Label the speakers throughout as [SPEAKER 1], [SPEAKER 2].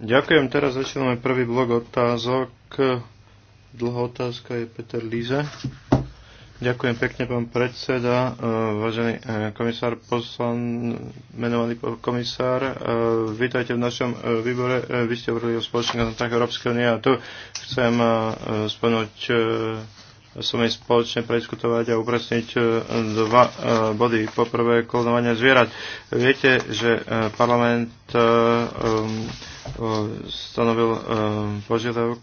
[SPEAKER 1] Ďakujem, teraz začíname prvý blok otázok. Dlhá otázka je Peter Líze. Ďakujem pekne, pán predseda, uh, vážený uh, komisár poslan, menovaný komisár. Uh, Vítajte v našom uh, výbore. Uh, Vy ste hovorili o spoločných kontách Európskej únie a tu chcem uh, spomenúť som ich spoločne preskutovať a upresniť e, dva e, body. Poprvé, klonovanie zvierat. Viete, že e, parlament stanovil požiadavku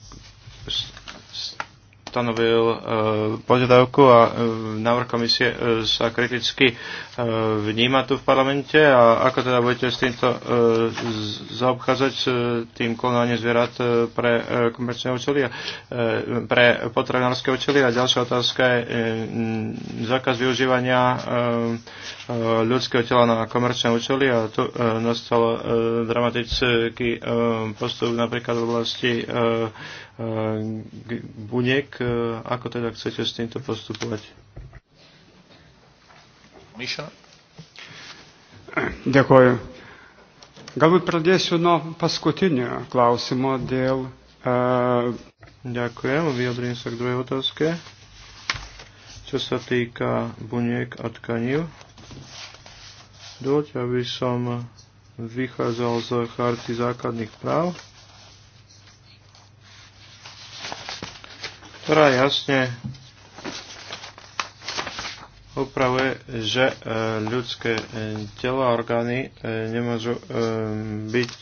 [SPEAKER 1] stanovil e, požiadavku a e, návrh komisie e, sa kriticky e, vníma tu v parlamente a ako teda budete s týmto e, zaobchádzať s e, tým klonovaním zvierat e, pre e, komerčné účely a e, pre potravinárske účely a ďalšia otázka je e, zákaz využívania e, e, ľudského tela na komerčné účely a tu e, nastal e, dramatický e, postup napríklad v oblasti e, Eh, buniek. Eh, ako teda chcete
[SPEAKER 2] s týmto postupovať? Miša? Ďakujem. Galbūt pradėsiu nuo paskutinio klausimo dėl. Uh... Ďakujem, vyjadrím sa k druhej otázke.
[SPEAKER 1] Čo sa týka buniek a tkanív, dovoľte, aby som vychádzal z charty základných práv ktorá jasne upravuje, že e, ľudské e, telo a orgány e, nemôžu byť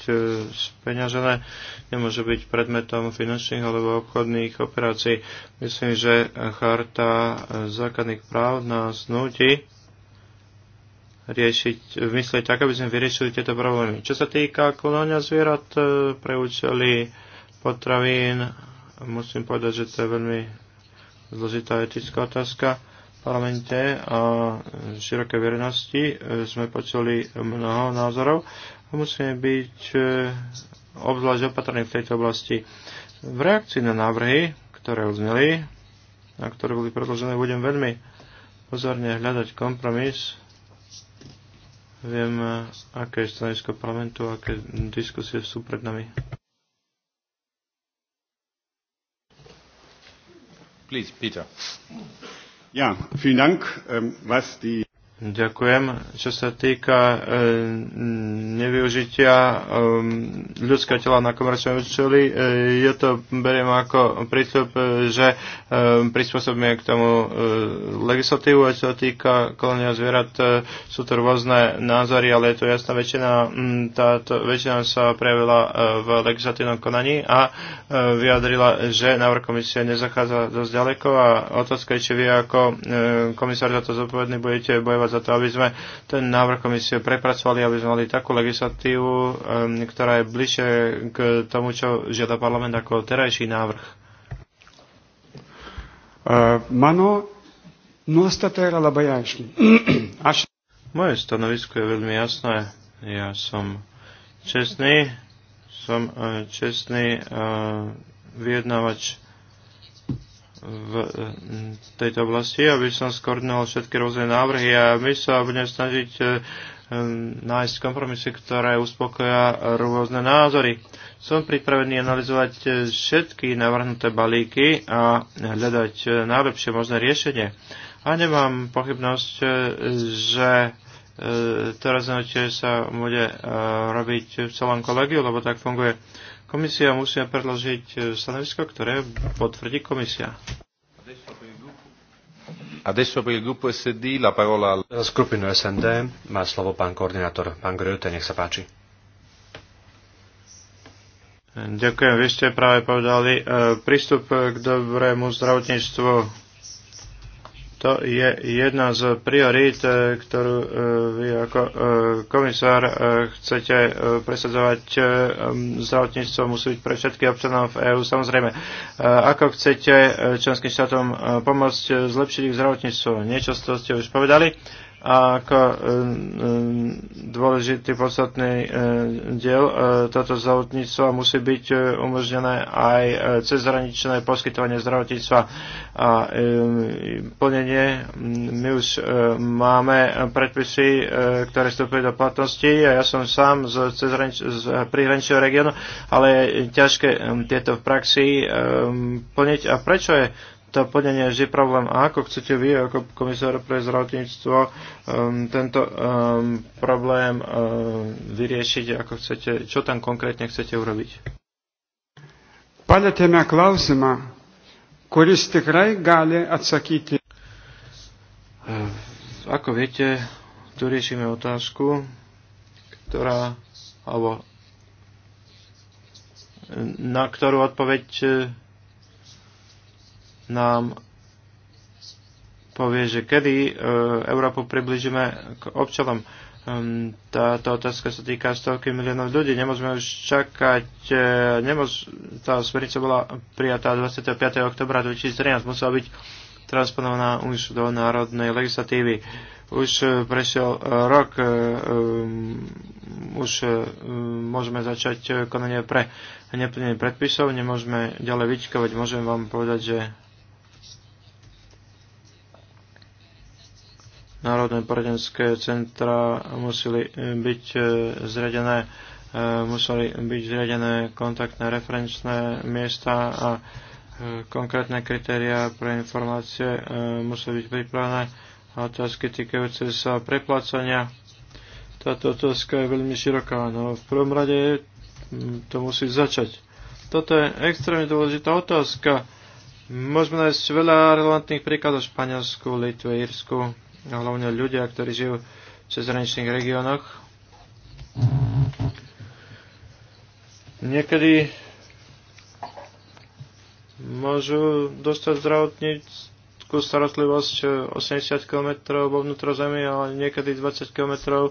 [SPEAKER 1] speňažené, nemôžu byť predmetom finančných alebo obchodných operácií. Myslím, že charta základných práv nás nutí riešiť, myslieť tak, aby sme vyriešili tieto problémy. Čo sa týka klonania zvierat pre účely potravín, musím povedať, že to je veľmi zložitá etická otázka. V parlamente a širokej verejnosti e, sme počuli mnoho názorov a musíme byť e, obzvlášť opatrní v tejto oblasti. V reakcii na návrhy, ktoré uzneli a ktoré boli predložené, budem veľmi pozorne hľadať kompromis. Viem, e, aké je stanovisko parlamentu, aké diskusie sú pred nami. Please, Peter. Ja, vielen Dank. Ähm, was die Ďakujem. Čo sa týka e, nevyužitia e, ľudského tela na komerčné účely, e, ja to beriem ako prístup, e, že e, prispôsobíme k tomu e, legislatívu a čo sa týka kolónia zvierat, e, sú to rôzne názory, ale je to jasná väčšina. Mm, táto väčšina sa prejavila e, v legislatívnom konaní a e, vyjadrila, že návrh komisie nezachádza dosť ďaleko a otázka je, či vy ako e, komisár za to zodpovedný budete bojovať bojovať za to, aby sme ten návrh komisie prepracovali, aby sme mali takú legislatívu, ktorá je bližšie k tomu, čo žiada parlament ako terajší návrh.
[SPEAKER 2] Mano no Moje stanovisko
[SPEAKER 1] je veľmi jasné. Ja som čestný, som eh, čestný eh, vyjednávač v eh, tejto oblasti, aby som skoordinoval všetky rôzne návrhy a my sa budeme snažiť eh, eh, nájsť kompromisy, ktoré uspokoja rôzne názory. Som pripravený analyzovať všetky navrhnuté balíky a hľadať najlepšie možné riešenie. A nemám pochybnosť, že to rozhodnutie sa bude robiť v celom kolegiu, lebo tak funguje Komisia musia predložiť e, stanovisko, ktoré potvrdí komisia.
[SPEAKER 3] Adesso per il gruppo SD la parola al... Skupinu SND má slovo pán koordinátor. Pán Gröte, nech sa páči.
[SPEAKER 1] Ďakujem. Vy ste práve povedali, e, prístup k dobrému zdravotníctvu to je jedna z priorít, e, ktorú e, vy ako e, komisár chcete presadzovať. Zdravotníctvo musí byť pre všetkých občanov v EÚ, samozrejme. Ako chcete členským štátom pomôcť zlepšiť ich zdravotníctvo? Niečo z toho ste už povedali a ako e, e, dôležitý podstatný e, diel toto zdravotníctva musí byť umožnené aj cezhraničné poskytovanie zdravotníctva a plnenie. My už máme predpisy, ktoré vstupujú do platnosti a ja som sám z, z prihraničného regiónu, ale je ťažké tieto v praxi plniť. A prečo je to plnenie je problém. A ako chcete vy, ako komisár pre zdravotníctvo, um, tento um, problém um, vyriešiť, ako chcete, čo tam konkrétne chcete urobiť?
[SPEAKER 2] Palėtėme klausimą, kuris tikrai gali atsakyti. Ako viete, tu riešime otázku,
[SPEAKER 1] ktorá, alebo na ktorú odpoveď nám povie, že kedy e, Európu približíme k občanom. Ehm, táto otázka sa týka stovky miliónov ľudí. Nemôžeme už čakať. E, Nemôž... Tá smernica bola prijatá 25. oktobra 2013. Musela byť transponovaná už do národnej legislatívy. Už e, prešiel rok, už môžeme začať konanie pre neplnenie predpisov, nemôžeme ďalej vyčkovať, Môžem vám povedať, že národné poradenské centra museli byť e, zriadené e, museli byť zriadené kontaktné referenčné miesta a e, konkrétne kritéria pre informácie museli byť pripravené a otázky týkajúce sa preplácania. Táto otázka je veľmi široká, no v prvom rade to musí začať. Toto je extrémne dôležitá otázka. Môžeme nájsť veľa relevantných príkladov v Španielsku, Litve, Írsku hlavne ľudia, ktorí žijú v cezhraničných regiónoch. Niekedy môžu dostať zdravotníckú starostlivosť 80 km vo zemi, ale niekedy 20 km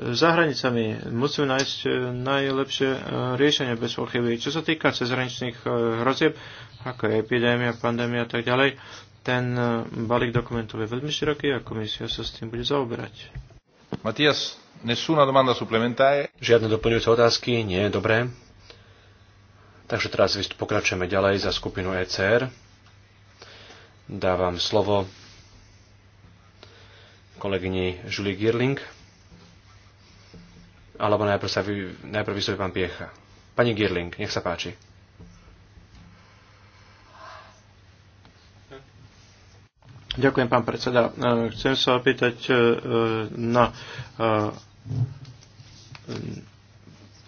[SPEAKER 1] za hranicami. Musíme nájsť najlepšie e, riešenie bez pochyby. Čo sa týka cezhraničných e, hrozieb, ako je epidémia, pandémia a tak ďalej, ten e, balík dokumentov je veľmi široký a komisia sa s tým bude zaoberať. Matias,
[SPEAKER 3] nessuna domanda suplementare? Žiadne doplňujúce otázky? Nie, dobré. Takže teraz pokračujeme ďalej za skupinu ECR. Dávam slovo kolegyni Julie Girling. Alebo najprv, sa vy, najprv vystúpi pán Piecha. Pani Girling, nech sa páči.
[SPEAKER 1] Ďakujem, pán predseda. E, chcem sa opýtať e, na e,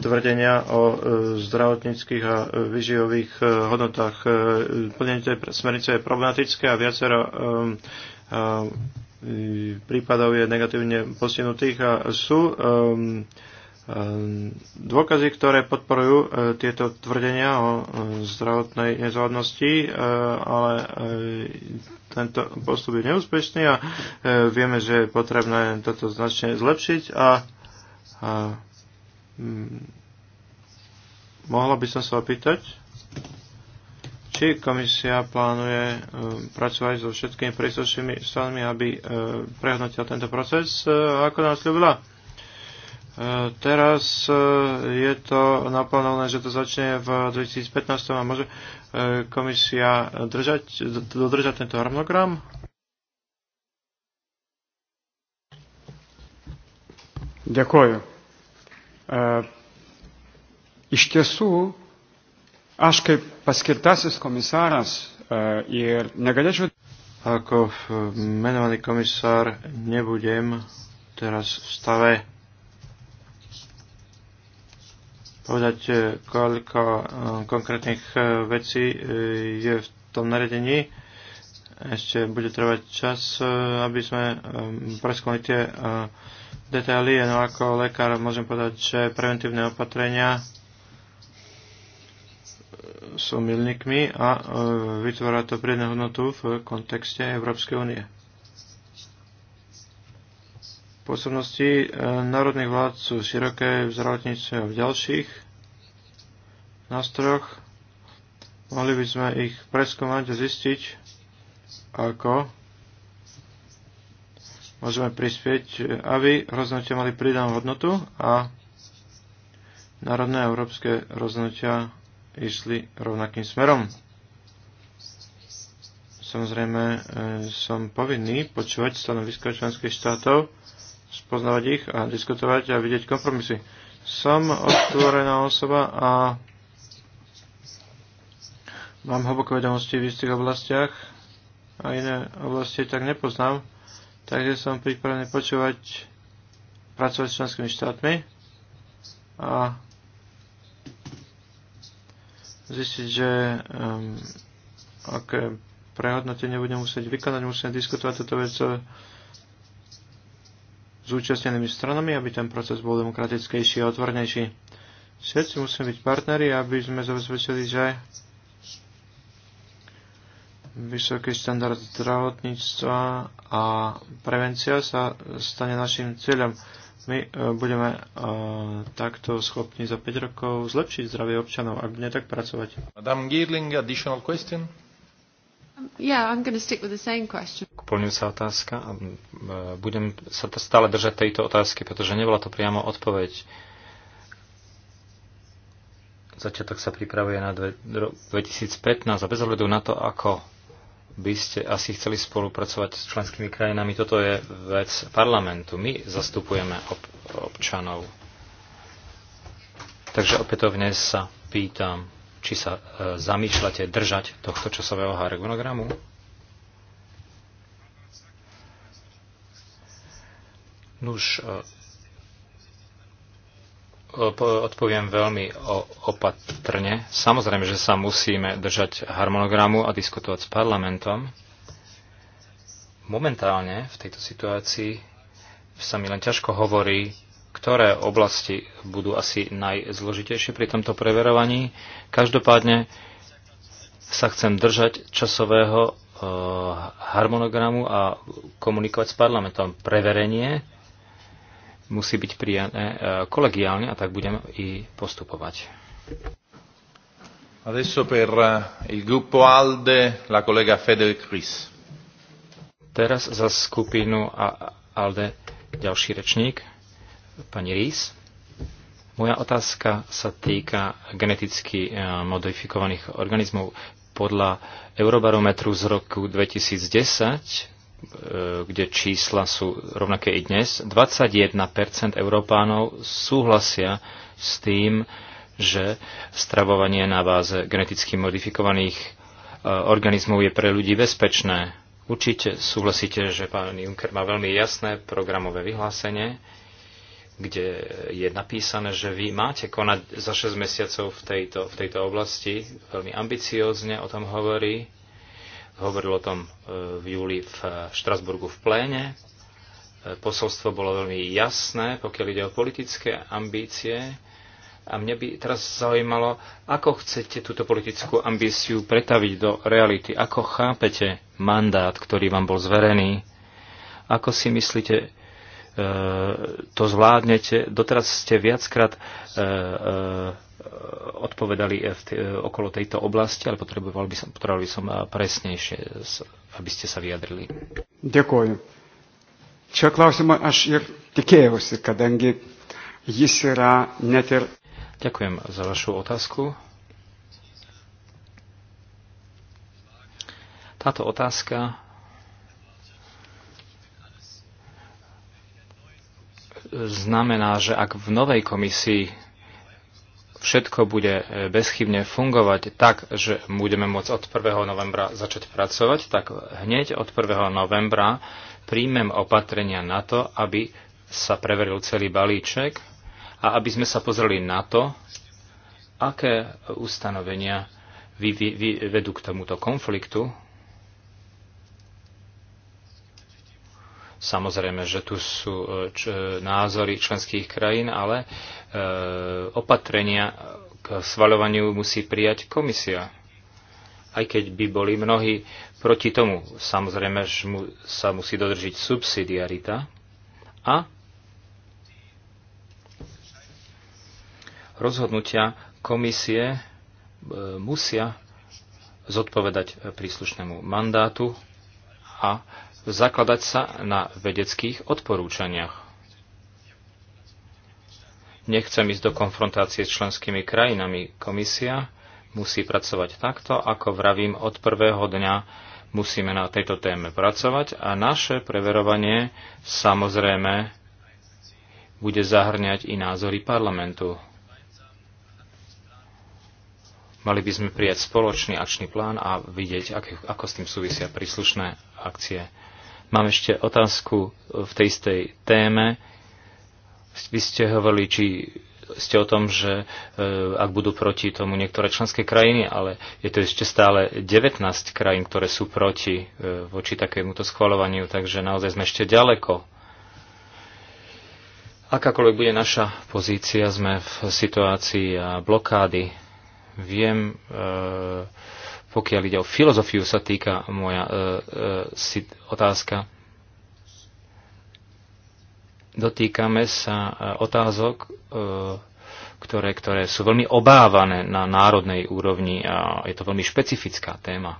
[SPEAKER 1] tvrdenia o zdravotníckých a vyživových hodnotách. Plnenie tej smernice je problematické a viacero prípadov je negatívne postihnutých a sú um, Ehm, dôkazy, ktoré podporujú e, tieto tvrdenia o e, zdravotnej nezvládnosti, e, ale tento postup je neúspešný a vieme, že je potrebné toto značne zlepšiť a, a mm, mohla by som sa opýtať, či komisia plánuje pracovať so všetkými príslušnými stranami, aby prehodnotila tento proces, ako nás ľúbila E, teraz e, je to naplánované, že to začne v 2015 a môže e, komisia držať, dodržať tento harmonogram?
[SPEAKER 2] Ďakujem. iš tiesų, aš kaip paskirtasis komisaras ir negalėčiau.
[SPEAKER 1] Ako menovaný komisár nebudem teraz v stave povedať, e, koľko e, konkrétnych e, vecí je v tom naredení. Ešte bude trvať čas, aby sme preskúmali tie detaily, no ako lekár môžem povedať, že preventívne opatrenia sú milníkmi a vytvára to priedne hodnotu v kontexte Európskej únie. Pôsobnosti e, národných vlád sú široké v zdravotníctve a v ďalších nástrojoch. Mohli by sme ich preskúmať a zistiť, ako môžeme prispieť, aby rozhodnutia mali pridanú hodnotu a národné a európske rozhodnutia išli rovnakým smerom. Samozrejme, e, som povinný počúvať stanoviska členských štátov, poznávať ich a diskutovať a vidieť kompromisy. Som otvorená osoba a mám hlboké vedomosti v istých oblastiach a iné oblasti tak nepoznám, takže som pripravený počúvať, pracovať s členskými štátmi a zistiť, že um, aké prehodnotenie budem musieť vykonať, musím diskutovať toto vec zúčastnenými stranami, aby ten proces bol demokratickejší a otvornejší. Všetci musíme byť partneri, aby sme zabezpečili, že vysoký štandard zdravotníctva a prevencia sa stane našim cieľom. My e, budeme e, takto schopní za 5 rokov zlepšiť zdravie občanov, ak bude tak pracovať. Madame Girling, additional question? Yeah, I'm
[SPEAKER 4] otázka a budem sa stále držať tejto otázky, pretože nebola to priamo odpoveď. Začiatok sa pripravuje na 2015 a bez ohľadu na to, ako by ste asi chceli spolupracovať s členskými krajinami, toto je vec parlamentu. My zastupujeme ob- občanov. Takže opätovne sa pýtam či sa e, zamýšľate držať tohto časového harmonogramu? Nuž, e, odpoviem veľmi opatrne. Samozrejme, že sa musíme držať harmonogramu a diskutovať s parlamentom. Momentálne v tejto situácii sa mi len ťažko hovorí ktoré oblasti budú asi najzložitejšie pri tomto preverovaní. Každopádne sa chcem držať časového eh, harmonogramu a komunikovať s parlamentom. Preverenie musí byť prijané eh, kolegiálne a tak budem i postupovať. Adesso per eh, il gruppo ALDE la collega Federic Cris. Teraz za skupinu ALDE ďalší rečník pani Rís. Moja otázka sa týka geneticky eh, modifikovaných organizmov. Podľa Eurobarometru z roku 2010, eh, kde čísla sú rovnaké i dnes, 21 Európánov súhlasia s tým, že stravovanie na báze geneticky modifikovaných eh, organizmov je pre ľudí bezpečné. Určite súhlasíte, že pán Juncker má veľmi jasné programové vyhlásenie, kde je napísané, že vy máte konať za 6 mesiacov v tejto, v tejto oblasti. Veľmi ambiciózne o tom hovorí. Hovoril o tom e, v júli v e, Štrasburgu v pléne. E, posolstvo bolo veľmi jasné, pokiaľ ide o politické ambície. A mňa by teraz zaujímalo, ako chcete túto politickú ambíciu pretaviť do reality. Ako chápete mandát, ktorý vám bol zverený? Ako si myslíte, to zvládnete. Doteraz ste viackrát e, e, odpovedali e, okolo tejto oblasti, ale potreboval by som, potreboval by som presnejšie, aby ste sa vyjadrili.
[SPEAKER 2] Ďakujem. Čo klausimą až je tikėjausi, kadangi jis yra net ir. Ďakujem za vašu otázku.
[SPEAKER 4] Táto otázka znamená, že ak v novej komisii všetko bude e, bezchybne fungovať tak, že budeme môcť od 1. novembra začať pracovať, tak hneď od 1. novembra príjmem opatrenia na to, aby sa preveril celý balíček a aby sme sa pozreli na to, aké ustanovenia vyvedú k tomuto konfliktu Samozrejme, že tu sú e, e, názory členských krajín, ale e, opatrenia k svaľovaniu musí prijať komisia. Aj keď by boli mnohí proti tomu. Samozrejme, že mu sa musí dodržiť subsidiarita a rozhodnutia komisie musia zodpovedať príslušnému mandátu a zakladať sa na vedeckých odporúčaniach. Nechcem ísť do konfrontácie s členskými krajinami. Komisia musí pracovať takto, ako vravím, od prvého dňa musíme na tejto téme pracovať a naše preverovanie samozrejme bude zahrňať i názory parlamentu. Mali by sme prijať spoločný akčný plán a vidieť, ako s tým súvisia príslušné akcie. Mám ešte otázku v tej istej téme. Vy ste hovorili, či ste o tom, že e, ak budú proti tomu niektoré členské krajiny, ale je to ešte stále 19 krajín, ktoré sú proti e, voči takémuto schvalovaniu, takže naozaj sme ešte ďaleko. Akákoľvek bude naša pozícia, sme v situácii blokády Viem, e, pokiaľ ide o filozofiu, sa týka moja e, e, otázka. Dotýkame sa otázok, ktoré, ktoré sú veľmi obávané na národnej úrovni a je to veľmi špecifická téma.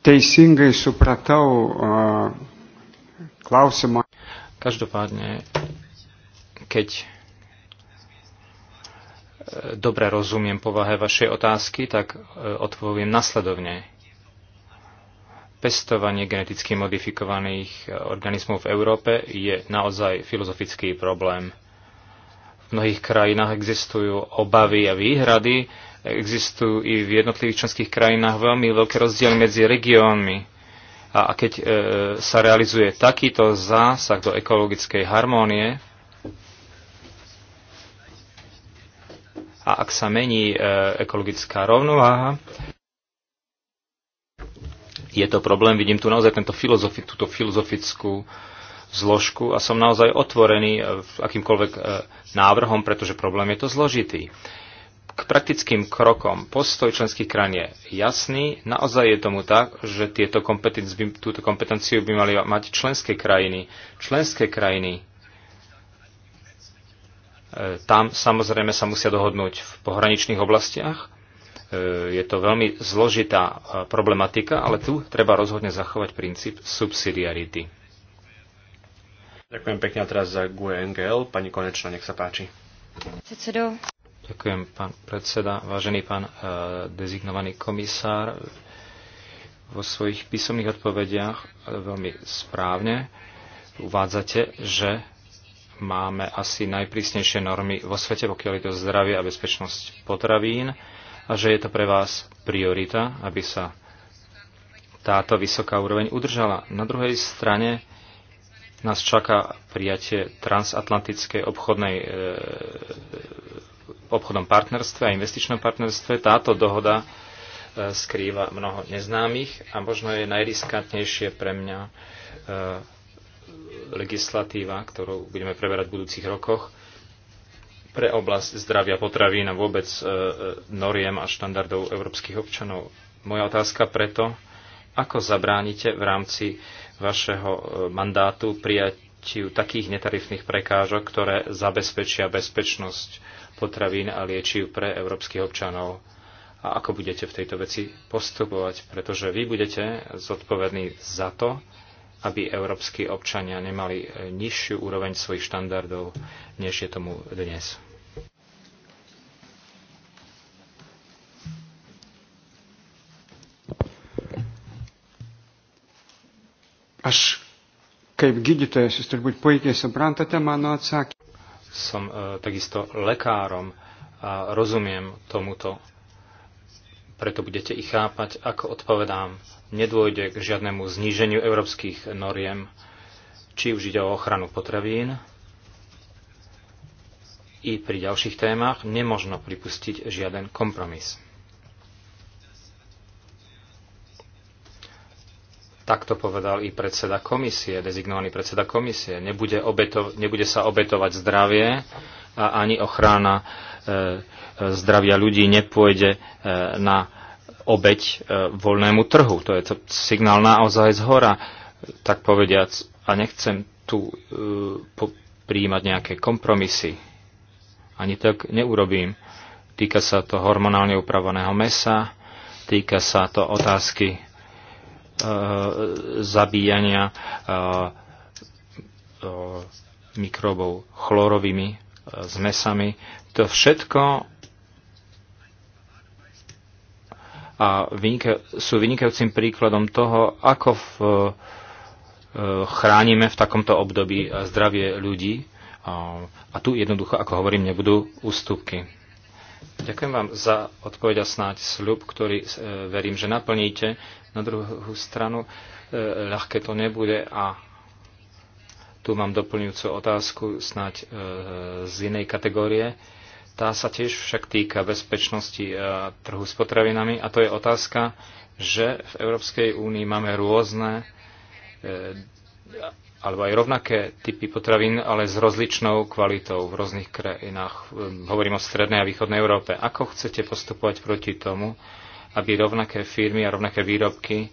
[SPEAKER 2] Teisingai supratau uh, klausimą. Každopádne keď e,
[SPEAKER 4] dobre rozumiem povahe vašej otázky, tak e, odpoviem nasledovne. Pestovanie geneticky modifikovaných e, organizmov v Európe je naozaj filozofický problém. V mnohých krajinách existujú obavy a výhrady, existujú i v jednotlivých členských krajinách veľmi veľké rozdiely medzi regiónmi. A keď sa realizuje takýto zásah do ekologickej harmónie, a ak sa mení e, ekologická rovnováha, je to problém. Vidím tu naozaj tento filozofi, túto filozofickú zložku a som naozaj otvorený e, akýmkoľvek e, návrhom, pretože problém je to zložitý. K praktickým krokom postoj členských krajín je jasný. Naozaj je tomu tak, že tieto kompetenci, túto kompetenciu by mali mať členské krajiny. Členské krajiny E, tam samozrejme sa musia dohodnúť v pohraničných oblastiach. E, je to veľmi zložitá e, problematika, ale tu treba rozhodne zachovať princíp subsidiarity. Ďakujem pekne teraz za GUNGL. Pani Konečná, nech sa páči. Predsedo. Ďakujem, pán predseda. Vážený pán dezignovaný komisár, vo svojich písomných odpovediach veľmi správne uvádzate, že máme asi najprísnejšie normy vo svete, pokiaľ ide o zdravie a bezpečnosť potravín a že je to pre vás priorita, aby sa táto vysoká úroveň udržala. Na druhej strane nás čaká prijatie transatlantickej obchodnej, e, obchodnom partnerstve a investičnom partnerstve. Táto dohoda e, skrýva mnoho neznámych a možno je najriskantnejšie pre mňa e, legislatíva, ktorú budeme preberať v budúcich rokoch, pre oblasť zdravia potravín a vôbec e, e, noriem a štandardov európskych občanov. Moja otázka preto, ako zabránite v rámci vašeho e, mandátu prijatiu takých netarifných prekážok, ktoré zabezpečia bezpečnosť potravín a liečiv pre európskych občanov? a ako budete v tejto veci postupovať, pretože vy budete zodpovední za to, aby európsky občania nemali e, nižšiu úroveň svojich štandardov, než je tomu dnes.
[SPEAKER 2] Aš, kaip gydytojas, jūs turbūt puikiai suprantate mano atsakymą. Som e, takisto
[SPEAKER 4] lekárom a rozumiem tomuto, preto budete ich chápať, ako odpovedám nedôjde k žiadnemu zníženiu európskych noriem, či už ide o ochranu potravín i pri ďalších témach nemožno pripustiť žiaden kompromis. Takto povedal i predseda komisie, dezignovaný predseda komisie. Nebude, obeto, nebude sa obetovať zdravie a ani ochrana e, e zdravia ľudí nepôjde e, na obeď e, voľnému trhu. To je to signál naozaj z hora, tak povediac. A nechcem tu uh, prijímať nejaké kompromisy. Ani tak neurobím. Týka sa to hormonálne upraveného mesa, týka sa to otázky uh, zabíjania uh, uh, mikrobov chlorovými uh, zmesami. To všetko a vynika- sú vynikajúcim príkladom toho, ako v, e, chránime v takomto období zdravie ľudí. A tu jednoducho, ako hovorím, nebudú ústupky. Ďakujem vám za odpoveď a snáď sľub, ktorý e, verím, že naplníte. Na druhú stranu e, ľahké to nebude a tu mám doplňujúcu otázku snáď z inej kategórie. Tá sa tiež však týka bezpečnosti e, trhu s potravinami a to je otázka, že v Európskej únii máme rôzne e, alebo aj rovnaké typy potravín, ale s rozličnou kvalitou v rôznych krajinách. Hm, hovorím o strednej a východnej Európe. Ako chcete postupovať proti tomu, aby rovnaké firmy a rovnaké výrobky e,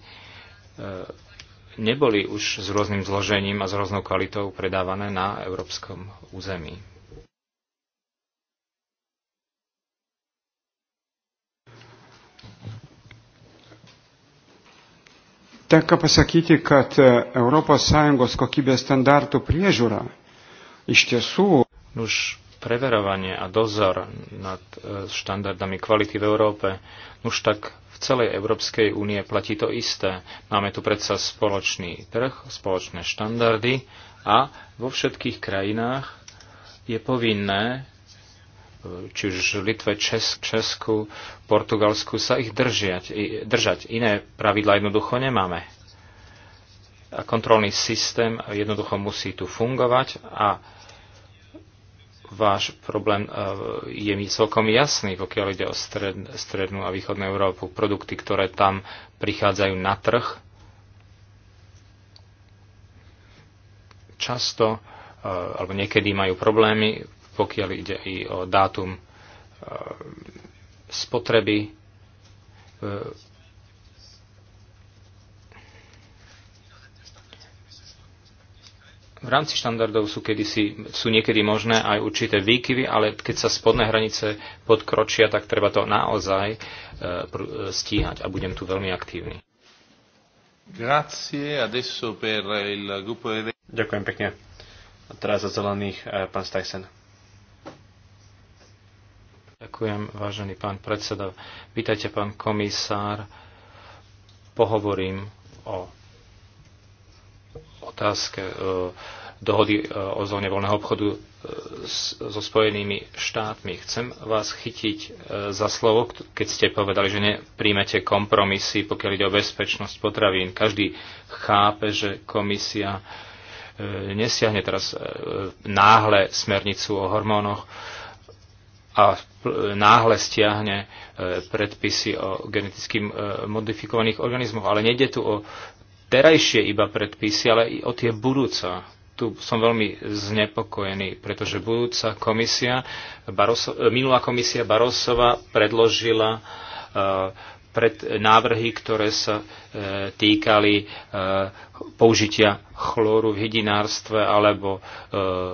[SPEAKER 4] neboli už s rôznym zložením a s rôznou kvalitou predávané na európskom území?
[SPEAKER 2] Tenka pasakyti, kad ES kokybės standartų priežiūra iš tiesų. Už
[SPEAKER 4] preverovanie a dozor nad e, štandardami kvality v Európe, už tak v celej Európskej únie platí to isté. Máme tu predsa spoločný trh, spoločné štandardy a vo všetkých krajinách je povinné či už Litve, Česk, Česku, Portugalsku, sa ich držiať, držať. Iné pravidla jednoducho nemáme. A kontrolný systém jednoducho musí tu fungovať a váš problém e, je mi celkom jasný, pokiaľ ide o stred, strednú a východnú Európu. Produkty, ktoré tam prichádzajú na trh, často e, alebo niekedy majú problémy pokiaľ ide i o dátum e, spotreby. E, v rámci štandardov sú, kedysi, sú niekedy možné aj určité výkyvy, ale keď sa spodné hranice podkročia, tak treba to naozaj e, stíhať a budem tu veľmi aktívny. Ďakujem pekne. A teraz za zelených pán Stajsen. Ďakujem, vážený pán predseda. Vítajte, pán komisár. Pohovorím o otázke e, dohody e, o zóne voľného obchodu e, so Spojenými štátmi. Chcem vás chytiť za slovo, keď ste povedali, že nepríjmete kompromisy, pokiaľ ide o bezpečnosť potravín. Každý chápe, že komisia nesiahne teraz náhle smernicu o hormónoch a náhle stiahne e, predpisy o geneticky e, modifikovaných organizmoch. Ale nejde tu o terajšie iba predpisy, ale i o tie budúca. Tu som veľmi znepokojený, pretože budúca komisia, Baroso, e, minulá komisia Barosova predložila pred návrhy, ktoré sa e, týkali e, použitia chlóru v hydinárstve alebo e,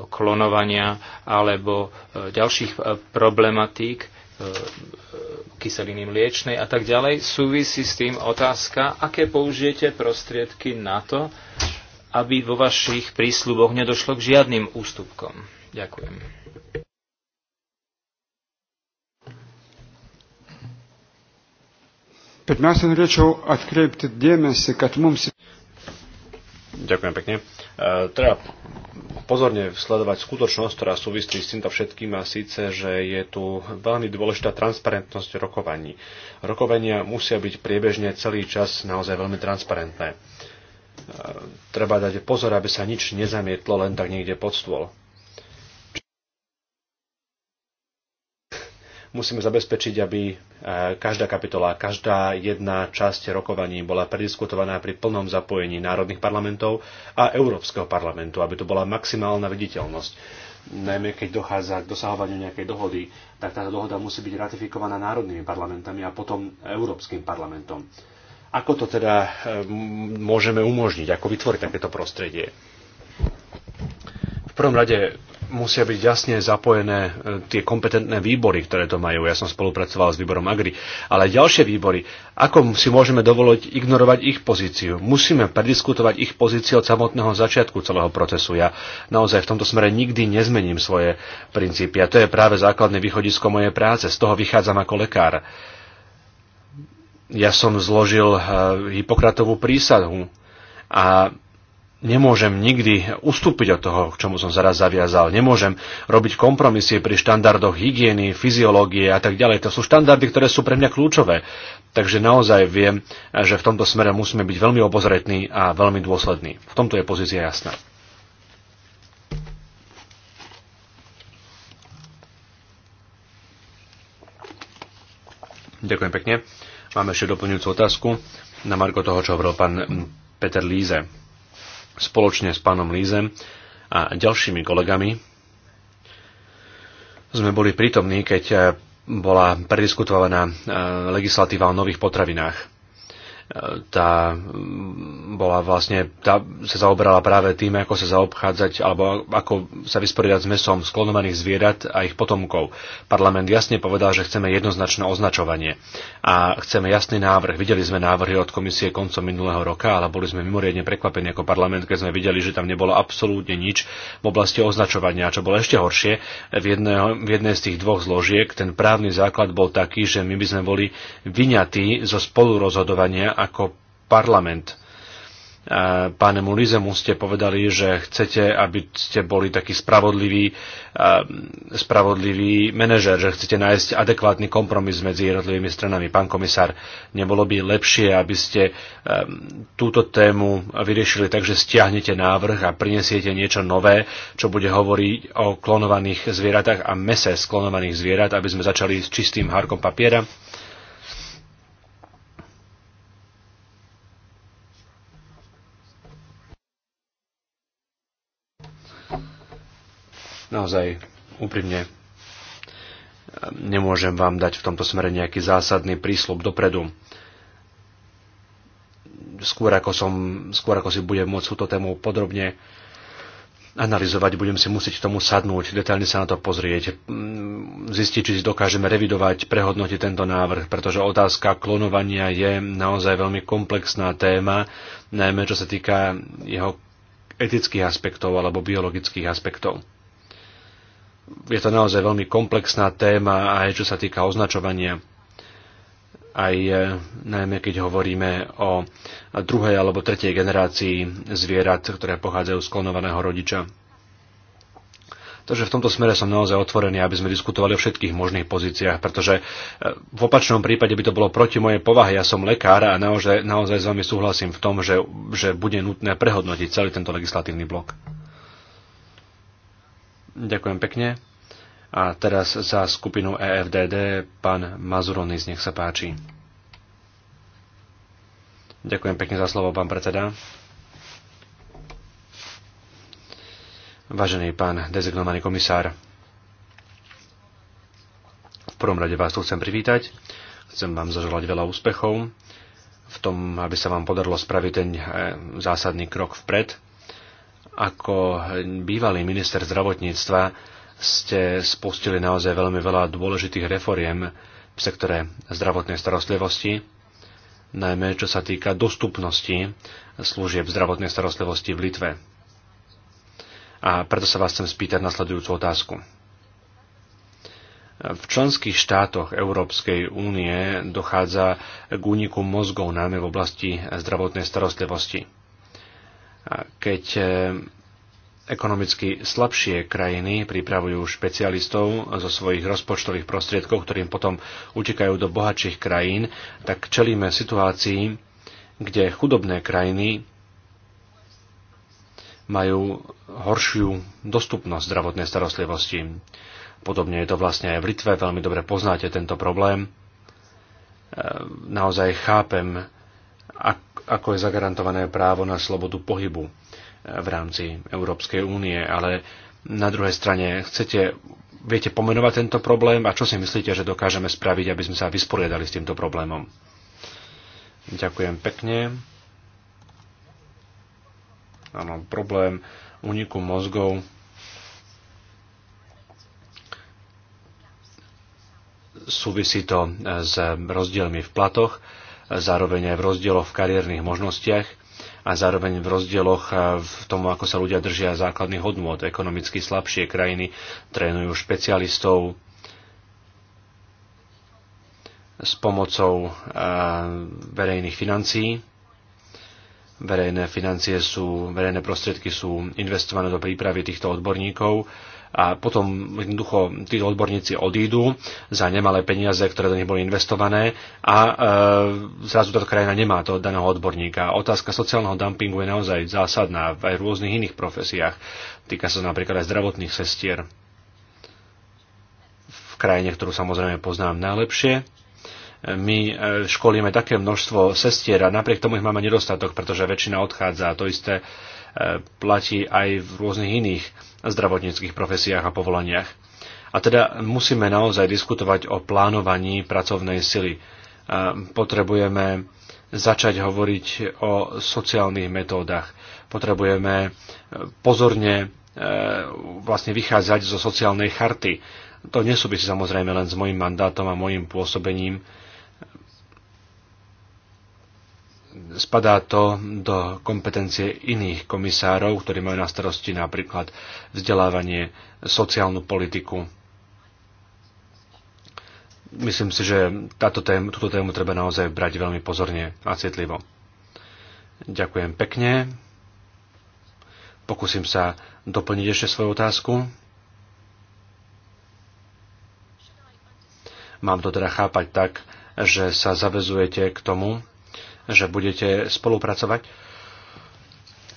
[SPEAKER 4] klonovania alebo e, ďalších e, problematík e, kyseliny mliečnej a tak ďalej, súvisí s tým otázka, aké použijete prostriedky na to, aby vo vašich prísľuboch nedošlo k žiadnym ústupkom. Ďakujem.
[SPEAKER 2] Pirmiausia, norėčiau atkreipti dėmesį, kad mums.
[SPEAKER 3] Ďakujem pekne. Uh, treba pozorne sledovať skutočnosť, ktorá súvisí s týmto všetkým a síce, že je tu veľmi dôležitá transparentnosť rokovaní. Rokovania musia byť priebežne celý čas naozaj veľmi transparentné. E, treba dať pozor, aby sa nič nezamietlo len tak niekde pod stôl musíme zabezpečiť, aby e, každá kapitola, každá jedna časť rokovaní bola prediskutovaná pri plnom zapojení národných parlamentov a Európskeho parlamentu, aby to bola maximálna viditeľnosť. Najmä keď dochádza k dosahovaniu nejakej dohody, tak táto dohoda musí byť ratifikovaná národnými parlamentami a potom Európskym parlamentom. Ako to teda e, môžeme umožniť? Ako vytvoriť takéto prostredie? V prvom rade musia byť jasne zapojené e, tie kompetentné výbory, ktoré to majú. Ja som spolupracoval s výborom Agri, ale ďalšie výbory, ako si môžeme dovoliť ignorovať ich pozíciu? Musíme prediskutovať ich pozíciu od samotného začiatku celého procesu. Ja naozaj v tomto smere nikdy nezmením svoje princípy a to je práve základné východisko mojej práce. Z toho vychádzam ako lekár. Ja som zložil e, hypokratovú prísahu a nemôžem nikdy ustúpiť od toho, k čomu som sa raz zaviazal. Nemôžem robiť kompromisie pri štandardoch hygieny, fyziológie a tak ďalej. To sú štandardy, ktoré sú pre mňa kľúčové. Takže naozaj viem, že v tomto smere musíme byť veľmi obozretní a veľmi dôslední. V tomto je pozícia jasná. Ďakujem pekne. Máme ešte doplňujúcu otázku na Marko toho, čo hovoril pán Peter Líze spoločne s pánom Lízem a ďalšími kolegami sme boli prítomní, keď eh, bola prediskutovaná eh, legislatíva o nových potravinách tá bola vlastne, tá sa zaoberala práve tým, ako sa zaobchádzať alebo ako sa vysporiadať s mesom sklonovaných zvierat a ich potomkov. Parlament jasne povedal, že chceme jednoznačné označovanie a chceme jasný návrh. Videli sme návrhy od komisie koncom minulého roka, ale boli sme mimoriadne prekvapení ako parlament, keď sme videli, že tam nebolo absolútne nič v oblasti označovania. A čo bolo ešte horšie, v, jedného, v jednej z tých dvoch zložiek ten právny základ bol taký, že my by sme boli vyňatí zo spolurozhodovania ako parlament. E, Pánemu Lizemu ste povedali, že chcete, aby ste boli taký spravodlivý, e, spravodlivý manažer, že chcete nájsť adekvátny kompromis medzi jednotlivými stranami. Pán komisár, nebolo by lepšie, aby ste e, túto tému vyriešili tak, že stiahnete návrh a prinesiete niečo nové, čo bude hovoriť o klonovaných zvieratách a mese z klonovaných zvierat, aby sme začali s čistým hárkom papiera? naozaj úprimne nemôžem vám dať v tomto smere nejaký zásadný príslub dopredu. Skôr ako, som, skôr ako si budem môcť túto tému podrobne analyzovať, budem si musieť k tomu sadnúť, detailne sa na to pozrieť, zistiť, či si dokážeme revidovať, prehodnotiť tento návrh, pretože otázka klonovania je naozaj veľmi komplexná téma, najmä čo sa týka jeho etických aspektov alebo biologických aspektov je to naozaj veľmi komplexná téma aj čo sa týka označovania. Aj e, najmä keď hovoríme o druhej alebo tretej generácii zvierat, ktoré pochádzajú z klonovaného rodiča. Takže v tomto smere som naozaj otvorený, aby sme diskutovali o všetkých možných pozíciách, pretože e, v opačnom prípade by to bolo proti mojej povahe. Ja som lekár a naozaj, naozaj s vami súhlasím v tom, že, že bude nutné prehodnotiť celý tento legislatívny blok. Ďakujem pekne. A teraz za skupinu EFDD pán Mazuroni nech sa páči. Ďakujem pekne za slovo, pán predseda. Vážený pán dezignovaný komisár, v prvom rade vás tu chcem privítať. Chcem vám zaželať veľa úspechov v tom, aby sa vám podarilo spraviť ten eh, zásadný krok vpred ako bývalý minister zdravotníctva ste spustili naozaj veľmi veľa dôležitých reforiem v sektore zdravotnej starostlivosti, najmä čo sa týka dostupnosti služieb zdravotnej starostlivosti v Litve. A preto sa vás chcem spýtať nasledujúcu otázku. V členských štátoch Európskej únie dochádza k úniku mozgov najmä v oblasti zdravotnej starostlivosti keď e, ekonomicky slabšie krajiny pripravujú špecialistov zo svojich rozpočtových prostriedkov, ktorým potom utekajú do bohatších krajín, tak čelíme situácii, kde chudobné krajiny majú horšiu dostupnosť zdravotnej starostlivosti. Podobne je to vlastne aj v Litve, veľmi dobre poznáte tento problém. E, naozaj chápem ako je zagarantované právo na slobodu pohybu e, v rámci Európskej únie, ale na druhej strane chcete, viete pomenovať tento problém a čo si myslíte, že dokážeme spraviť, aby sme sa vysporiadali s týmto problémom? Ďakujem pekne. Áno, problém uniku mozgov súvisí to e, s rozdielmi v platoch zároveň aj v rozdieloch v kariérnych možnostiach a zároveň v rozdieloch v tom, ako sa ľudia držia základných hodnôt. Ekonomicky slabšie krajiny trénujú špecialistov s pomocou verejných financií. Verejné financie sú, verejné prostriedky sú investované do prípravy týchto odborníkov a potom jednoducho tí odborníci odídu za nemalé peniaze, ktoré do nich boli investované a e, zrazu táto krajina nemá toho daného odborníka. Otázka sociálneho dumpingu je naozaj zásadná v aj rôznych iných profesiách. Týka sa napríklad aj zdravotných sestier v krajine, ktorú samozrejme poznám najlepšie my e, školíme také množstvo sestier a napriek tomu ich máme nedostatok, pretože väčšina odchádza a to isté platí aj v rôznych iných zdravotníckých profesiách a povolaniach. A teda musíme naozaj diskutovať o plánovaní pracovnej sily. Potrebujeme začať hovoriť o sociálnych metódach. Potrebujeme e, pozorne e, vlastne vychádzať zo sociálnej charty. To nesúvisí samozrejme len s mojim mandátom a mojim pôsobením, spadá to do kompetencie iných komisárov, ktorí majú na starosti napríklad vzdelávanie, sociálnu politiku. Myslím si, že táto tému, túto tému treba naozaj brať veľmi pozorne a citlivo. Ďakujem pekne. Pokúsim sa doplniť ešte svoju otázku. Mám to teda chápať tak, že sa zavezujete k tomu, že budete spolupracovať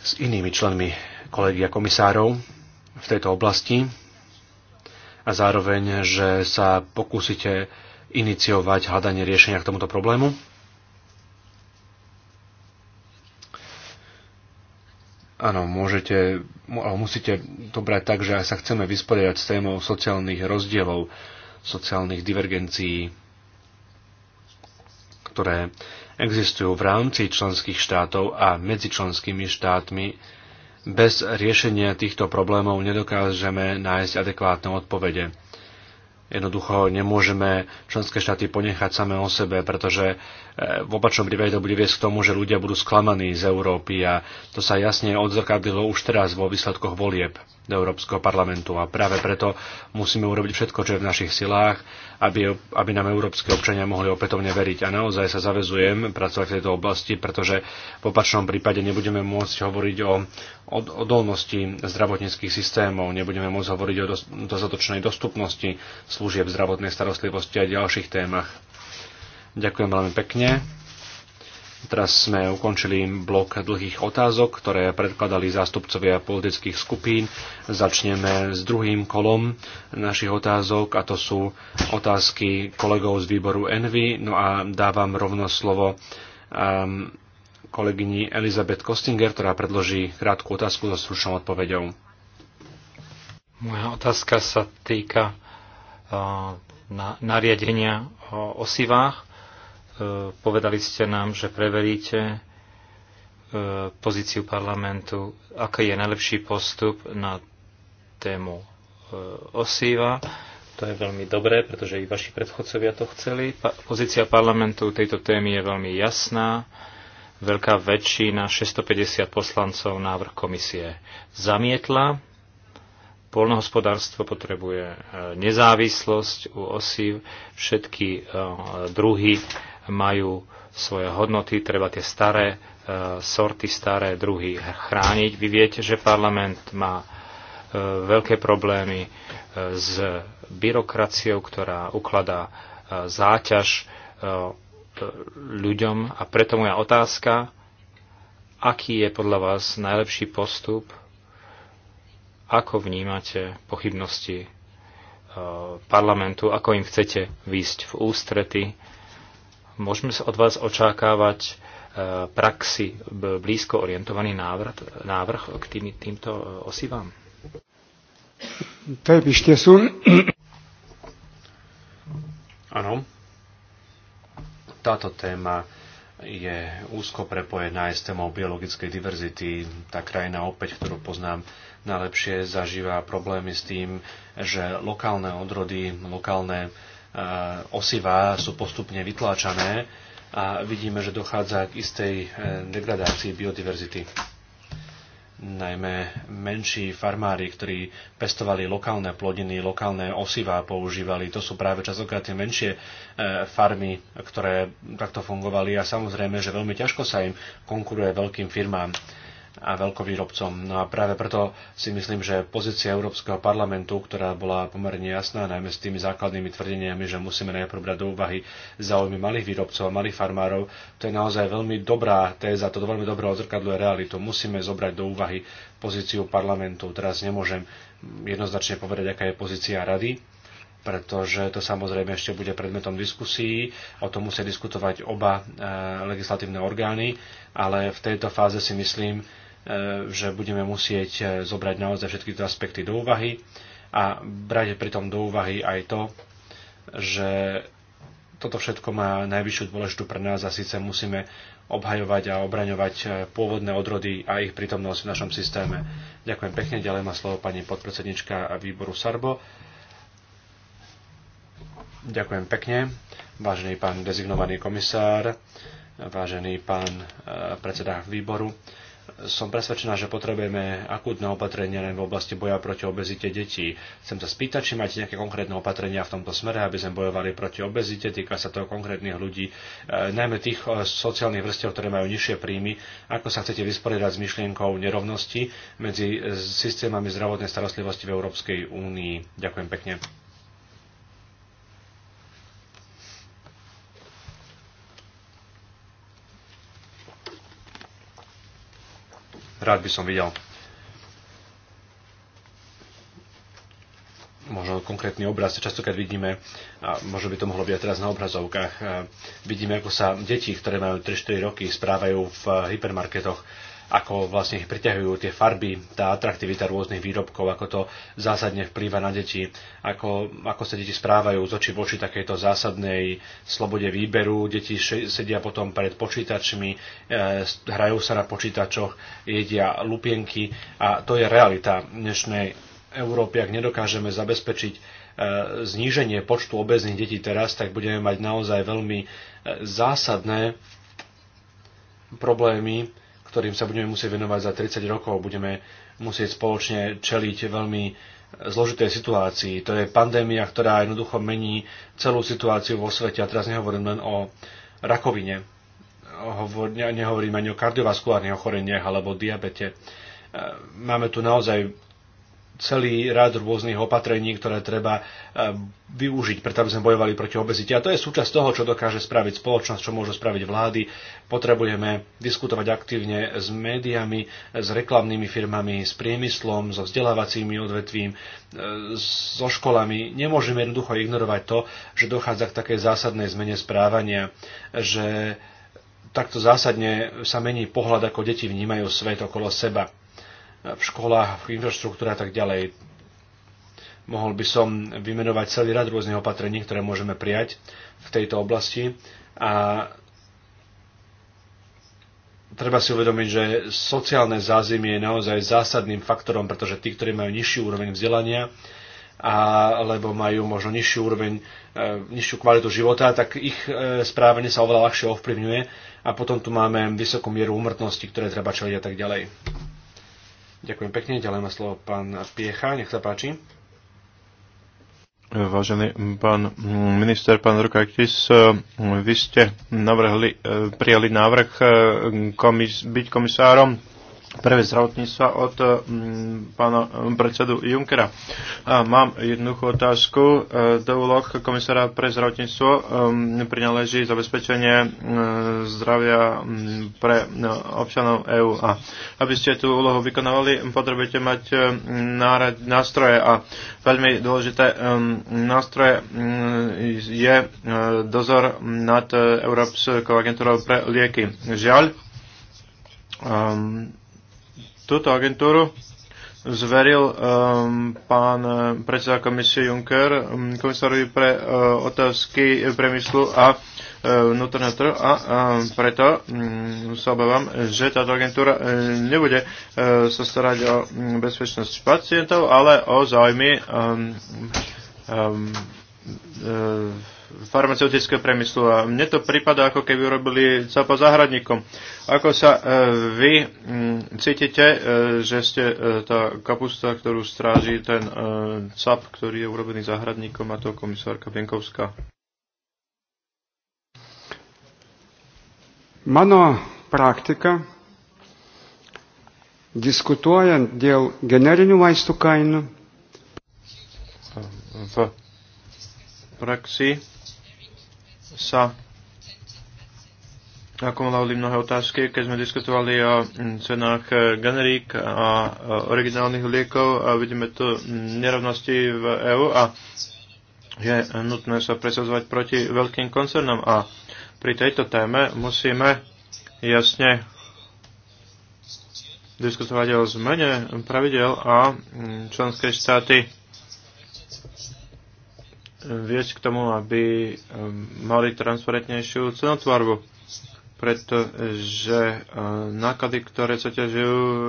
[SPEAKER 3] s inými členmi kolegia komisárov v tejto oblasti a zároveň, že sa pokúsite iniciovať hľadanie riešenia k tomuto problému. Áno, môžete, ale musíte to brať tak, že ak sa chceme vysporiadať s témou sociálnych rozdielov, sociálnych divergencií, ktoré existujú v rámci členských štátov a medzi členskými štátmi, bez riešenia týchto problémov nedokážeme nájsť adekvátne odpovede. Jednoducho nemôžeme členské štáty ponechať samé o sebe, pretože v opačnom prípade to bude viesť k tomu, že ľudia budú sklamaní z Európy a to sa jasne odzrkadlilo už teraz vo výsledkoch volieb do Európskeho parlamentu a práve preto musíme urobiť všetko, čo je v našich silách, aby, aby nám európske občania mohli opätovne veriť. A naozaj sa zavezujem pracovať v tejto oblasti, pretože v opačnom prípade nebudeme môcť hovoriť o odolnosti zdravotníckých systémov, nebudeme môcť hovoriť o dostatočnej dostupnosti služieb zdravotnej starostlivosti a ďalších témach. Ďakujem veľmi pekne. Teraz sme ukončili blok dlhých otázok, ktoré predkladali zástupcovia politických skupín. Začneme s druhým kolom našich otázok a to sú otázky kolegov z výboru Envy. No a dávam rovno slovo um, kolegyni Elizabeth Kostinger, ktorá predloží krátku otázku so slušnou
[SPEAKER 4] odpoveďou. Moja otázka sa týka uh, na, nariadenia o osivách E, povedali ste nám, že preveríte e, pozíciu parlamentu, aký je najlepší postup na tému e, osíva. To je veľmi dobré, pretože i vaši predchodcovia to chceli. pozícia parlamentu tejto témy je veľmi jasná. Veľká väčšina, 650 poslancov, návrh komisie zamietla. Polnohospodárstvo potrebuje nezávislosť u osív. Všetky druhy majú svoje hodnoty, treba tie staré e, sorty, staré druhy chrániť. Vy viete, že parlament má e, veľké problémy e, s byrokraciou, ktorá ukladá záťaž ľuďom. A preto moja otázka, aký je podľa vás najlepší postup, ako vnímate pochybnosti parlamentu, ako im chcete výjsť v ústrety, Môžeme sa od vás očakávať e, praxi blízko orientovaný návrh, návrh k tým, týmto e,
[SPEAKER 2] osivám?
[SPEAKER 3] Áno. Táto téma je úzko prepojená aj s témou biologickej diverzity. Tá krajina opäť, ktorú poznám najlepšie, zažíva problémy s tým, že lokálne odrody, lokálne uh, E, osiva sú postupne vytláčané a vidíme, že dochádza k istej e, degradácii biodiverzity. Najmä menší farmári, ktorí pestovali lokálne plodiny, lokálne osivá používali, to sú práve častokrát tie menšie e, farmy, ktoré takto fungovali a samozrejme, že veľmi ťažko sa im konkuruje veľkým firmám a veľkovýrobcom. No a práve preto si myslím, že pozícia Európskeho parlamentu, ktorá bola pomerne jasná, najmä s tými základnými tvrdeniami, že musíme najprv brať do úvahy záujmy malých výrobcov a malých farmárov, to je naozaj veľmi dobrá téza, to veľmi dobre odzrkadľuje realitu. Musíme zobrať do úvahy pozíciu parlamentu. Teraz nemôžem jednoznačne povedať, aká je pozícia rady, pretože to samozrejme ešte bude predmetom diskusí, o tom musia diskutovať oba eh, legislatívne orgány, ale v tejto fáze si myslím, E, že budeme musieť e, zobrať naozaj všetky tie aspekty do úvahy a brať pritom do úvahy aj to, že toto všetko má najvyššiu dôležitú pre nás a síce musíme obhajovať a obraňovať e, pôvodné odrody a ich prítomnosť v našom systéme. Ďakujem pekne, ďalej má slovo pani podpredsednička výboru Sarbo. Ďakujem pekne, vážený pán dezignovaný komisár, vážený pán predseda výboru som presvedčená, že potrebujeme akútne opatrenia len v oblasti boja proti obezite detí. Chcem sa spýtať, či máte nejaké konkrétne opatrenia v tomto smere, aby sme bojovali proti obezite. Týka sa to konkrétnych ľudí, e, najmä tých e, sociálnych vrstiev, ktoré majú nižšie príjmy. Ako sa chcete vysporiadať s myšlienkou nerovnosti medzi e, systémami zdravotnej starostlivosti v Európskej únii? Ďakujem pekne. rád by som videl. možno konkrétny obraz, keď vidíme, a možno by to mohlo byť aj teraz na obrazovkách, vidíme, ako sa deti, ktoré majú 3-4 roky, správajú v hypermarketoch ako vlastne ich priťahujú tie farby, tá atraktivita rôznych výrobkov, ako to zásadne vplýva na deti, ako, ako sa deti správajú z očí v oči takejto zásadnej slobode výberu. Deti sedia potom pred počítačmi, e, hrajú sa na počítačoch, jedia lupienky a to je realita dnešnej Európy, ak nedokážeme zabezpečiť e, zníženie počtu obezných detí teraz, tak budeme mať naozaj veľmi e, zásadné problémy ktorým sa budeme musieť venovať za 30 rokov. Budeme musieť spoločne čeliť veľmi zložitej situácii. To je pandémia, ktorá jednoducho mení celú situáciu vo svete. A teraz nehovorím len o rakovine. Hovor, nehovorím ani o kardiovaskulárnych ochoreniach alebo diabete. Máme tu naozaj celý rad rôznych opatrení, ktoré treba e, využiť, preto aby sme bojovali proti obezite. A to je súčasť toho, čo dokáže spraviť spoločnosť, čo môžu spraviť vlády. Potrebujeme diskutovať aktívne s médiami, s reklamnými firmami, s priemyslom, so vzdelávacími odvetvím, e, so školami. Nemôžeme jednoducho ignorovať to, že dochádza k takej zásadnej zmene správania, že takto zásadne sa mení pohľad, ako deti vnímajú svet okolo seba v školách, v infraštruktúre a tak ďalej. Mohol by som vymenovať celý rad rôznych opatrení, ktoré môžeme prijať v tejto oblasti a treba si uvedomiť, že sociálne zázemie je naozaj zásadným faktorom, pretože tí, ktorí majú nižší úroveň vzdelania, alebo majú možno nižšiu úroveň, e, nižšiu kvalitu života, tak ich e, správanie sa oveľa ľahšie ovplyvňuje a potom tu máme vysokú mieru úmrtnosti, ktoré treba čeliť a tak ďalej. Ďakujem pekne. Ďalej má slovo pán Piecha. Nech sa páči.
[SPEAKER 1] E, vážený pán minister, pán Rukakis, e, vy ste navrhli, e, prijali návrh komis, byť komisárom prvé zdravotníctva od mm, pána mm, predsedu Junkera. A mám jednu otázku. E, do úloh komisára pre zdravotníctvo mm, prináleží zabezpečenie zdravia pre no, občanov EÚ. A aby ste tú úlohu vykonovali, potrebujete mať e, nástroje a veľmi dôležité nástroje je e, dozor nad Európskou agentúrou pre lieky. Žiaľ, um, Túto agentúru zveril um, pán eh, predseda komisie Juncker um, komisárovi pre uh, otázky priemyslu a eh, vnútorného trhu a, a preto m, mm, sa obávam, že táto agentúra m, nebude e, sa starať o m, mm, bezpečnosť pacientov, ale o záujmy um, um, farmaceutického priemyslu. A mne to prípada, ako keby urobili capa záhradníkom. Ako sa e, vy mm, cítite, e, že ste e, tá kapusta, ktorú stráži ten cap, ktorý je urobený záhradníkom a to komisárka Pienkovská?
[SPEAKER 2] Mano praktika diskutuje diel generinu vajstu kainu.
[SPEAKER 1] V praxi sa akumulovali mnohé otázky, keď sme diskutovali o mm, cenách e, generík a originálnych liekov a vidíme tu mm, nerovnosti v EÚ a je nutné sa presadzovať proti veľkým koncernom a pri tejto téme musíme jasne diskutovať o zmene pravidel a mm, členské štáty viesť k tomu, aby um, mali transparentnejšiu cenotvorbu pretože uh, náklady, ktoré sa ťažujú um,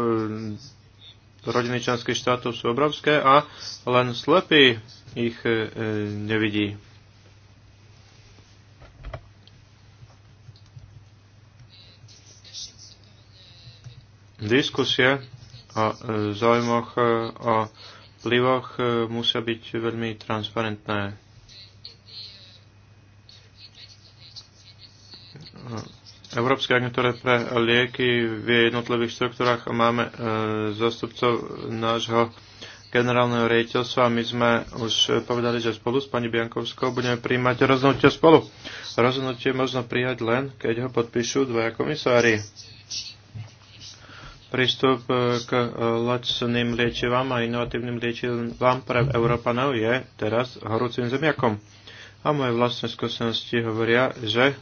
[SPEAKER 1] rodiny členských štátov sú obrovské a len slepý ich uh, nevidí. Diskusie o uh, záujmoch, o vplyvoch musia byť veľmi transparentné. Európskej agentúre pre lieky v jednotlivých štruktúrach máme e, zastupcov nášho generálneho rejiteľstva a my sme už povedali, že spolu s pani Biankovskou budeme príjmať rozhodnutie spolu. Rozhodnutie možno prijať len, keď ho podpíšu dvaja komisári. Prístup e, k e, lacným liečivám a inovatívnym liečivám pre Európanov je teraz horúcim zemiakom. A moje vlastné skúsenosti hovoria, že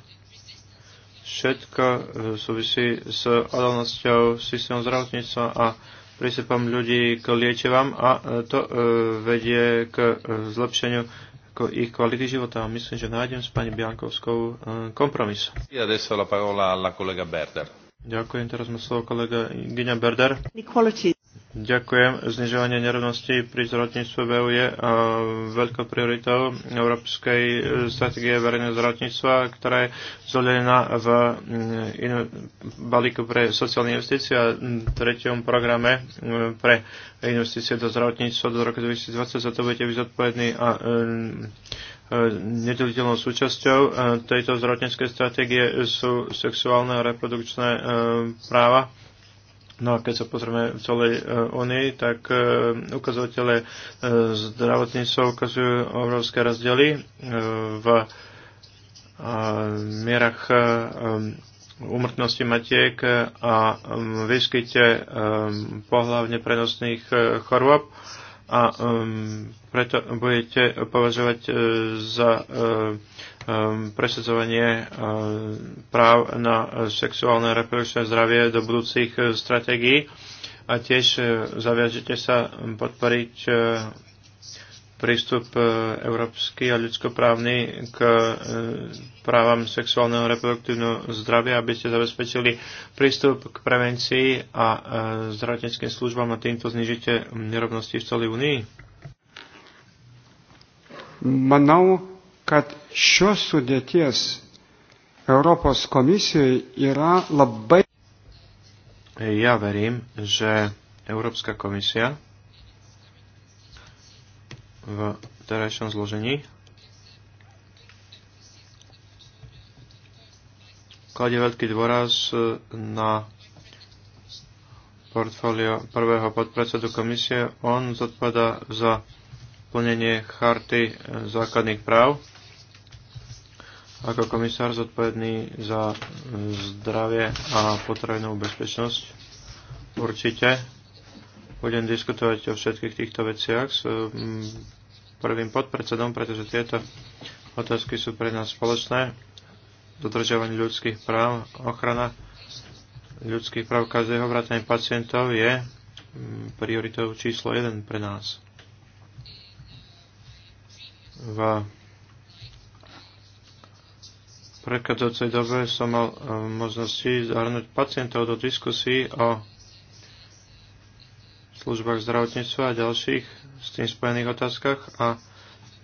[SPEAKER 1] všetko e, súvisí s odolnosťou systému zdravotníctva a prístupom ľudí k liečivám a e, to e, vedie k zlepšeniu ich kvality života. A myslím, že nájdem s pani Biankovskou kompromis. Ďakujem, teraz má slovo kolega Gina Berder. Ďakujem. Znižovanie nerovností pri zdravotníctve EU je e, veľkou prioritou Európskej e, strategie verejného zdravotníctva, ktorá je zvolená v e, balíku pre sociálne investície a treťom programe pre investície do zdravotníctva do roku 2020. Za to budete vy zodpovední a nedeliteľnou súčasťou tejto zdravotníckej stratégie sú sexuálne a reprodukčné práva No a keď sa pozrieme v celej e, Unii, tak e, ukazovatele e, zdravotníctva ukazujú obrovské rozdiely v mierach umrtnosti matiek a výskyte pohľavne prenosných chorôb a preto budete považovať za um, presadzovanie um, práv na sexuálne reprodukčné zdravie do budúcich uh, stratégií a tiež uh, zaviažete sa ehm, podporiť uh, prístup uh, európsky a ľudskoprávny k uh, právam sexuálneho reproduktívneho zdravia, aby ste zabezpečili prístup k prevencii a zdravotníckým službám a týmto znižíte nerovnosti v celej únii?
[SPEAKER 2] Manau, kad šios sudėties Europos komisijai yra labai.
[SPEAKER 1] Ja verím, že Európska komisia v terajšom zložení kladie veľký dôraz na portfólio prvého podpredsedu komisie. On zodpovedá za plnenie charty základných práv ako komisár zodpovedný za zdravie a potravinovú bezpečnosť určite budem diskutovať o všetkých týchto veciach s mm, prvým podpredsedom, pretože tieto otázky sú pre nás spoločné. Dodržiavanie ľudských práv, ochrana ľudských práv každého vrátane pacientov je mm, prioritou číslo jeden pre nás. V predchádzajúcej dobe som mal e, možnosti zahrnúť pacientov do diskusí o službách zdravotníctva a ďalších s tým spojených otázkach a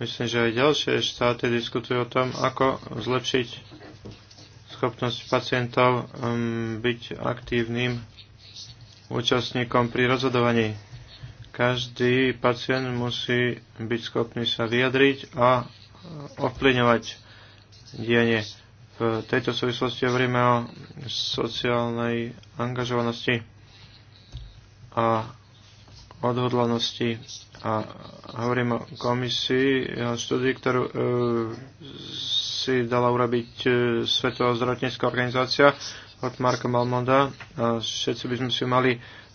[SPEAKER 1] myslím, že aj ďalšie štáty diskutujú o tom, ako zlepšiť schopnosť pacientov byť aktívnym účastníkom pri rozhodovaní. Každý pacient musí byť schopný sa vyjadriť a e, ovplyňovať dianie v tejto súvislosti hovoríme o sociálnej angažovanosti a odhodlanosti a hovorím o komisii, o štúdii, ktorú e, si dala urobiť e, Svetová zdravotnícká organizácia od Marka Malmonda a všetci by sme si mali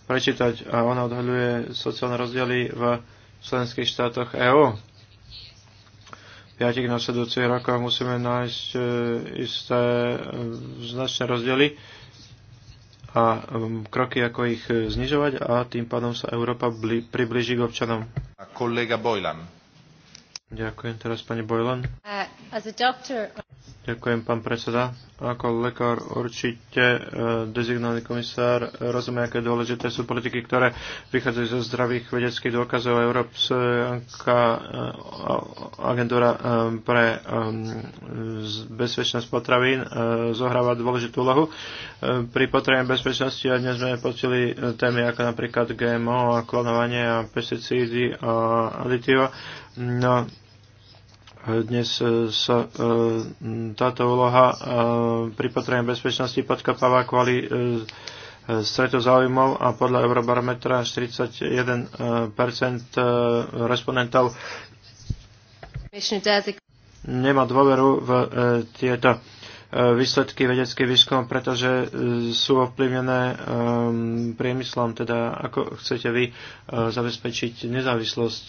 [SPEAKER 1] prečítať a ona odhaľuje sociálne rozdiely v členských štátoch EÚ piatich nasledujúcich rokoch musíme nájsť e, isté e, značné rozdiely a kroky, ako ich e, znižovať a tým pádom sa Európa približí k občanom. kolega Bojlan. Ďakujem teraz, pani Bojlan. Uh, Ďakujem, pán predseda. Ako lekár určite e, dezignovaný komisár e, rozumie, aké dôležité sú politiky, ktoré vychádzajú zo zdravých vedeckých dôkazov. Európska e, agentúra pre bezpečnosť potravín zohráva dôležitú úlohu. Pri potrebe bezpečnosti a dnes sme počuli témy ako napríklad GMO a klonovanie a pesticídy a aditíva. No, dnes e, sa e, táto úloha e, pri potrebe bezpečnosti podkapáva kvôli stretu záujmov a podľa Eurobarometra 41% respondentov nemá dôveru v tieto výsledky vedeckých výskum, pretože sú ovplyvnené priemyslom. Teda ako chcete vy zabezpečiť nezávislosť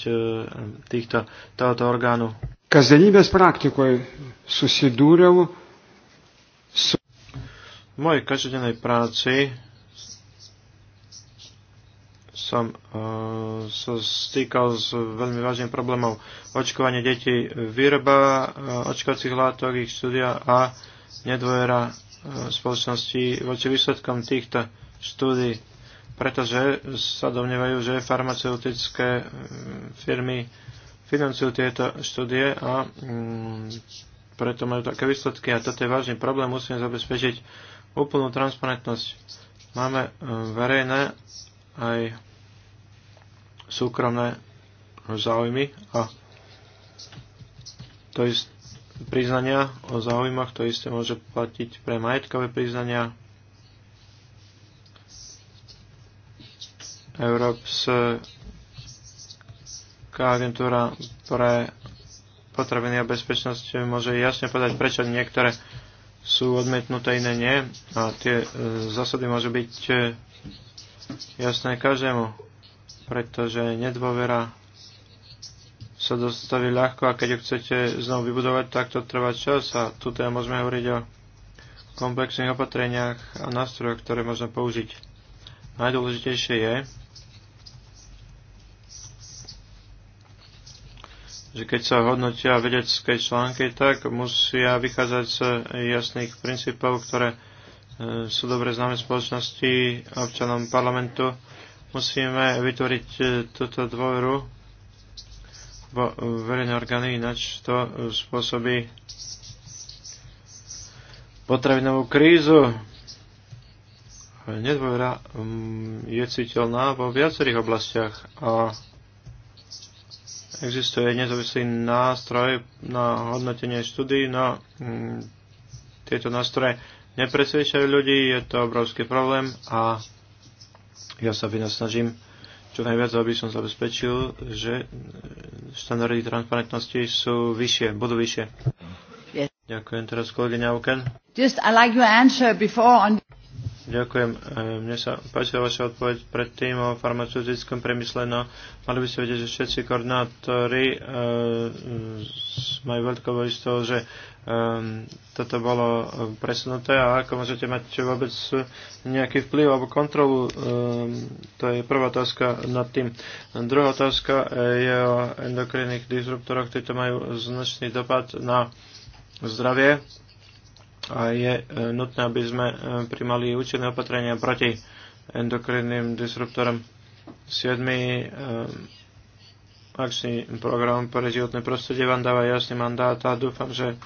[SPEAKER 1] týchto, tohoto orgánu?
[SPEAKER 2] kasdienybės praktikoje susidūriau
[SPEAKER 1] su. V mojej každodennej práci som uh, sa stýkal s veľmi vážnym problémom očkovanie detí, výroba uh, očkovacích látok, ich štúdia a nedvojera uh, e, spoločnosti voči výsledkom týchto štúdí, pretože sa domnievajú, že farmaceutické firmy uh, financujú tieto štúdie a mm, preto majú také výsledky a toto je vážny problém, musíme zabezpečiť úplnú transparentnosť. Máme e, verejné aj súkromné záujmy a to je priznania o záujmach, to isté môže platiť pre majetkové priznania. Európske Európska agentúra pre potraviny a bezpečnosť môže jasne povedať, prečo niektoré sú odmietnuté, iné nie. A tie e, zásady môžu byť e, jasné každému, pretože nedôvera sa dostaví ľahko a keď ju chcete znovu vybudovať, tak to trvá čas a tu teda môžeme hovoriť o komplexných opatreniach a nástrojoch, ktoré môžeme použiť. Najdôležitejšie je, že keď sa hodnotia vedecké články, tak musia vychádzať z jasných princípov, ktoré e, sú dobre známe spoločnosti občanom parlamentu. Musíme vytvoriť e, túto dôveru vo verejné orgány, ináč to spôsobí potravinovú krízu. Nedôvera mm, je citeľná vo viacerých oblastiach a Existuje nezávislý nástroj na hodnotenie štúdií, no mm, tieto nástroje nepresvedčajú ľudí, je to obrovský problém a ja sa vynasnažím čo najviac, aby som zabezpečil, že štandardy transparentnosti sú vyššie, budú vyššie. Yes. Ďakujem teraz kolegyňa Oken.
[SPEAKER 2] Just I like your answer before on
[SPEAKER 1] Ďakujem. E, mne sa páčila vaša odpoveď predtým o farmaceutickom premysle, No, mali by ste vedieť, že všetci koordinátori e, majú veľkou obavy z toho, že e, toto bolo presunuté a ako môžete mať vôbec nejaký vplyv alebo kontrolu. E, to je prvá otázka nad tým. Druhá otázka e, je o endokrinných disruptoroch, ktorí majú značný dopad na zdravie a je e, nutné, aby sme e, primali účinné opatrenia proti endokrinným disruptorom. 7. E, akčný program pre životné prostredie vám dáva jasný mandát a dúfam, že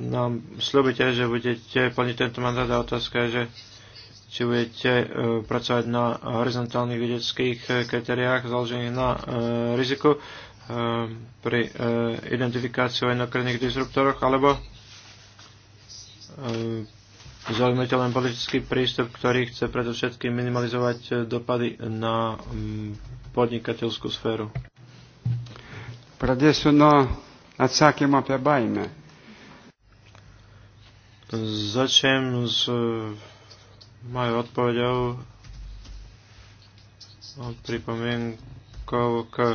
[SPEAKER 1] nám slúbite, že budete plniť tento mandát a otázka je, že či budete pracovať na horizontálnych vedeckých kritériách založených na riziku pri identifikácii endokrinných disruptoroch, alebo Ehm, Zaujíme len politický prístup, ktorý chce predovšetkým minimalizovať eh, dopady na mm,
[SPEAKER 2] podnikateľskú sféru. Pradėsiu atsakymo no, apie baimę. Začnem s eh,
[SPEAKER 1] mojou odpovedou pripomienkou k e,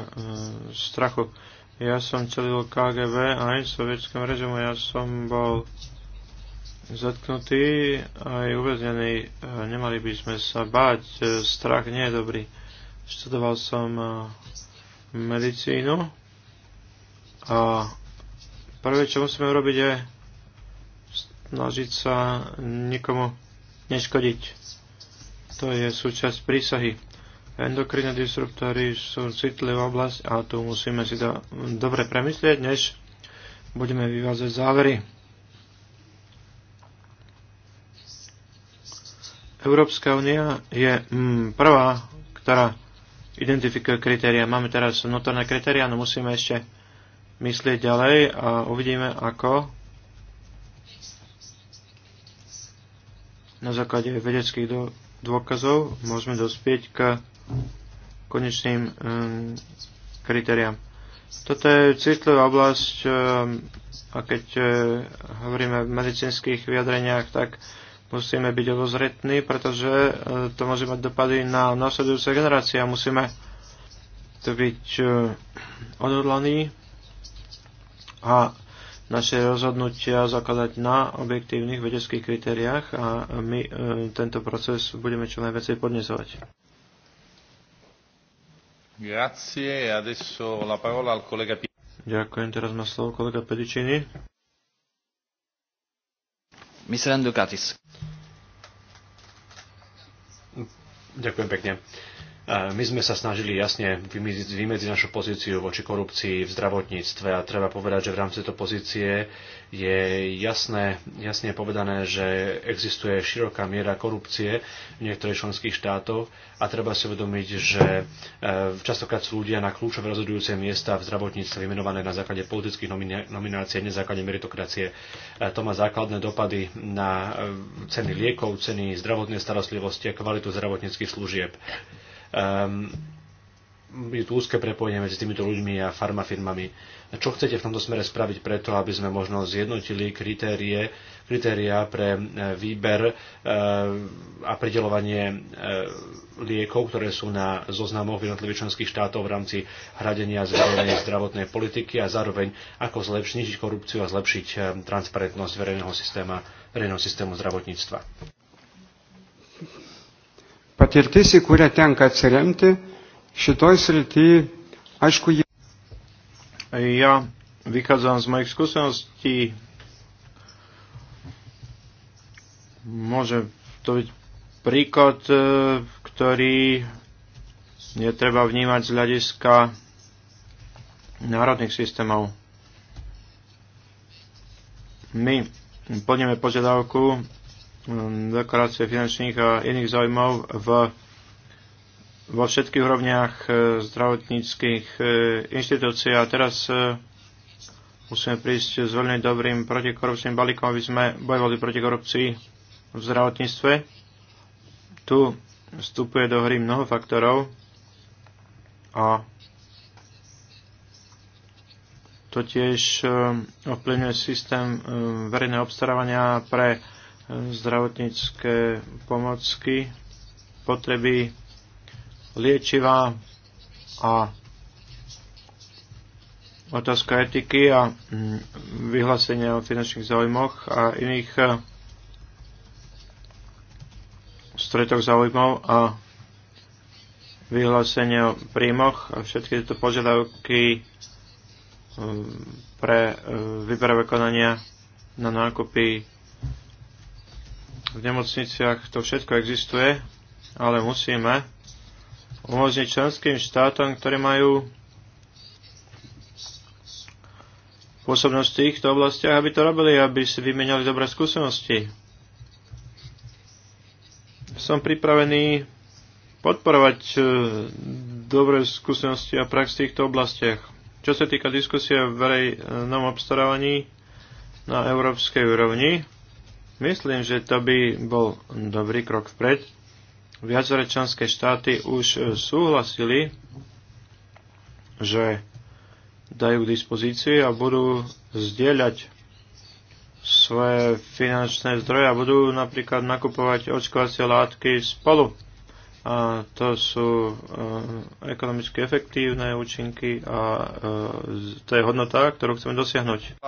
[SPEAKER 1] strachu. Ja som celil KGB aj v sovietskom režimu. Ja som bol zatknutí, aj uväznení. E, nemali by sme sa báť, e, strach nie je dobrý. Študoval som e, medicínu a prvé, čo musíme urobiť, je snažiť sa nikomu neškodiť. To je súčasť prísahy. Endokrinné disruptory sú citlivá oblasť a tu musíme si to dobre premyslieť, než budeme vyvázať závery. Európska únia je mm, prvá, ktorá identifikuje kritéria. Máme teraz notorné kritéria, no musíme ešte myslieť ďalej a uvidíme, ako na základe vedeckých dôkazov môžeme dospieť k konečným mm, kritériám. Toto je citlivá oblasť mm, a keď eh, hovoríme v medicínskych vyjadreniach, tak Musíme byť obozretní, pretože e, to môže mať dopady na následujúce generácie a musíme to byť e, odhodlaní a naše rozhodnutia zakladať na objektívnych vedeckých kritériách a my e, tento proces budeme čo najviacej podnesovať.
[SPEAKER 4] Grazie, adesso la parola al collega
[SPEAKER 1] Ďakujem, teraz má slovo kolega Pedicini. Mr. Andukatis.
[SPEAKER 3] Ďakujem pekne. My sme sa snažili jasne vymedziť našu pozíciu voči korupcii v zdravotníctve a treba povedať, že v rámci tejto pozície je jasné, jasne povedané, že existuje široká miera korupcie v niektorých členských štátoch a treba si uvedomiť, že e, častokrát sú ľudia na kľúčové rozhodujúce miesta v zdravotníctve vymenované na základe politických nominácií, nie základe meritokracie. E, to má základné dopady na e, ceny liekov, ceny zdravotnej starostlivosti a kvalitu zdravotníckých služieb um, je tu úzke prepojenie medzi týmito ľuďmi a farmafirmami. Čo chcete v tomto smere spraviť preto, aby sme možno zjednotili kritérie, kritéria pre e, výber e, a pridelovanie e, liekov, ktoré sú na zoznamoch jednotlivých členských štátov v rámci hradenia zverejnej zdravotnej politiky a zároveň ako zlepšiť korupciu a zlepšiť transparentnosť verejného, systému, verejného systému zdravotníctva
[SPEAKER 2] patirtis, į kurią tenka atsiremti, šitoj srity, aišku, jie. Ja vychádzam z mojich
[SPEAKER 1] skúseností. Môže to byť príklad, e, ktorý netreba vnímať z hľadiska národných systémov. My plníme požiadavku deklarácie finančných a iných záujmov v, vo všetkých úrovniach e, zdravotníckých e, inštitúcií. A teraz e, musíme prísť s veľmi dobrým protikorupčným balíkom, aby sme bojovali proti korupcii v zdravotníctve. Tu vstupuje do hry mnoho faktorov a to tiež ovplyvňuje systém verejného obstarávania pre zdravotnícke pomocky, potreby liečiva a otázka etiky a mm, vyhlásenia o finančných záujmoch a iných e, stretoch záujmov a vyhlásenie o príjmoch a všetky tieto požiadavky mm, pre e, výberové konania na nákupy v nemocniciach, to všetko existuje, ale musíme umožniť členským štátom, ktoré majú pôsobnosť v týchto oblastiach, aby to robili, aby si vymenali dobré skúsenosti. Som pripravený podporovať e, dobré skúsenosti a prax v týchto oblastiach. Čo sa týka diskusie v verejnom obstarávaní na európskej úrovni, Myslím, že to by bol dobrý krok vpred. Viaceré členské štáty už e, súhlasili, že dajú k dispozícii a budú zdieľať svoje finančné zdroje a budú napríklad nakupovať očkovacie látky spolu. A to sú e, ekonomicky efektívne účinky a e, to je hodnota, ktorú chceme dosiahnuť.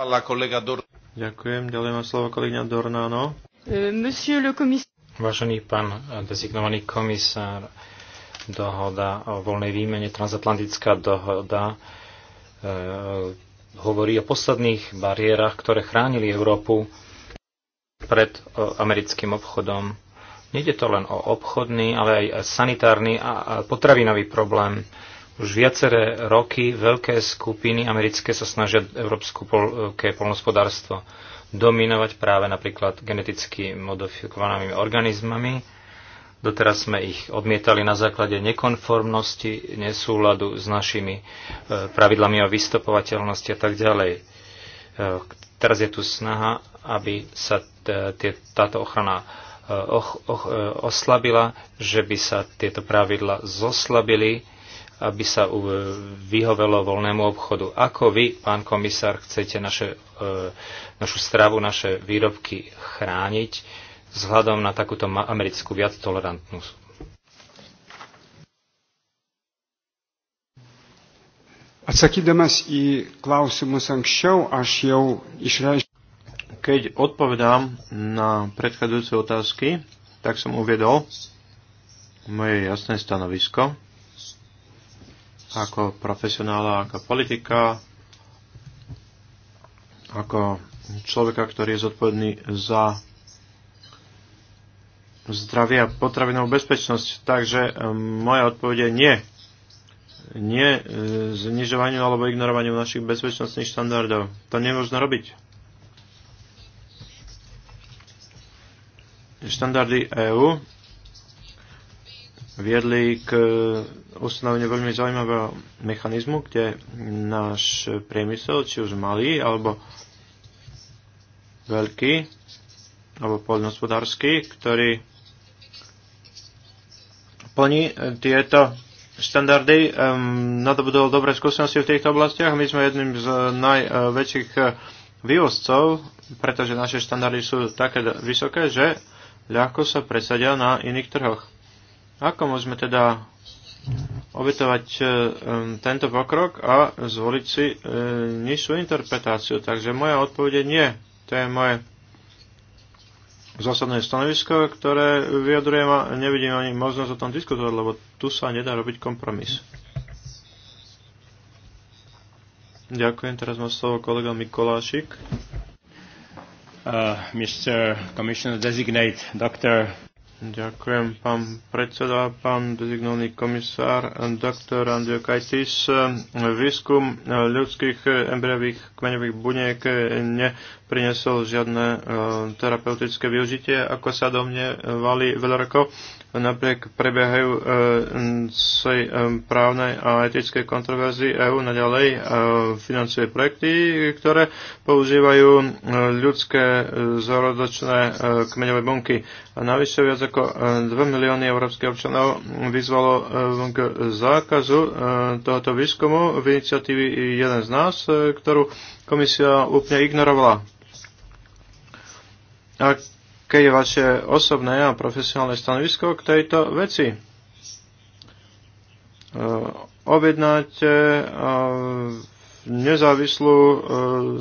[SPEAKER 1] Ďakujem. Ďalej má slovo kolegyňa Dornáno.
[SPEAKER 2] E, monsieur le commissaire.
[SPEAKER 4] Vážený pán dezignovaný komisár, dohoda o voľnej výmene, transatlantická dohoda, e, hovorí o posledných bariérach, ktoré chránili Európu pred e, americkým obchodom. Nede to len o obchodný, ale aj sanitárny a potravinový problém. Už viaceré roky veľké skupiny americké sa snažia európske pol, eh, polnospodárstvo dominovať práve napríklad geneticky modifikovanými organizmami. Doteraz sme ich odmietali na základe nekonformnosti, nesúladu s našimi eh, pravidlami o vystopovateľnosti a tak ďalej. Eh, teraz je tu snaha, aby sa táto ochrana oslabila, že by sa tieto pravidla zoslabili aby sa vyhovelo voľnému obchodu. Ako vy, pán komisár, chcete naše, e, našu stravu, naše výrobky chrániť vzhľadom na takúto americkú viac tolerantnú
[SPEAKER 2] Atsakydamas į klausimus anksčiau, aš jau išreiškiau. Keď odpovedám na predchádzajúce otázky,
[SPEAKER 1] tak som uvedol moje jasné stanovisko ako profesionála, ako politika, ako človeka, ktorý je zodpovedný za zdravie a potravinovú bezpečnosť. Takže e, moja odpoveď je nie. Nie e, znižovaniu alebo ignorovaniu našich bezpečnostných štandardov. To nemôžno robiť. Štandardy EÚ viedli k e, ustanoveniu veľmi zaujímavého mechanizmu, kde náš priemysel, či už malý alebo veľký, alebo poľnohospodársky, ktorý plní e, tieto štandardy, e, nadobudol dobré skúsenosti v týchto oblastiach. My sme jedným z najväčších vývozcov, pretože naše štandardy sú také vysoké, že ľahko sa presadia na iných trhoch. Ako môžeme teda obetovať e, e, tento pokrok a zvoliť si e, nižšiu interpretáciu? Takže moja odpoveď je nie. To je moje zásadné stanovisko, ktoré vyjadrujem a nevidím ani možnosť o tom diskutovať, lebo tu sa nedá robiť kompromis. Ďakujem. Teraz má slovo kolega Mikolášik. Uh, Mr. Commissioner Designate, Dr. Ďakujem, pán predseda, pán dezignovaný komisár, doktor Andrej Kajtis. Výskum ľudských embryových kmeňových buniek priniesol žiadne e, terapeutické využitie, ako sa do e, valí veľa rokov. Napriek prebiehajú e, svoj právnej a etické kontroverzii EU naďalej financuje projekty, ktoré používajú ľudské zorodočné kmeňové bunky. A navyše viac ako 2 milióny európskych občanov vyzvalo k zákazu tohoto výskumu v iniciatívy Jeden z nás, ktorú komisia úplne ignorovala. Aké je vaše osobné a profesionálne stanovisko k tejto veci? E, Objednať e, nezávislú e,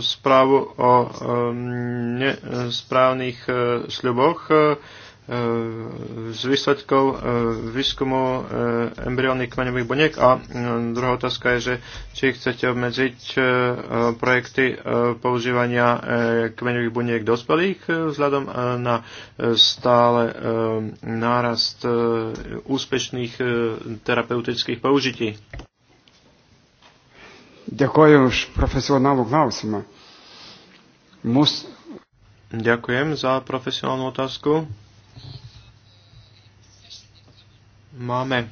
[SPEAKER 1] správu o nesprávnych sľuboch z e, výsledkov e, výskumu e, embryónnych kmeňových buniek. A druhá otázka je, že či chcete obmedziť projekty používania kmeňových buniek dospelých vzhľadom na stále nárast úspešných terapeutických použití.
[SPEAKER 2] Ďakujem už profesionálu Knausima. Mus...
[SPEAKER 1] Ďakujem za profesionálnu otázku. Máme,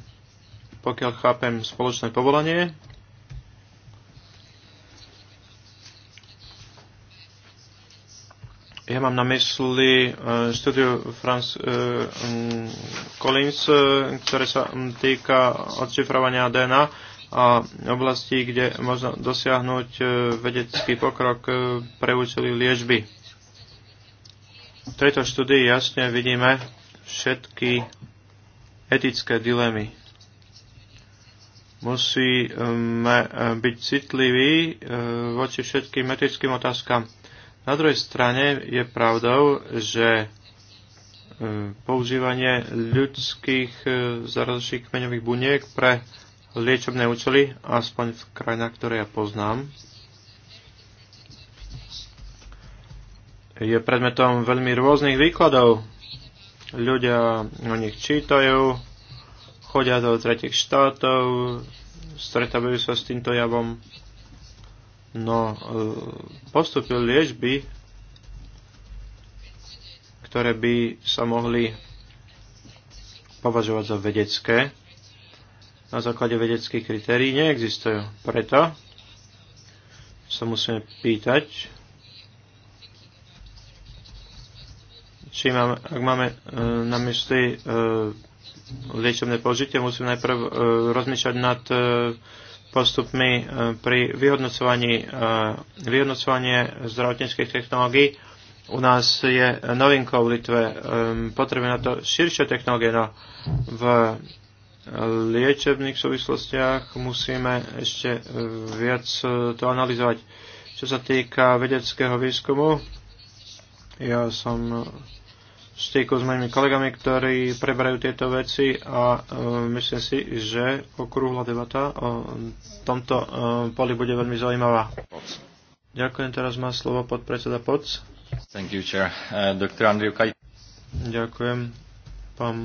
[SPEAKER 1] pokiaľ chápem, spoločné povolanie. Ja mám na mysli e, štúdiu Franz e, mm, Collins, e, ktoré sa týka odšifrovania DNA a oblasti, kde možno dosiahnuť vedecký pokrok pre účely liežby. V tejto štúdii jasne vidíme všetky etické dilemy. Musíme eh, byť citliví eh, voči všetkým etickým otázkam. Na druhej strane je pravdou, že eh, používanie ľudských zarazších kmeňových buniek pre liečebné účely, aspoň v krajinách, ktoré ja poznám, je predmetom veľmi rôznych výkladov ľudia o nich čítajú, chodia do tretich štátov, stretávajú sa s týmto javom. No, e, postupil liečby, ktoré by sa mohli považovať za vedecké, na základe vedeckých kritérií neexistujú. Preto sa musíme pýtať, či mám, ak máme e, na mysli e, liečebné použitie, musím najprv e, rozmýšľať nad e, postupmi e, pri vyhodnocovaní. E, vyhodnocovanie zdravotníckých technológií u nás je novinkou v Litve. E, potrebujeme na to širšie technológie. No v e, liečebných súvislostiach musíme ešte e, viac e, to analyzovať. Čo sa týka vedeckého výskumu, ja som e, styku s mojimi kolegami, ktorí preberajú tieto veci a uh, myslím si, že okrúhla debata o tomto uh, poli bude veľmi zaujímavá. Poc. Ďakujem, teraz má slovo podpredseda Poc.
[SPEAKER 4] Thank you, chair. Uh, e, Dr.
[SPEAKER 1] Ďakujem, pán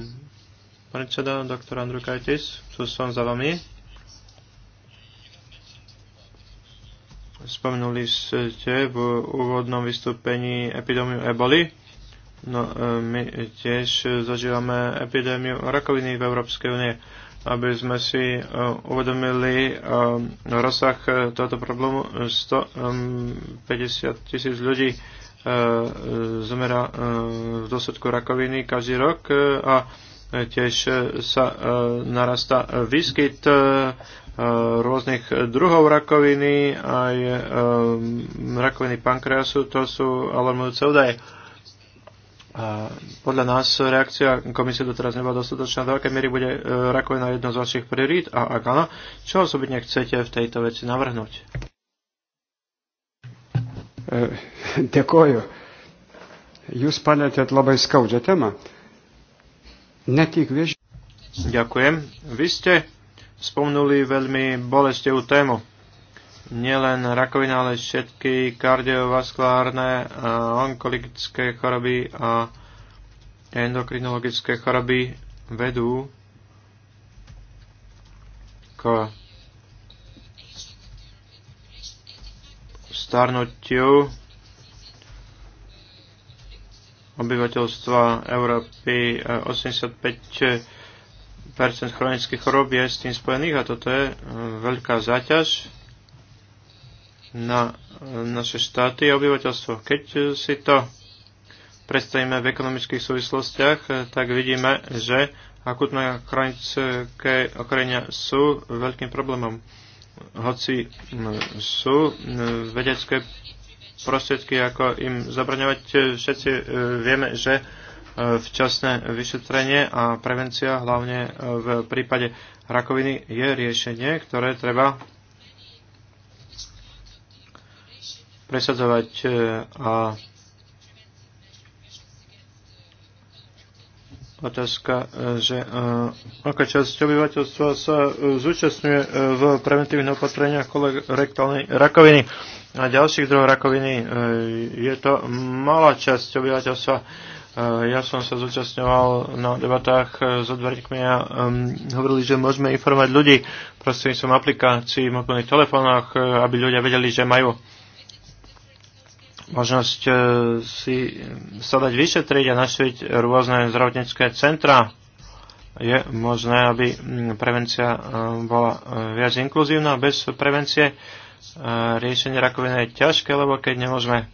[SPEAKER 1] predseda, doktor Andriu Kajtis. Tu som za vami. Spomenuli ste v úvodnom vystúpení epidémiu eboli No, e, my tiež zažívame epidémiu rakoviny v Európskej únie. Aby sme si e, uvedomili e, rozsah tohoto problému, 150 tisíc ľudí zomera v dôsledku rakoviny každý rok a tiež sa narasta výskyt rôznych druhov rakoviny, aj rakoviny pankreasu, to sú alarmujúce údaje. A podľa nás reakcia komisie doteraz nebola dostatočná. Do akej miery bude e, rakovina jedno z vašich priorít a ak áno, čo osobitne chcete v tejto veci navrhnúť?
[SPEAKER 2] E, ďakujem. Jūs palėtėt labai skaudžią temą. Ne
[SPEAKER 1] Ďakujem. Vy ste spomnuli veľmi bolestivú tému nielen rakovina, ale všetky kardiovaskulárne, e, onkologické choroby a endokrinologické choroby vedú k starnutiu obyvateľstva Európy 85% e, chronických chorób je s tým spojených a toto je e, veľká záťaž na naše štáty a obyvateľstvo. Keď si to predstavíme v ekonomických súvislostiach, tak vidíme, že akutné chronické ochorenia sú veľkým problémom. Hoci sú vedecké prostriedky, ako im zabraňovať, všetci e, vieme, že e, včasné vyšetrenie a prevencia, hlavne v prípade rakoviny, je riešenie, ktoré treba presadzovať e, a otázka, e, že e, aká časť obyvateľstva sa zúčastňuje v preventívnych opatreniach kolorektálnej rakoviny a ďalších druhov rakoviny. Je to malá časť obyvateľstva. Ja som sa zúčastňoval na debatách s odborníkmi a hovorili, že môžeme informovať ľudí prostredníctvom aplikácií v mobilných telefónoch, aby ľudia vedeli, že majú možnosť e, si e, sa dať vyšetriť a našliť rôzne zdravotnícke centra. Je možné, aby mm, prevencia e, bola viac inkluzívna. Bez prevencie riešenie rakoviny je ťažké, lebo keď nemôžeme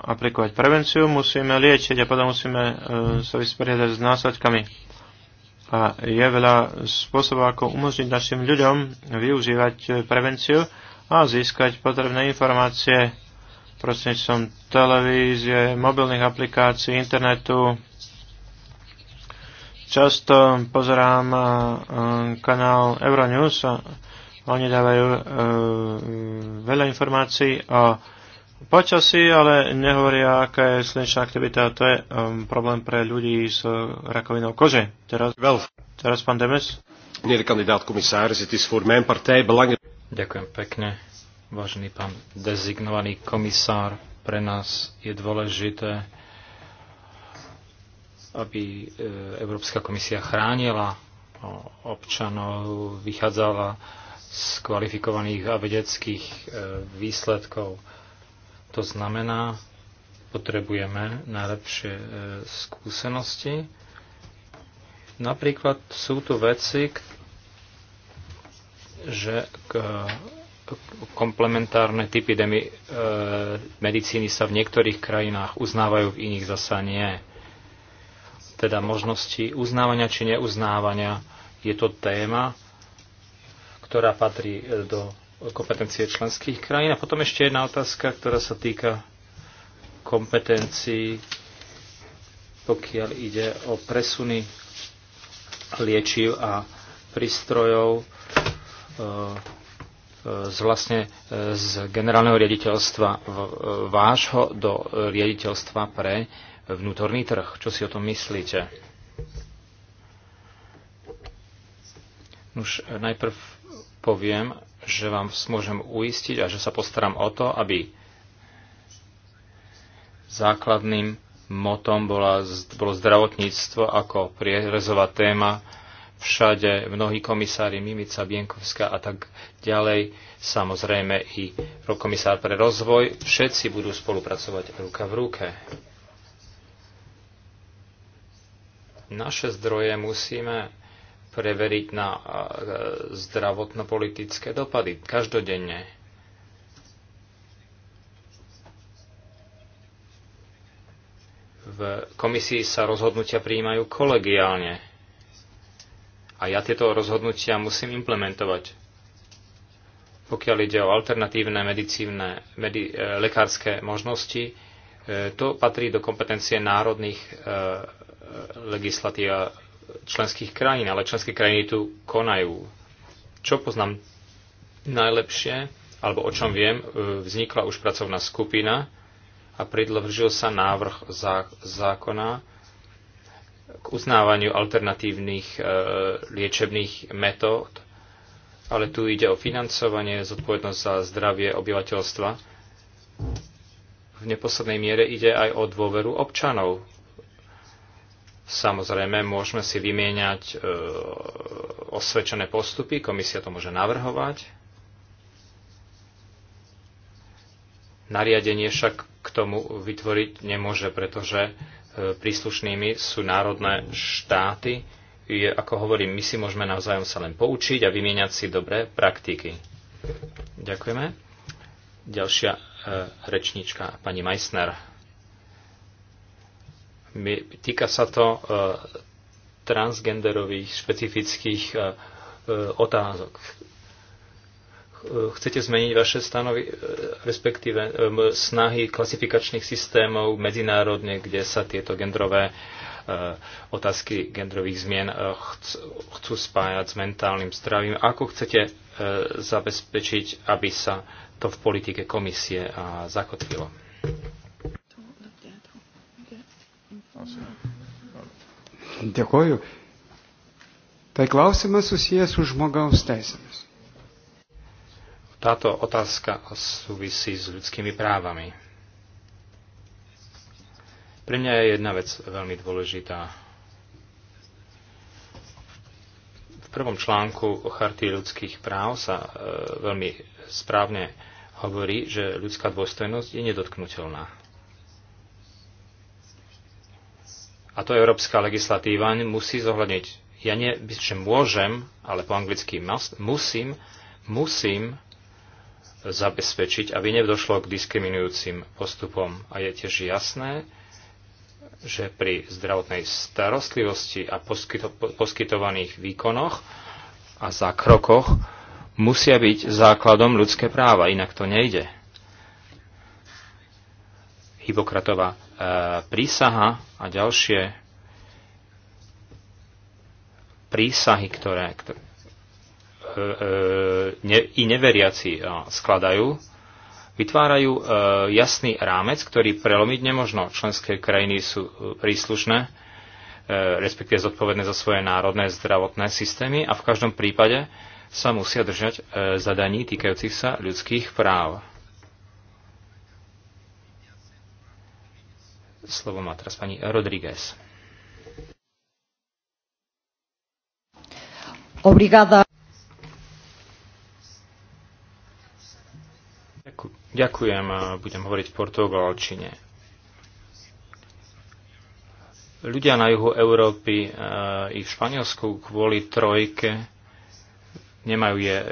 [SPEAKER 1] aplikovať prevenciu, musíme liečiť a potom musíme sa vysporiadať s následkami. A je veľa spôsobov, ako umožniť našim ľuďom využívať prevenciu a získať potrebné informácie prostredníctvom televízie, mobilných aplikácií, internetu. Často pozerám e, e, kanál Euronews a oni dávajú e, veľa informácií o počasí, ale nehovoria, aká je slnečná aktivita. To je problém pre ľudí s rakovinou kože. Teraz, teraz pán Demes. Meneer kandidát komisár, commissaris, het is partij
[SPEAKER 4] Ďakujem pekne. Vážený pán dezignovaný komisár, pre nás je dôležité, aby e, Európska komisia chránila občanov, vychádzala z kvalifikovaných a vedeckých e, výsledkov. To znamená, potrebujeme najlepšie e, skúsenosti. Napríklad sú tu veci, že komplementárne typy demi, e, medicíny sa v niektorých krajinách uznávajú, v iných zasa nie. Teda možnosti uznávania či neuznávania je to téma, ktorá patrí e, do kompetencie členských krajín. A potom ešte jedna otázka, ktorá sa týka kompetencií, pokiaľ ide o presuny liečiv a prístrojov E, z vlastne e, z generálneho riaditeľstva e, vášho do riaditeľstva pre vnútorný trh. Čo si o tom myslíte? Už najprv poviem, že vám môžem uistiť a že sa postaram o to, aby základným motom bola, bolo zdravotníctvo ako prierezová téma všade, mnohí komisári Mimica, Bienkovská a tak ďalej, samozrejme i komisár pre rozvoj, všetci budú spolupracovať ruka v ruke. Naše zdroje musíme preveriť na zdravotnopolitické dopady každodenne. V komisii sa rozhodnutia prijímajú kolegiálne a ja tieto rozhodnutia musím implementovať. Pokiaľ ide o alternatívne medicívne, medi, e, lekárske možnosti, e, to patrí do kompetencie národných e, e legislatív a členských krajín, ale členské krajiny tu konajú. Čo poznám najlepšie, alebo o čom viem, e, vznikla už pracovná skupina a predložil sa návrh zákona, k uznávaniu alternatívnych e, liečebných metód, ale tu ide o financovanie, zodpovednosť za zdravie obyvateľstva. V neposlednej miere ide aj o dôveru občanov. Samozrejme, môžeme si vymieňať e, osvedčené postupy, komisia to môže navrhovať. Nariadenie však k tomu vytvoriť nemôže, pretože príslušnými sú národné štáty. Je, ako hovorím, my si môžeme navzájom sa len poučiť a vymieňať si dobré praktiky. Ďakujeme. Ďalšia e, rečníčka, pani Meissner. My, týka sa to e, transgenderových špecifických e, e otázok. E, chcete zmeniť vaše stanovy, e, respektíve e, snahy klasifikačných systémov medzinárodne, kde sa tieto gendrové otázky gendrových zmien chcú spájať s mentálnym zdravím. Ako chcete zabezpečiť, aby sa to v politike komisie zakotvilo?
[SPEAKER 2] Ďakujem. Tai klausimas susijęs su žmogaus teisėmis.
[SPEAKER 4] Táto otázka súvisí s ľudskými právami. Pre mňa je jedna vec veľmi dôležitá. V prvom článku o charty ľudských práv sa e, veľmi správne hovorí, že ľudská dôstojnosť je nedotknutelná. A to európska legislatíva musí zohľadniť. Ja nie, že môžem, ale po anglicky must, musím, musím zabezpečiť, aby nedošlo k diskriminujúcim postupom. A je tiež jasné, že pri zdravotnej starostlivosti a poskyto, poskytovaných výkonoch a zákrokoch musia byť základom ľudské práva, inak to nejde. Hipokratová e, prísaha a ďalšie prísahy, ktoré, ktoré E, e, ne, i neveriaci e, skladajú, vytvárajú jasný rámec, ktorý prelomiť nemožno. Členské krajiny sú príslušné, respektíve zodpovedné za svoje národné zdravotné systémy a v každom prípade sa musia držať zadaní týkajúcich sa ľudských práv. Slovo má teraz pani Rodríguez. Obrigada. Ďakujem a budem hovoriť v portugalčine. Ľudia na juhu Európy e, i v Španielsku kvôli trojke nemajú je, e,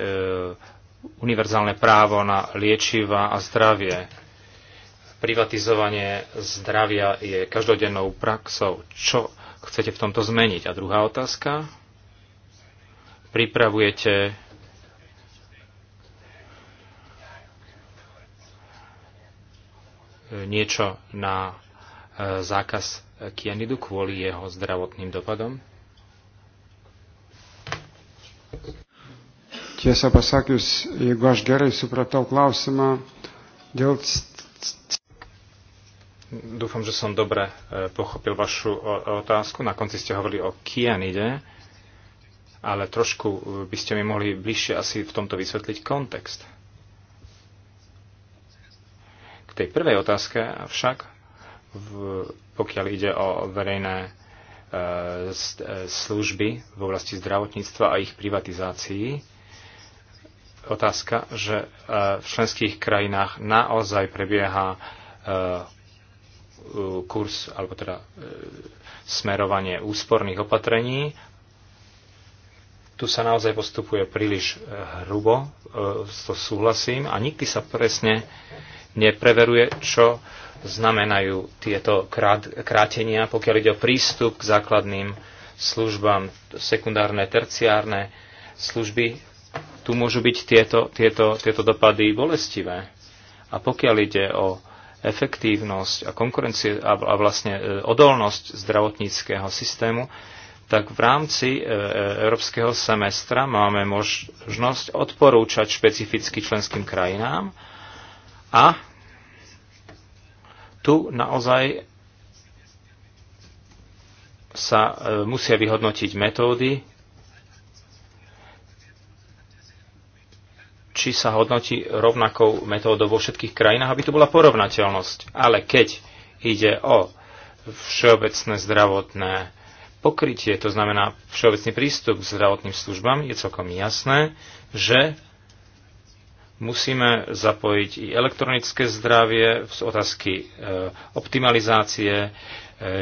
[SPEAKER 4] univerzálne právo na liečiva a zdravie. Privatizovanie zdravia je každodennou praxou. Čo chcete v tomto zmeniť? A druhá otázka. Pripravujete niečo na e, zákaz kianidu kvôli jeho zdravotným dopadom?
[SPEAKER 2] Tiesa pasakius, jeigu aš gerai supratau klausimą, dėl...
[SPEAKER 4] Dúfam, že som dobre e, pochopil vašu otázku. Na konci ste hovorili o kianide, ale trošku e, by ste mi mohli bližšie asi v tomto vysvetliť kontext. K tej prvej otázke však, v, pokiaľ ide o verejné e, e, služby v oblasti zdravotníctva a ich privatizácií. Otázka, že e, v členských krajinách naozaj prebieha kurz, alebo teda smerovanie úsporných opatrení. Tu sa naozaj postupuje príliš hrubo, s to súhlasím, a nikdy sa presne nepreveruje, čo znamenajú tieto krát, krátenia, pokiaľ ide o prístup k základným službám, sekundárne, terciárne služby. Tu môžu byť tieto, tieto, tieto dopady bolestivé. A pokiaľ ide o efektívnosť a konkurencie a, a vlastne e, odolnosť zdravotníckého systému, tak v rámci e, e, európskeho semestra máme možnosť odporúčať špecificky členským krajinám, a tu naozaj sa e, musia vyhodnotiť metódy, či sa hodnotí rovnakou metódou vo všetkých krajinách, aby tu bola porovnateľnosť. Ale keď ide o všeobecné zdravotné pokrytie, to znamená všeobecný prístup k zdravotným službám, je celkom jasné, že Musíme zapojiť i elektronické zdravie z otázky e, optimalizácie, e,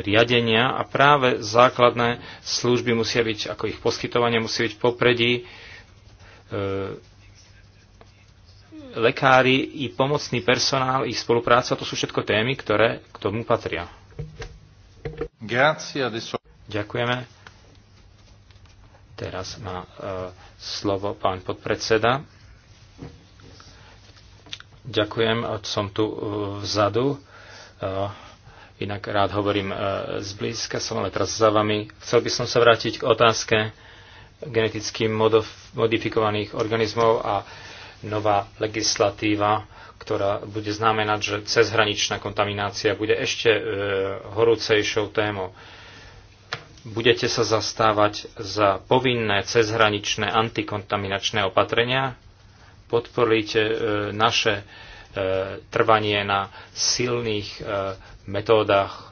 [SPEAKER 4] riadenia a práve základné služby musia byť, ako ich poskytovanie musí byť popredí e, lekári i pomocný personál, ich spolupráca, to sú všetko témy, ktoré k tomu patria. Ďakujeme. Teraz má e, slovo pán podpredseda. Ďakujem, som tu e, vzadu. E, inak rád hovorím e, zblízka, som ale teraz za vami. Chcel by som sa vrátiť k otázke geneticky modifikovaných organizmov a nová legislatíva, ktorá bude znamenať, že cezhraničná kontaminácia bude ešte horúcejšou témou. Budete sa zastávať za povinné cezhraničné antikontaminačné opatrenia? podporiť e, naše e, trvanie na silných e, metódach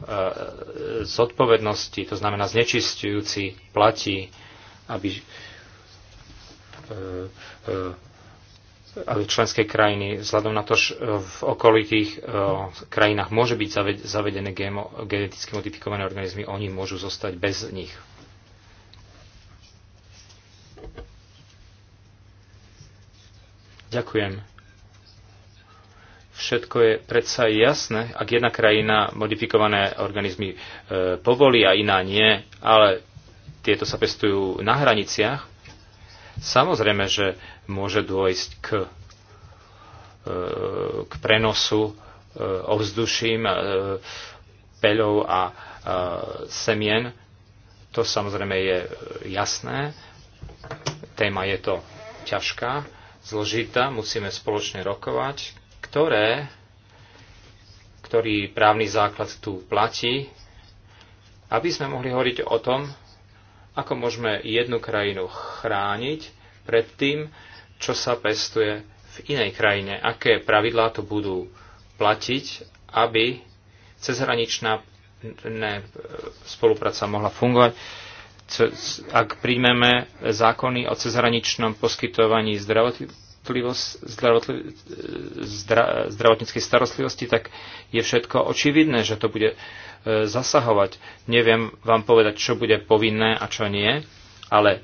[SPEAKER 4] zodpovednosti, to znamená znečistujúci platí, aby, aby členské krajiny, vzhľadom na to, že v okolitých krajinách môže byť zavedené geneticky modifikované organizmy, oni môžu zostať bez nich. Ďakujem. Všetko je predsa jasné, ak jedna krajina modifikované organizmy e, povolí a iná nie, ale tieto sa pestujú na hraniciach. Samozrejme, že môže dôjsť k, e, k prenosu e, ovzduším, e, peľov a e, semien. To samozrejme je e, jasné. Téma je to ťažká zložitá, musíme spoločne rokovať, ktoré, ktorý právny základ tu platí, aby sme mohli hovoriť o tom, ako môžeme jednu krajinu chrániť pred tým, čo sa pestuje v inej krajine, aké pravidlá to budú platiť, aby cezhraničná spolupráca mohla fungovať ak príjmeme zákony o cezhraničnom poskytovaní zdravotníckej starostlivosti, tak je všetko očividné, že to bude e, zasahovať. Neviem vám povedať, čo bude povinné a čo nie, ale e,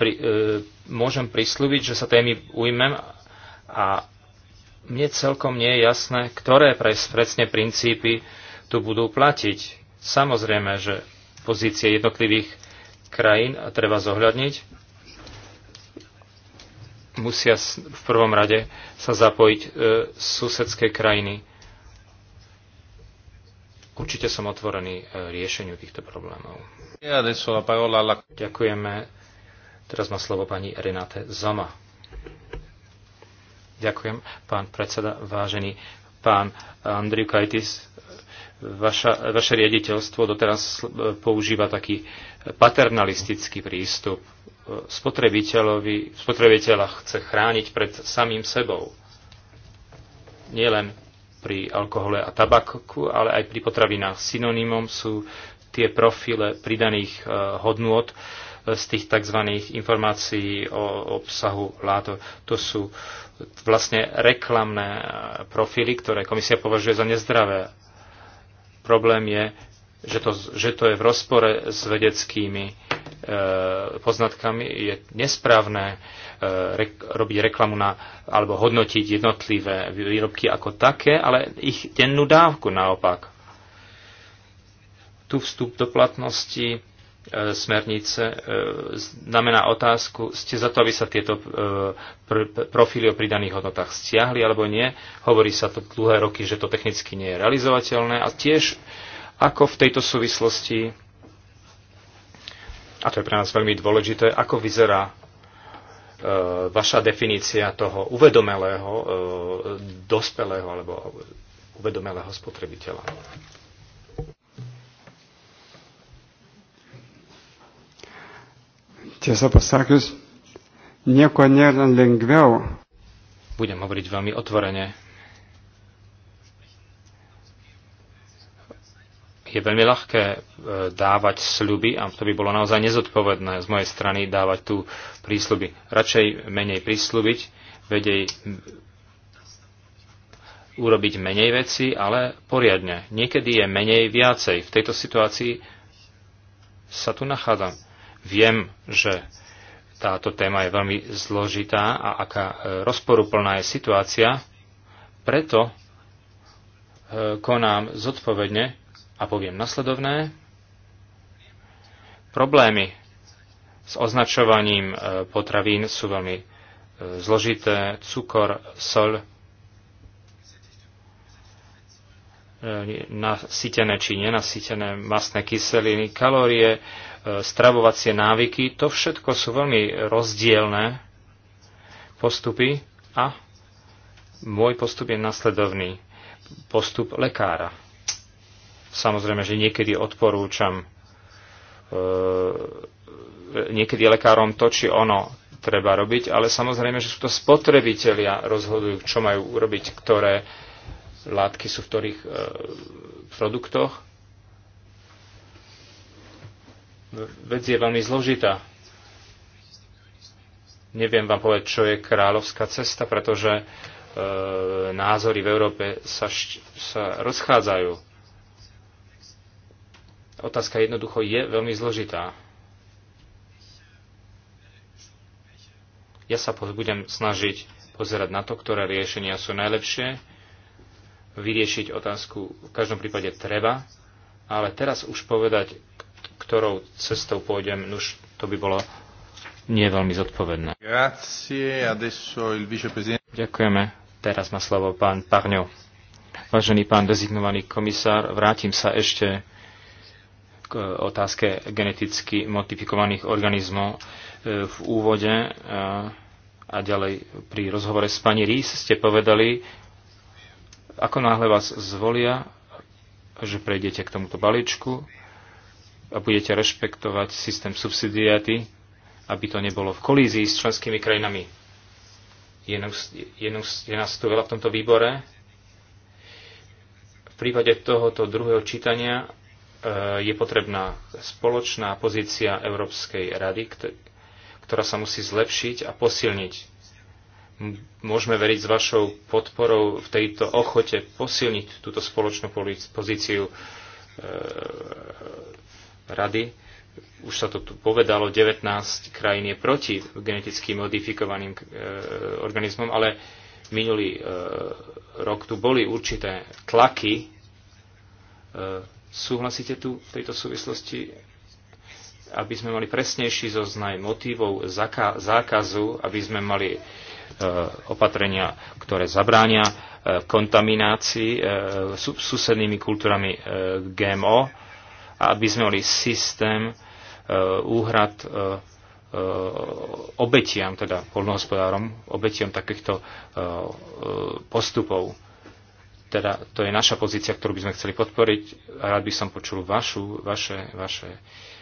[SPEAKER 4] pri, e, môžem prislúbiť, že sa témy ujmem a mne celkom nie je jasné, ktoré presne princípy tu budú platiť. Samozrejme, že pozície jednotlivých krajín a treba zohľadniť. Musia v prvom rade sa zapojiť e, susedské krajiny. Určite som otvorený e, riešeniu týchto problémov. Ďakujeme. Teraz má slovo pani Renate Zoma. Ďakujem, pán predseda, vážený pán Andriu Kajtis vaša, vaše riaditeľstvo doteraz e, používa taký paternalistický prístup. E, spotrebiteľovi, spotrebiteľa chce chrániť pred samým sebou. Nielen pri alkohole a tabaku, ale aj pri potravinách. Synonymom sú tie profile pridaných e, hodnôt z tých tzv. informácií o obsahu látov. To sú vlastne reklamné profily, ktoré komisia považuje za nezdravé Problém je, že to, že to je v rozpore s vedeckými e, poznatkami, je nesprávne e, re, robiť reklamu na, alebo hodnotiť jednotlivé výrobky ako také, ale ich dennú dávku naopak. Tu vstup do platnosti E, smernice e, znamená otázku, ste za to, aby sa tieto e, profily o pridaných hodnotách stiahli alebo nie. Hovorí sa to dlhé roky, že to technicky nie je realizovateľné a tiež ako v tejto súvislosti, a to je pre nás veľmi dôležité, ako vyzerá vaša definícia toho uvedomelého, dospelého alebo uvedomelého spotrebiteľa.
[SPEAKER 2] Tiesą pasakius, nieko nėra lengviau.
[SPEAKER 4] Budem hovoriť veľmi otvorene. Je veľmi ľahké e, dávať sľuby a to by bolo naozaj nezodpovedné z mojej strany dávať tu prísľuby. Radšej menej prísľubiť, vedej urobiť menej veci, ale poriadne. Niekedy je menej viacej. V tejto situácii sa tu nachádzam Viem, že táto téma je veľmi zložitá a aká e, rozporuplná je situácia, preto e, konám zodpovedne a poviem nasledovné. Problémy s označovaním e, potravín sú veľmi zložité. Cukor, sol, nasytené či nenasytené masné kyseliny, kalórie, stravovacie návyky, to všetko sú veľmi rozdielne postupy a môj postup je nasledovný. Postup lekára. Samozrejme, že niekedy odporúčam e, niekedy lekárom to, či ono treba robiť, ale samozrejme, že sú to spotrebitelia rozhodujú, čo majú urobiť, ktoré látky sú v ktorých e, produktoch Vec je veľmi zložitá. Neviem vám povedať, čo je kráľovská cesta, pretože e, názory v Európe sa, sa rozchádzajú. Otázka jednoducho je veľmi zložitá. Ja sa budem snažiť pozerať na to, ktoré riešenia sú najlepšie, vyriešiť otázku v každom prípade treba, ale teraz už povedať, ktorou cestou pôjdem, už to by bolo nie veľmi zodpovedné. Ďakujeme. Teraz má slovo pán Parňov. Vážený pán dezignovaný komisár, vrátim sa ešte k otázke geneticky modifikovaných organizmov. E, v úvode e, a ďalej pri rozhovore s pani Rís ste povedali, ako náhle vás zvolia, že prejdete k tomuto balíčku, a budete rešpektovať systém subsidiaty, aby to nebolo v kolízii s členskými krajinami. Je, je, je nás tu veľa v tomto výbore. V prípade tohoto druhého čítania e, je potrebná spoločná pozícia Európskej rady, ktorá sa musí zlepšiť a posilniť môžeme veriť s vašou podporou v tejto ochote posilniť túto spoločnú pozíciu e, rady. Už sa to tu povedalo, 19 krajín je proti geneticky modifikovaným e, organizmom, ale minulý e, rok tu boli určité tlaky. E, súhlasíte tu v tejto súvislosti, aby sme mali presnejší zoznaj motivov zákazu, aby sme mali e, opatrenia, ktoré zabránia e, kontaminácii e, susednými kultúrami e, GMO aby sme mali systém e, úhrad e, e, obetiam, teda polnohospodárom, obetiam takýchto postupov. Teda to je naša pozícia, ktorú by sme chceli podporiť a rád by som počul vašu, vaše, vaše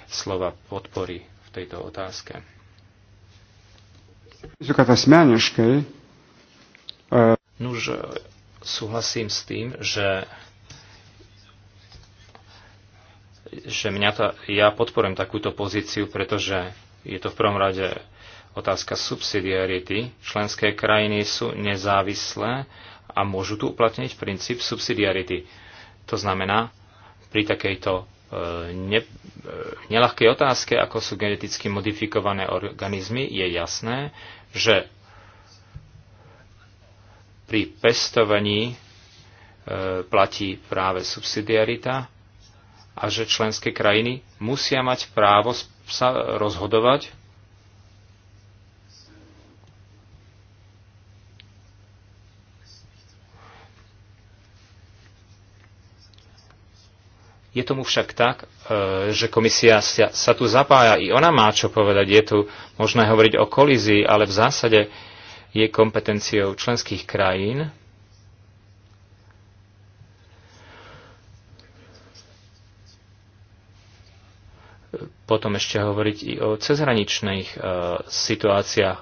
[SPEAKER 4] slova podpory v tejto otázke. Nuž, súhlasím s tým, že že mňa ta, ja podporujem takúto pozíciu, pretože je to v prvom rade otázka subsidiarity. Členské krajiny sú nezávislé a môžu tu uplatniť princíp subsidiarity. To znamená, pri takejto e, ne, e, nelahkej otázke, ako sú geneticky modifikované organizmy, je jasné, že pri pestovaní e, platí práve subsidiarita a že členské krajiny musia mať právo sa rozhodovať Je tomu však tak, e, že komisia sa tu zapája, i ona má čo povedať, je tu možné hovoriť o kolízii, ale v zásade je kompetenciou členských krajín potom ešte hovoriť i o cezhraničných e, situáciách.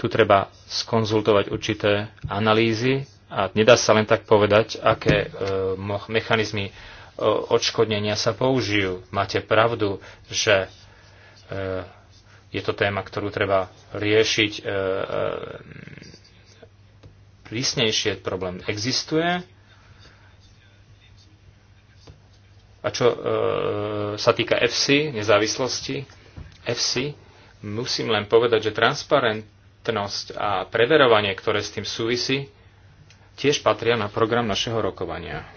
[SPEAKER 4] Tu treba skonzultovať určité analýzy a nedá sa len tak povedať, aké e, mechanizmy e, odškodnenia sa použijú. Máte pravdu, že e, je to téma, ktorú treba riešiť e, e, prísnejšie. Problém existuje, A čo e, sa týka FC, nezávislosti, FC, musím len povedať, že transparentnosť a preverovanie, ktoré s tým súvisí, tiež patria na program našeho rokovania.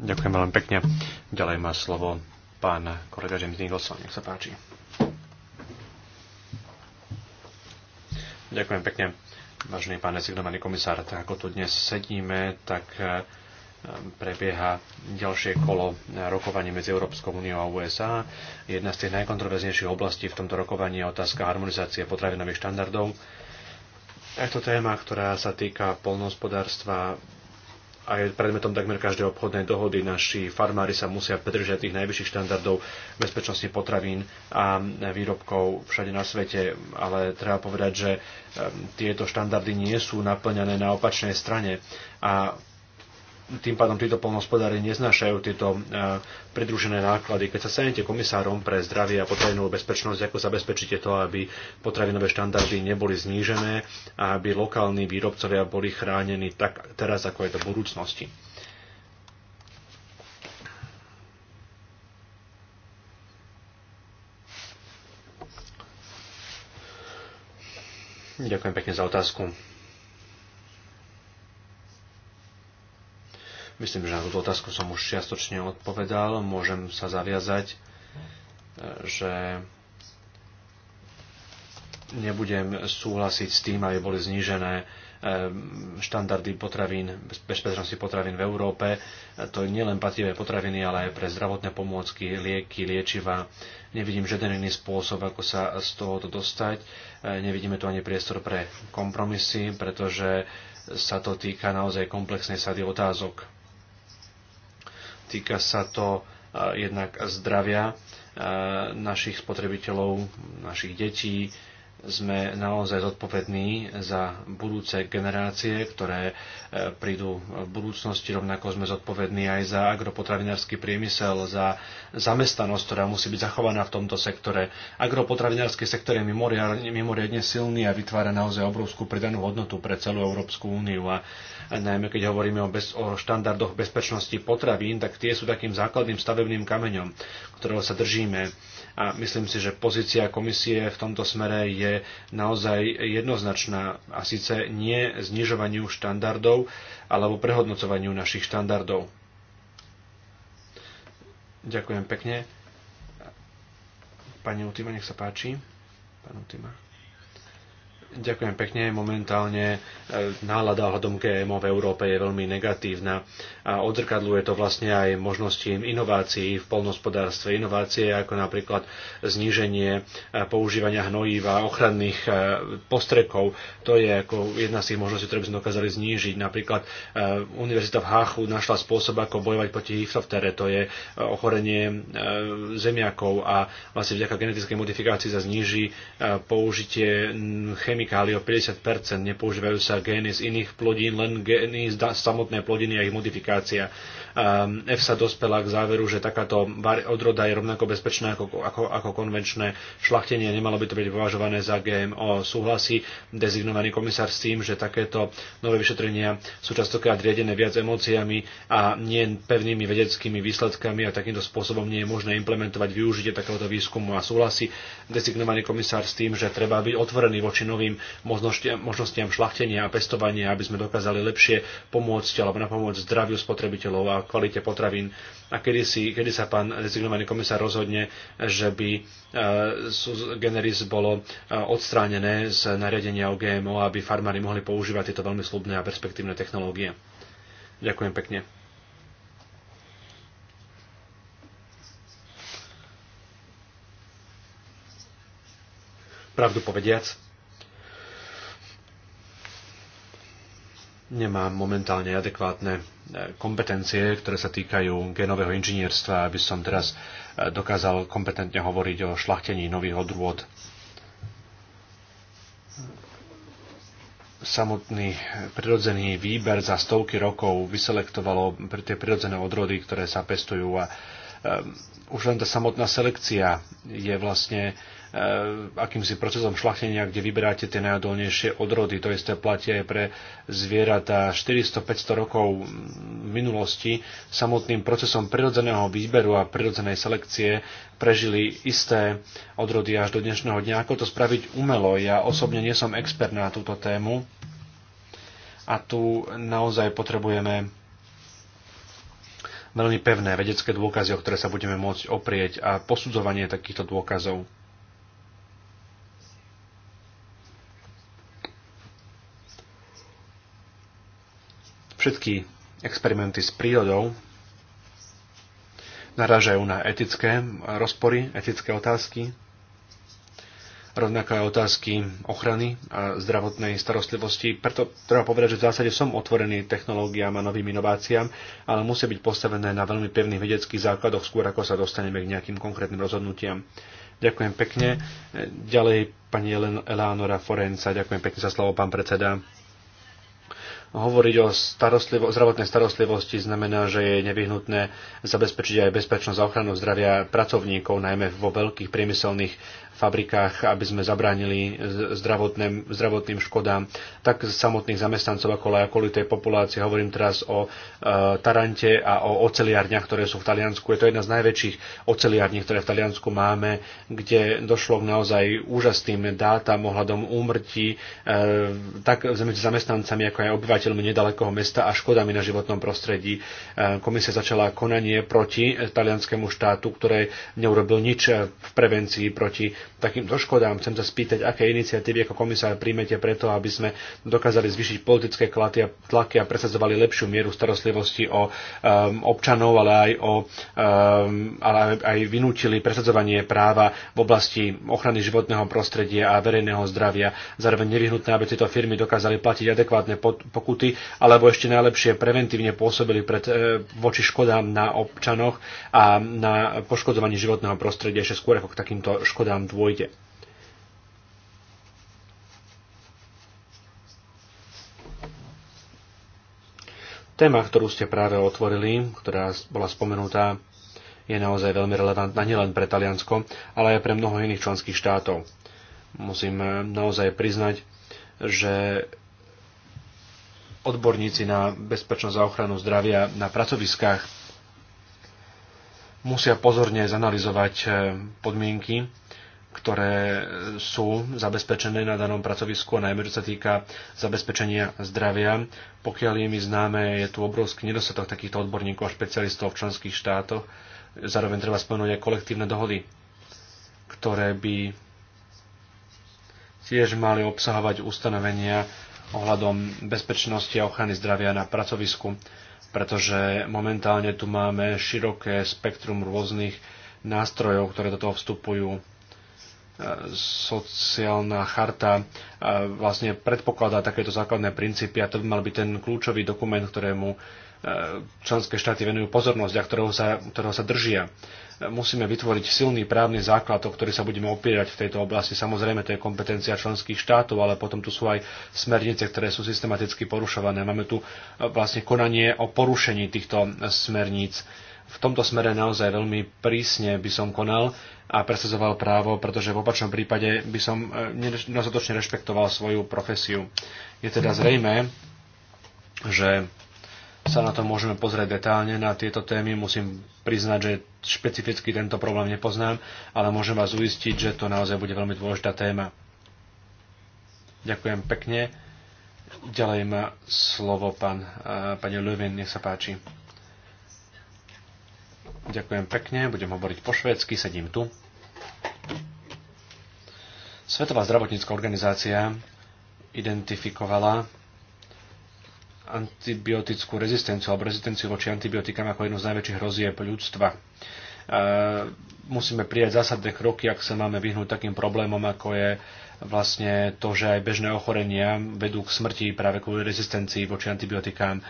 [SPEAKER 3] Ďakujem veľmi pekne. Ďalej má slovo pán kolega James Nicholson. Nech sa páči. Ďakujem pekne. Vážený pán designovaný komisár, tak ako tu dnes sedíme, tak prebieha ďalšie kolo rokovaní medzi Európskou úniou a USA. Jedna z tých najkontroverznejších oblastí v tomto rokovaní je otázka harmonizácie potravinových štandardov. Je to téma, ktorá sa týka polnohospodárstva a je predmetom takmer každej obchodnej dohody. Naši farmári sa musia pridržať tých najvyšších štandardov bezpečnosti potravín a výrobkov všade na svete, ale treba povedať, že ehm, tieto štandardy nie sú naplňané na opačnej strane a tým pádom títo polnospodári neznášajú tieto e, pridružené náklady. Keď sa stanete komisárom pre zdravie a potravinovú bezpečnosť, ako zabezpečíte to, aby potravinové štandardy neboli znížené a aby lokálni výrobcovia boli chránení tak teraz, ako je to v budúcnosti? Ďakujem pekne za otázku. Myslím, že na túto otázku som už čiastočne odpovedal. Môžem sa zaviazať, e, že nebudem súhlasiť s tým, aby boli znížené e, štandardy potravín, bezpečnosti potravín v Európe. To je nielen patrivé potraviny, ale aj pre zdravotné pomôcky, lieky, liečiva. Nevidím žiaden iný spôsob, ako sa z tohoto dostať. E, nevidíme tu ani priestor pre kompromisy, pretože sa to týka naozaj komplexnej sady otázok Týka sa to jednak zdravia našich spotrebiteľov, našich detí, sme naozaj zodpovední za budúce generácie, ktoré e, prídu v budúcnosti. Rovnako sme zodpovední aj za agropotravinársky priemysel, za zamestnanosť, ktorá musí byť zachovaná v tomto sektore. Agropotravinársky sektor je mimoriadne silný a vytvára naozaj obrovskú pridanú hodnotu pre celú Európsku úniu. A najmä keď hovoríme o, bez, o štandardoch bezpečnosti potravín, tak tie sú takým základným stavebným kameňom, ktorého sa držíme a myslím si, že pozícia komisie v tomto smere je naozaj jednoznačná a síce nie znižovaniu štandardov alebo prehodnocovaniu našich štandardov. Ďakujem pekne. Pani Utima, nech sa páči. Pán Utima. Ďakujem pekne. Momentálne e, nálada ohľadom GMO v Európe je veľmi negatívna a odzrkadluje to vlastne aj možnosti inovácií v polnospodárstve. Inovácie ako napríklad zníženie e, používania hnojíva, ochranných e, postrekov. To je ako jedna z tých možností, ktoré by sme dokázali znížiť. Napríklad Univerzita v Háchu našla spôsob, ako bojovať proti hyftoftere. To je ochorenie zemiakov a vlastne vďaka genetickej modifikácii sa zníži použitie chemie chemikálie o 50%, nepoužívajú sa gény z iných plodín, len gény z samotné plodiny a ich modifikácia. Ehm, F sa dospela k záveru, že takáto odroda je rovnako bezpečná ako, ako, ako konvenčné šlachtenie, nemalo by to byť považované za GMO. Súhlasí dezignovaný komisár s tým, že takéto nové vyšetrenia sú častokrát riadené viac emóciami a nie pevnými vedeckými výsledkami a takýmto spôsobom nie je možné implementovať využitie takéhoto výskumu a súhlasí dezignovaný komisár s tým, že treba byť otvorený voči novým novým možnostiam, možnostiam šlachtenia a pestovania, aby sme dokázali lepšie pomôcť alebo napomôcť zdraviu spotrebiteľov a kvalite potravín. A kedy, si, kedy sa pán rezignovaný komisár rozhodne, že by e, generis bolo e, odstránené z nariadenia o GMO, aby farmári mohli používať tieto veľmi slubné a perspektívne technológie. Ďakujem pekne. Pravdu povediac, nemám momentálne adekvátne e, kompetencie, ktoré sa týkajú genového inžinierstva, aby som teraz e, dokázal kompetentne hovoriť o šlachtení nových odrôd. Samotný prirodzený výber za stovky rokov vyselektovalo tie prirodzené odrody, ktoré sa pestujú a e, už len tá samotná selekcia je vlastne E, akýmsi procesom šlachtenia, kde vyberáte tie najodolnejšie odrody. To isté platí aj pre zvieratá. 400-500 rokov minulosti samotným procesom prirodzeného výberu a prirodzenej selekcie prežili isté odrody až do dnešného dňa. Ako to spraviť umelo? Ja osobne nie som expert na túto tému a tu naozaj potrebujeme veľmi pevné vedecké dôkazy, o ktoré sa budeme môcť oprieť a posudzovanie takýchto dôkazov. Všetky experimenty s prírodou naražajú na etické rozpory, etické otázky, rovnako aj otázky ochrany a zdravotnej starostlivosti. Preto treba povedať, že v zásade som otvorený technológiám a novým inováciám, ale musia byť postavené na veľmi pevných vedeckých základoch, skôr ako sa dostaneme k nejakým konkrétnym rozhodnutiam. Ďakujem pekne. Ďalej pani Eleonora Forenca. Ďakujem pekne za slovo, pán predseda. Hovoriť o starostlivo- zdravotnej starostlivosti znamená, že je nevyhnutné zabezpečiť aj bezpečnosť a ochranu zdravia pracovníkov, najmä vo veľkých priemyselných fabrikách, aby sme zabránili zdravotným, zdravotným škodám, tak samotných zamestnancov, ako aj okolitej populácie. Hovorím teraz o e, Tarante a o oceliarniach, ktoré sú v Taliansku. Je to jedna z najväčších oceliarní, ktoré v Taliansku máme, kde došlo k naozaj úžasným dátam ohľadom úmrtí, e, tak medzi zamestnancami, ako aj obyvateľmi nedalekého mesta a škodami na životnom prostredí. E, komisia začala konanie proti talianskému štátu, ktoré neurobil nič v prevencii proti takýmto škodám. Chcem sa spýtať, aké iniciatívy ako komisár príjmete preto, aby sme dokázali zvyšiť politické tlaky a presadzovali lepšiu mieru starostlivosti o um, občanov, ale aj, o, um, ale aj vynúčili presadzovanie práva v oblasti ochrany životného prostredia a verejného zdravia. Zároveň nevyhnutné, aby tieto firmy dokázali platiť adekvátne pokuty, alebo ešte najlepšie preventívne pôsobili pred, e, voči škodám na občanoch a na poškodzovaní životného prostredia ešte skôr ako k takýmto škodám dôjde. Téma, ktorú ste práve otvorili, ktorá bola spomenutá, je naozaj veľmi relevantná nielen pre Taliansko, ale aj pre mnoho iných členských štátov. Musím eh, naozaj priznať, že odborníci na bezpečnosť a ochranu zdravia na pracoviskách musia pozorne zanalizovať eh, podmienky ktoré sú zabezpečené na danom pracovisku a najmä čo sa týka zabezpečenia zdravia. Pokiaľ je mi známe, je tu obrovský nedostatok takýchto odborníkov a špecialistov v členských štátoch. Zároveň treba spomenúť aj kolektívne dohody, ktoré by tiež mali obsahovať ustanovenia ohľadom bezpečnosti a ochrany zdravia na pracovisku, pretože momentálne tu máme široké spektrum rôznych nástrojov, ktoré do toho vstupujú sociálna charta vlastne predpokladá takéto základné princípy a to by mal byť ten kľúčový dokument, ktorému e, členské štáty venujú pozornosť a ktorého sa, ktorého sa držia. Musíme vytvoriť silný právny základ, o ktorý sa budeme opierať v tejto oblasti. Samozrejme, to je kompetencia členských štátov, ale potom tu sú aj smernice, ktoré sú systematicky porušované. Máme tu e, vlastne konanie o porušení týchto smerníc v tomto smere naozaj veľmi prísne by som konal a presadzoval právo, pretože v opačnom prípade by som e, nedostatočne rešpektoval svoju profesiu. Je teda mhm. zrejme, že sa na to môžeme pozrieť detálne, na tieto témy. Musím priznať, že špecificky tento problém nepoznám, ale môžem vás uistiť, že to naozaj bude veľmi dôležitá téma. Ďakujem pekne. Ďalej má slovo pán, e, pani Löwin, nech sa páči. Ďakujem pekne, budem hovoriť po švédsky, sedím tu. Svetová zdravotnícká organizácia identifikovala antibiotickú rezistenciu alebo rezistenciu voči antibiotikám ako jednu z najväčších hrozieb ľudstva. E, musíme prijať zásadné kroky, ak sa máme vyhnúť takým problémom, ako je vlastne to, že aj bežné ochorenia vedú k smrti práve kvôli rezistencii voči antibiotikám.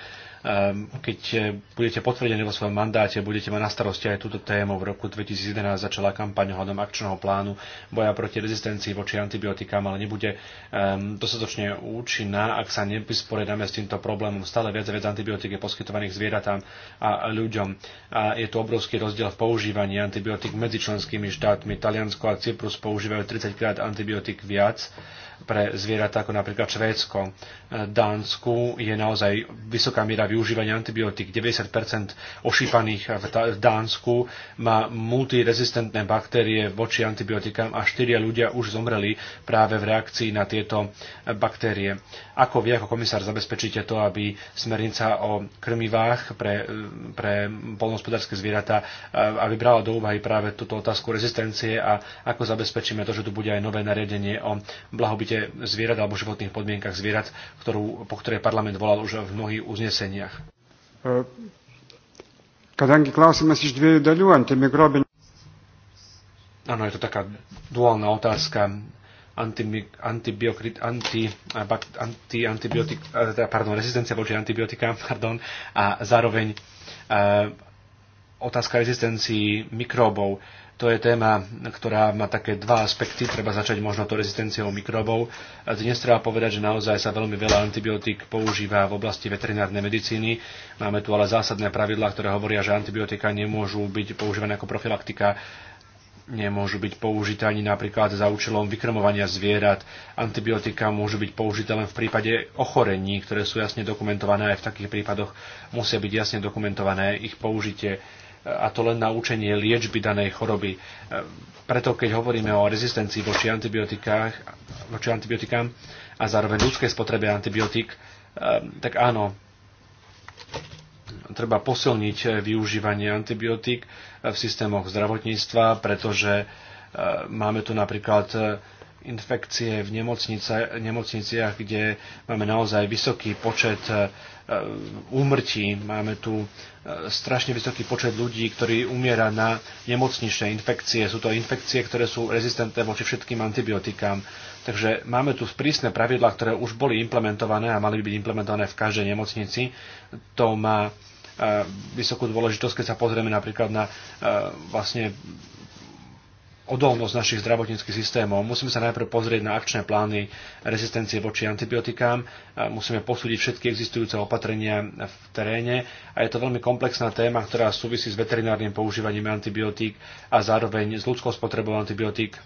[SPEAKER 3] Ehm, keď e, budete potvrdení vo svojom mandáte, budete mať na starosti aj túto tému. V roku 2011 začala kampaň hľadom akčného plánu boja proti rezistencii voči antibiotikám, ale nebude ehm, dostatočne účinná, ak sa nevysporiadame s týmto problémom. Stále viac a viac antibiotík je poskytovaných zvieratám a ľuďom. A je tu obrovský rozdiel v používaní antibiotík medzi členskými štátmi. Taliansko a Cyprus používajú 30 krát antibiotík viac pre zvieratá ako napríklad Švédsko. E, Dánsku je naozaj vysoká miera využívania antibiotík. 90% ošípaných v Dánsku má multirezistentné baktérie voči antibiotikám a štyria ľudia už zomreli práve v reakcii na tieto baktérie. Ako vy ako komisár zabezpečíte to, aby smernica o krmivách pre, pre polnohospodárske zvieratá, e, aby brala do úvahy práve túto otázku rezistencie a ako zabezpečíme to, že tu bude aj nové nariadenie o blahobite zvierat alebo životných podmienkach zvierat, ktorú, po ktorej parlament volal už v mnohých uzneseniach.
[SPEAKER 2] E, Kadangi klausimas iš dviejų dalių antimikrobinė.
[SPEAKER 3] Áno, je to taká duálna otázka teda, rezistencia voči antibiotikám pardon, a zároveň otázka rezistencii mikróbov. To je téma, ktorá má také dva aspekty. Treba začať možno to rezistenciou mikróbov. Dnes treba povedať, že naozaj sa veľmi veľa antibiotík používa v oblasti veterinárnej medicíny. Máme tu ale zásadné pravidlá, ktoré hovoria, že antibiotika nemôžu byť používané ako profilaktika nemôžu byť použité ani napríklad za účelom vykrmovania zvierat. Antibiotika môžu byť použité len v prípade ochorení, ktoré sú jasne dokumentované aj v takých prípadoch musia byť jasne dokumentované ich použitie e, a to len na učenie liečby danej choroby. E, preto keď hovoríme o rezistencii voči, antibiotikách, voči antibiotikám a zároveň ľudskej spotrebe antibiotik, e, tak áno, treba posilniť využívanie antibiotík, v systémoch zdravotníctva, pretože e, máme tu napríklad e, infekcie v nemocniciach, kde máme naozaj vysoký počet e, úmrtí. Máme tu strašne vysoký počet ľudí, ktorí umiera na nemocničné infekcie. Sú to infekcie, ktoré sú rezistentné voči všetkým antibiotikám. Takže máme tu prísne pravidlá, ktoré už boli implementované a mali by byť implementované v každej nemocnici. To má vysokú dôležitosť, keď sa pozrieme napríklad na vlastne odolnosť našich zdravotníckých systémov. Musíme sa najprv pozrieť na akčné plány rezistencie voči antibiotikám, musíme posúdiť všetky existujúce opatrenia v teréne a je to veľmi komplexná téma, ktorá súvisí s veterinárnym používaním antibiotík a zároveň s ľudskou spotrebou antibiotík.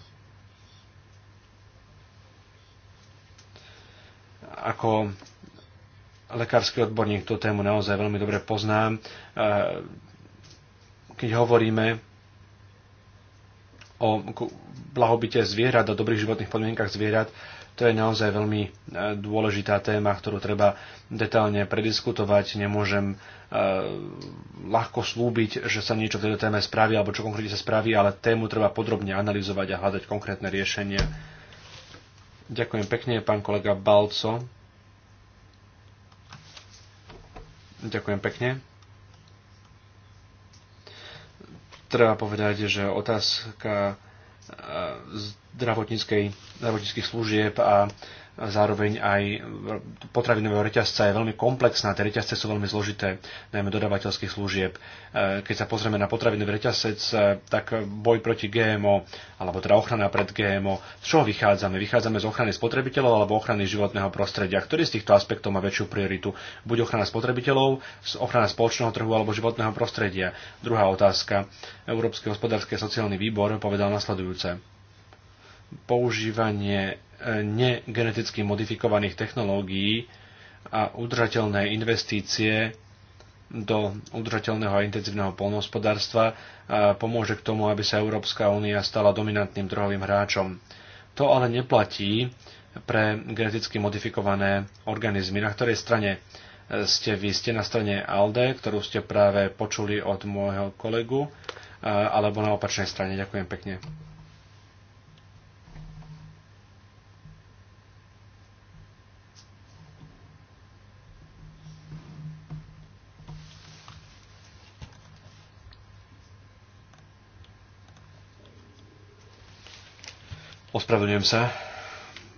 [SPEAKER 3] Ako lekársky odborník, tú tému naozaj veľmi dobre poznám. Keď hovoríme o blahobite zvierat, o dobrých životných podmienkach zvierat, to je naozaj veľmi e, dôležitá téma, ktorú treba detálne prediskutovať. Nemôžem e, ľahko slúbiť, že sa niečo v tejto téme spraví, alebo čo konkrétne sa spraví, ale tému treba podrobne analyzovať a hľadať konkrétne riešenia. Ďakujem pekne, pán kolega Balco. Ďakujem pekne. Treba povedať, že otázka eh, zdravotníckých služieb a zároveň aj potravinového reťazca je veľmi komplexná, tie reťazce sú veľmi zložité, najmä dodavateľských služieb. E, keď sa pozrieme na potravinový reťazec, e, tak boj proti GMO, alebo teda ochrana pred GMO, z čoho vychádzame? Vychádzame z ochrany spotrebiteľov alebo ochrany životného prostredia. Ktorý z týchto aspektov má väčšiu prioritu? Buď ochrana spotrebiteľov, ochrana spoločného trhu alebo životného prostredia. Druhá otázka. Európsky hospodársky a sociálny výbor povedal nasledujúce používanie negeneticky modifikovaných technológií a udržateľné investície do udržateľného a intenzívneho polnohospodárstva pomôže k tomu, aby sa Európska únia stala dominantným trhovým hráčom. To ale neplatí pre geneticky modifikované organizmy. Na ktorej strane ste vy? Ste na strane ALDE, ktorú ste práve počuli od môjho kolegu, alebo na opačnej strane. Ďakujem pekne. Ospravedlňujem sa.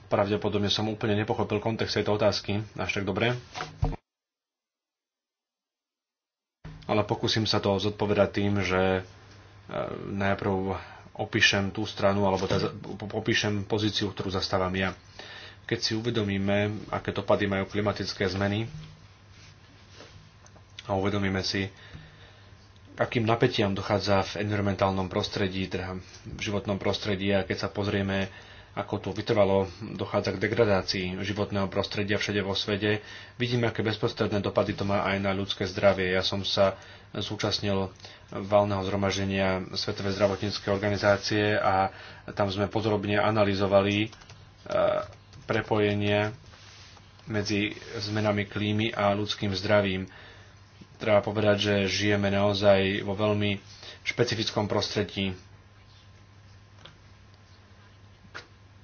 [SPEAKER 3] Pravdepodobne som úplne nepochopil kontext tejto otázky až tak dobre. Ale pokúsim sa to zodpovedať tým, že e, najprv opíšem tú stranu, alebo teda popíšem pozíciu, ktorú zastávam ja. Keď si uvedomíme, aké dopady majú klimatické zmeny a uvedomíme si, akým napätiam dochádza v environmentálnom prostredí, teda v životnom prostredí a keď sa pozrieme, ako to vytrvalo dochádza k degradácii životného prostredia všade vo svete, vidíme, aké bezprostredné dopady to má aj na ľudské zdravie. Ja som sa zúčastnil valného zhromaženia Svetovej zdravotníckej organizácie a tam sme podrobne analyzovali e, prepojenie medzi zmenami klímy a ľudským zdravím treba povedať, že žijeme naozaj vo veľmi špecifickom prostredí,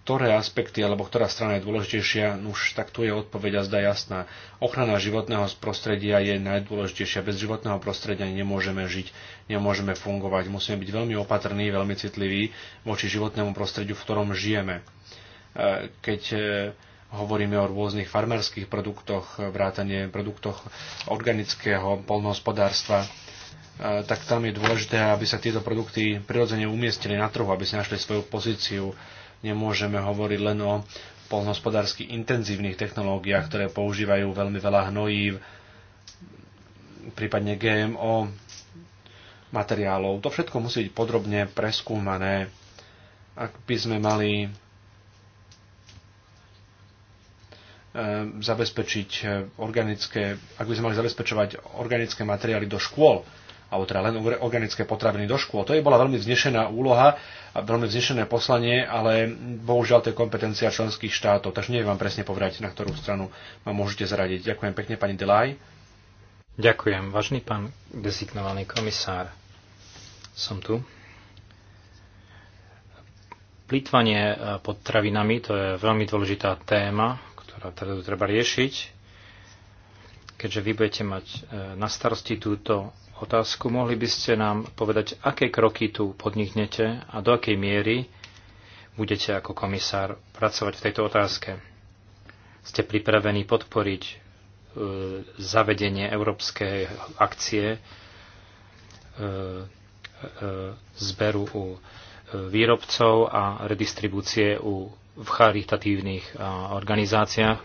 [SPEAKER 3] ktoré aspekty alebo ktorá strana je dôležitejšia, už tak tu je odpoveď a zdá jasná. Ochrana životného prostredia je najdôležitejšia. Bez životného prostredia nemôžeme žiť, nemôžeme fungovať. Musíme byť veľmi opatrní, veľmi citliví voči životnému prostrediu, v ktorom žijeme. E, keď e, Hovoríme o rôznych farmerských produktoch, vrátane produktoch organického polnohospodárstva e, tak tam je dôležité, aby sa tieto produkty prirodzene umiestnili na trhu, aby si našli svoju pozíciu. Nemôžeme hovoriť len o polnohospodársky intenzívnych technológiách, ktoré používajú veľmi veľa hnojív, prípadne GMO materiálov. To všetko musí byť podrobne preskúmané, ak by sme mali Ehm, zabezpečiť ehm, organické, ak by sme mali zabezpečovať organické materiály do škôl, alebo teda len organické potraviny do škôl. To je bola veľmi vznešená úloha a veľmi vznešené poslanie, ale bohužiaľ to je kompetencia členských štátov, takže neviem vám
[SPEAKER 4] presne povedať, na ktorú stranu ma môžete zaradiť. Ďakujem pekne, pani Delaj. Ďakujem, vážny pán dezignovaný komisár. Som tu. Plýtvanie e, potravinami, to je veľmi dôležitá téma, teda to treba riešiť. Keďže vy budete mať e, na starosti túto otázku, mohli by ste nám povedať, aké kroky tu podniknete a do akej miery budete ako komisár pracovať v tejto otázke. Ste pripravení podporiť e, zavedenie európskej akcie e, e, e zberu u e, výrobcov a redistribúcie u v charitatívnych organizáciách,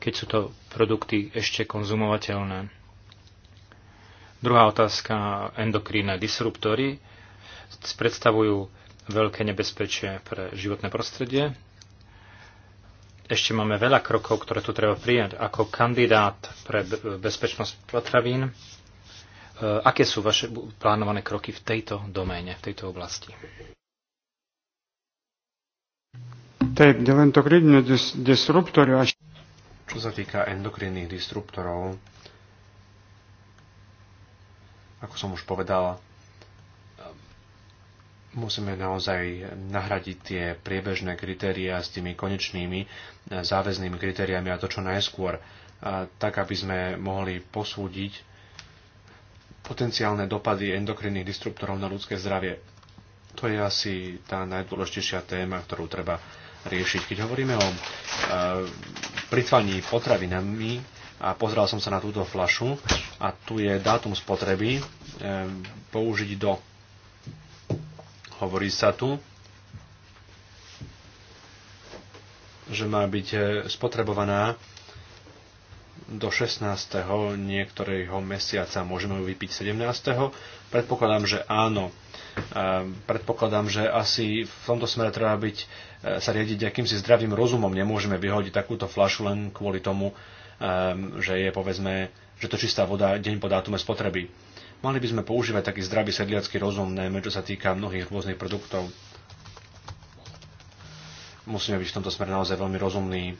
[SPEAKER 4] keď sú to produkty ešte konzumovateľné. Druhá otázka, endokrínne disruptory predstavujú veľké nebezpečie pre životné prostredie. Ešte máme veľa krokov, ktoré tu treba prijať ako kandidát pre bezpečnosť potravín. E, aké sú vaše plánované kroky v tejto doméne, v tejto oblasti?
[SPEAKER 2] Taip, dėl endokrininių dis disruptorių aš.
[SPEAKER 3] Čo sa týka endokrinných disruptorov, ako som už povedal, musíme naozaj nahradiť tie priebežné kritéria s tými konečnými e, záväznými kritériami a to čo najskôr, tak aby sme mohli posúdiť potenciálne dopady endokrinných disruptorov na ľudské zdravie. To je asi tá najdôležitejšia téma, ktorú treba riešiť. Keď hovoríme o e, pritvaní potravinami, a pozrel som sa na túto flašu a tu je dátum spotreby e, použiť do. Hovorí sa tu, že má byť e, spotrebovaná do 16. niektorého mesiaca. Môžeme ju vypiť 17. Predpokladám, že áno. E, predpokladám, že asi v tomto smere treba byť E, sa riadiť akýmsi zdravým rozumom. Nemôžeme vyhodiť takúto flašu len kvôli tomu, e, že je povedzme, že to čistá voda deň po dátume spotreby. Mali by sme používať taký zdravý sedliacký rozum, najmä čo sa týka mnohých rôznych produktov. Musíme byť v tomto smere naozaj veľmi rozumní. E,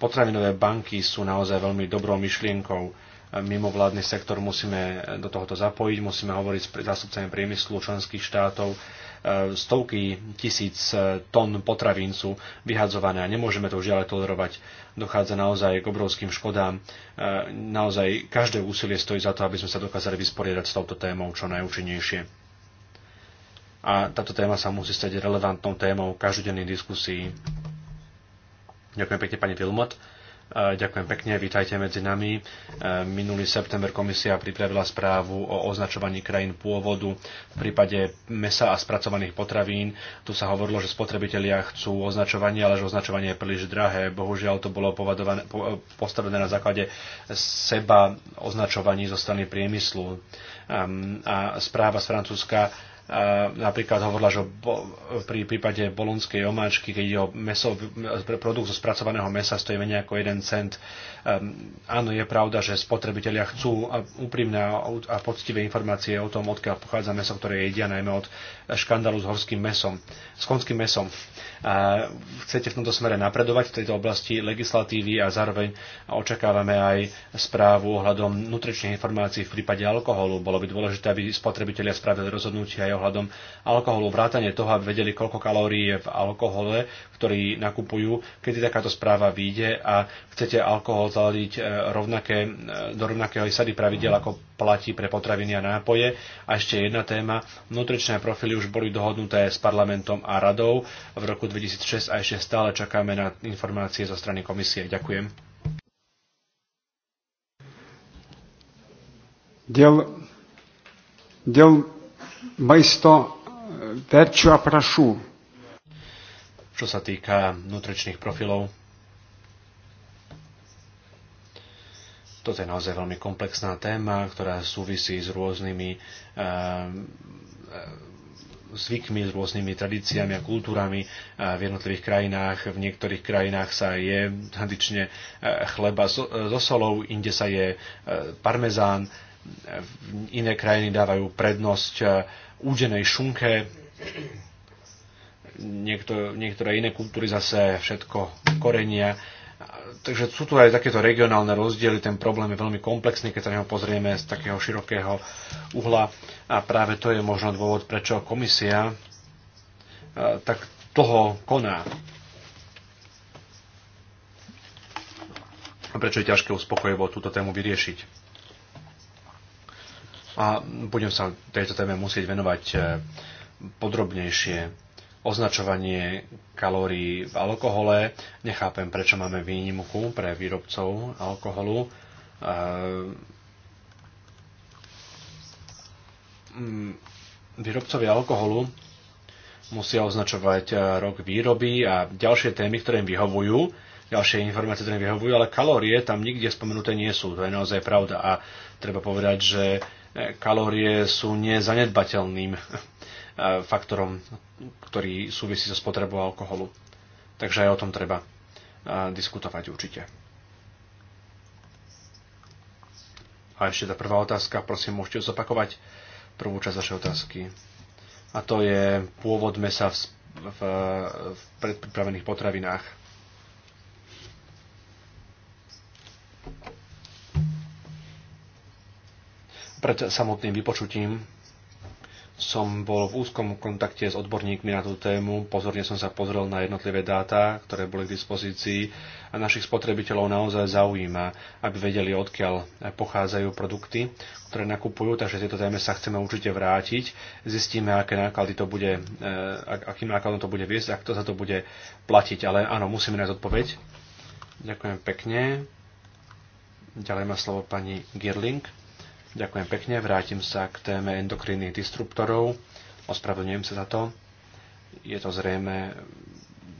[SPEAKER 3] potravinové banky sú naozaj veľmi dobrou myšlienkou mimovládny sektor musíme do tohoto zapojiť, musíme hovoriť s zástupcami priemyslu členských štátov, E, stovky tisíc e, tón potravín sú vyhadzované a nemôžeme to už ďalej tolerovať. Dochádza naozaj k obrovským škodám. E, naozaj každé úsilie stojí za to, aby sme sa dokázali vysporiadať s touto témou čo najúčinnejšie a táto téma sa musí stať relevantnou témou každodenných diskusí. Ďakujem pekne pani Vilmot. Ďakujem pekne, vítajte medzi nami. E, minulý september komisia pripravila správu o označovaní krajín pôvodu v prípade mesa a spracovaných potravín. Tu sa hovorilo, že spotrebitelia chcú označovanie, ale že označovanie je príliš drahé. Bohužiaľ to bolo postavené na základe seba označovaní zo strany priemyslu. A správa z Francúzska napríklad hovorila, že pri prípade bolonskej omáčky, keď je o meso, produkt zo spracovaného mesa stojí menej ako 1 cent. Ehm, áno, je pravda, že spotrebitelia chcú úprimné a poctivé informácie o tom, odkiaľ pochádza meso, ktoré jedia, najmä od škandalu s horským mesom, s konským mesom. Chcete v tomto smere napredovať v tejto oblasti legislatívy a zároveň očakávame aj správu ohľadom nutričných informácií v prípade alkoholu. Bolo by dôležité, aby spotrebitelia spravili rozhodnutia aj ohľadom alkoholu, vrátane toho, aby vedeli, koľko kalórií je v alkohole, ktorí nakupujú, kedy takáto správa vyjde a chcete alkohol zaladiť e, rovnaké, e, do rovnakého sady pravidel, ako platí pre potraviny a nápoje. A ešte jedna téma. Nutričné profily už boli dohodnuté s parlamentom a radou v roku 2006 a ešte stále čakáme na informácie zo strany komisie. Ďakujem.
[SPEAKER 2] dėl, dėl maisto verčių aprašų
[SPEAKER 3] čo sa týka nutričných profilov. Toto je naozaj veľmi komplexná téma, ktorá súvisí s rôznymi eh, eh, zvykmi, s rôznymi tradíciami a kultúrami eh, v jednotlivých krajinách. V niektorých krajinách sa je tradične chleba so solou, inde sa je parmezán, iné krajiny dávajú prednosť údenej šunke niekto, niektoré iné kultúry zase všetko korenia. Takže sú tu aj takéto regionálne rozdiely, ten problém je veľmi komplexný, keď sa neho pozrieme z takého širokého uhla a práve to je možno dôvod, prečo komisia tak toho koná. A prečo je ťažké uspokojivo túto tému vyriešiť. A budem sa tejto téme musieť venovať e, podrobnejšie označovanie kalórií v alkohole. Nechápem, prečo máme výnimku pre výrobcov alkoholu. Ehm, mm, výrobcovi alkoholu musia označovať eh, rok výroby a ďalšie témy, ktoré im vyhovujú, ďalšie informácie, ktoré im vyhovujú, ale kalórie tam nikde spomenuté nie sú. To je naozaj pravda a treba povedať, že eh, kalórie sú nezanedbateľným E, faktorom, ktorý súvisí so spotrebou alkoholu. Takže aj o tom treba e, diskutovať určite. A ešte tá prvá otázka, prosím, môžete zopakovať prvú časť vašej otázky. A to je pôvod mesa v, v, e, v predpripravených potravinách. Pred samotným vypočutím som bol v úzkom kontakte s odborníkmi na tú tému, pozorne som sa pozrel na jednotlivé dáta, ktoré boli k dispozícii a našich spotrebiteľov naozaj zaujíma, aby vedeli, odkiaľ pochádzajú produkty, ktoré nakupujú, takže tieto téme sa chceme určite vrátiť. Zistíme, aké náklady to bude, eh, akým nákladom to bude viesť, ak to za to bude platiť. Ale áno, musíme nájsť odpoveď. Ďakujem pekne. Ďalej má slovo pani Girling. Ďakujem pekne, vrátim sa k téme endokrinných disruptorov. Ospravedlňujem sa za to. Je to zrejme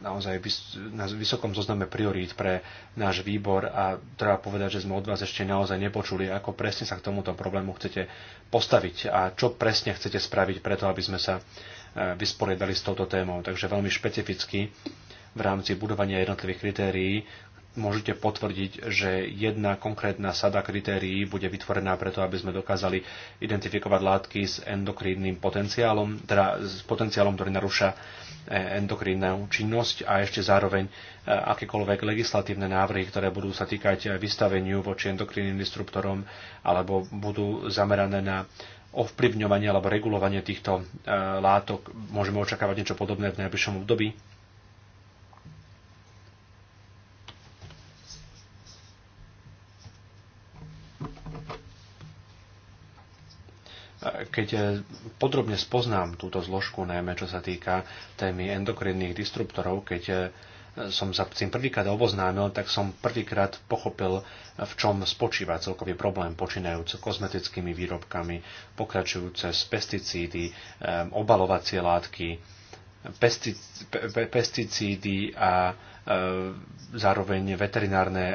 [SPEAKER 3] naozaj na vysokom zozname priorít pre náš výbor a treba povedať, že sme od vás ešte naozaj nepočuli, ako presne sa k tomuto problému chcete postaviť a čo presne chcete spraviť preto, aby sme sa e, vysporiadali s touto témou. Takže veľmi špecificky v rámci budovania jednotlivých kritérií môžete potvrdiť, že jedna konkrétna sada kritérií bude vytvorená preto, aby sme dokázali identifikovať látky s endokrínnym potenciálom, teda s potenciálom, ktorý narúša e, endokrínnu činnosť a ešte zároveň e, akékoľvek legislatívne návrhy, ktoré budú sa týkať vystaveniu voči endokrínnym disruptorom alebo budú zamerané na ovplyvňovanie alebo regulovanie týchto e, látok. Môžeme očakávať niečo podobné v najbližšom období. keď e, podrobne spoznám túto zložku, najmä čo sa týka témy endokrinných disruptorov, keď e, som sa tým prvýkrát oboznámil, tak som prvýkrát pochopil, v čom spočíva celkový problém, počínajúc kozmetickými výrobkami, pokračujúce z pesticídy, e, obalovacie látky, pesticídy a zároveň veterinárne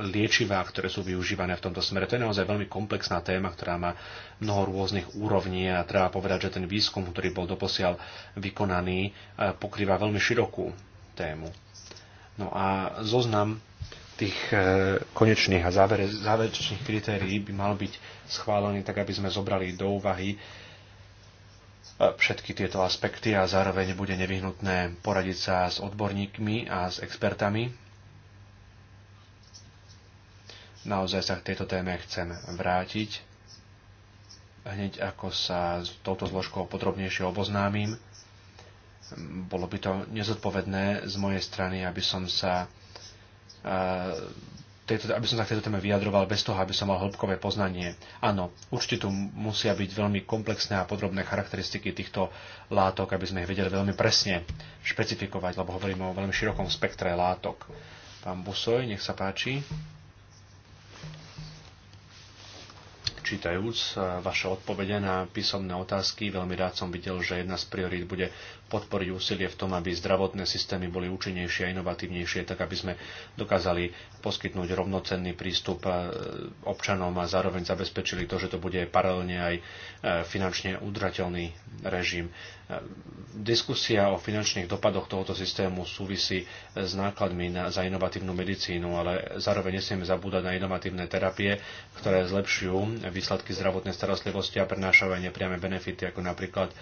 [SPEAKER 3] liečivá, ktoré sú využívané v tomto smere. To je naozaj veľmi komplexná téma, ktorá má mnoho rôznych úrovní a treba povedať, že ten výskum, ktorý bol doposiaľ vykonaný, e, pokrýva veľmi širokú tému. No a zoznam tých e, konečných a záverečných kritérií by mal byť schválený tak, aby sme zobrali do úvahy e, všetky tieto aspekty a zároveň bude nevyhnutné poradiť sa s odborníkmi a s expertami Naozaj sa k tejto téme chcem vrátiť, hneď ako sa s touto zložkou podrobnejšie oboznámim. Bolo by to nezodpovedné z mojej strany, aby som sa e, tejto, aby som sa k tejto téme vyjadroval bez toho, aby som mal hĺbkové poznanie. Áno, určite tu musia byť veľmi komplexné a podrobné charakteristiky týchto látok, aby sme ich vedeli veľmi presne špecifikovať, lebo hovoríme o veľmi širokom spektre látok. Pán Busoj, nech sa páči. Čítajúc e, vaše odpovede na písomné otázky, veľmi rád som videl, že jedna z priorít bude podporiť úsilie v tom, aby zdravotné systémy boli účinnejšie a inovatívnejšie, tak aby sme dokázali poskytnúť rovnocenný prístup e, občanom a zároveň zabezpečili to, že to bude paralelne aj e, finančne udržateľný režim. E, diskusia o finančných dopadoch tohoto systému súvisí s nákladmi na, za inovatívnu medicínu, ale zároveň nesmieme zabúdať na inovatívne terapie, ktoré zlepšujú výsledky zdravotnej starostlivosti a prinášajú aj nepriame benefity, ako napríklad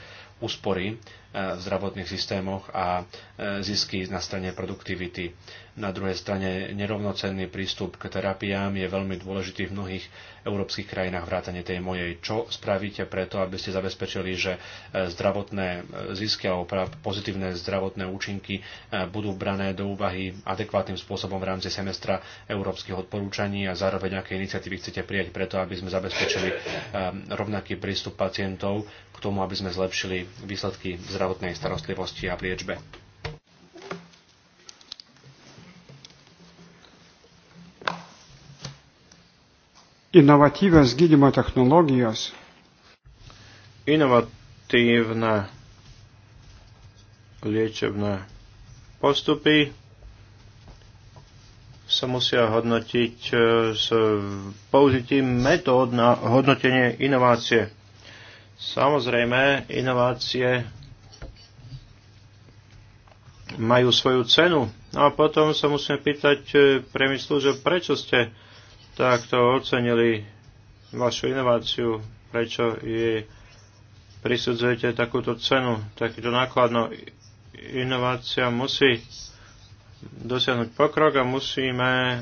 [SPEAKER 3] úspory v zdravotných systémoch a e, zisky na strane produktivity. Na druhej strane nerovnocenný prístup k terapiám je veľmi dôležitý v mnohých európskych krajinách vrátane tej mojej. Čo spravíte preto, aby ste zabezpečili, že e, zdravotné e, zisky alebo pozitívne zdravotné účinky budú brané do úvahy adekvátnym spôsobom v rámci semestra európskych odporúčaní a zároveň aké iniciatívy chcete prijať preto, aby sme zabezpečili rovnaký prístup pacientov k tomu, aby sme zlepšili výsledky zdravotných zdravotnej starostlivosti a liečbe.
[SPEAKER 2] Inovatívne gydymo technologijos.
[SPEAKER 1] Inovatívne liečebné postupy sa musia hodnotiť e, s použitím metód na hodnotenie inovácie. Samozrejme, inovácie majú svoju cenu. No a potom sa musíme pýtať e, priemyslu, že prečo ste takto ocenili vašu inováciu, prečo jej prisudzujete takúto cenu, takýto náklad. No, inovácia musí dosiahnuť pokrok a musíme um,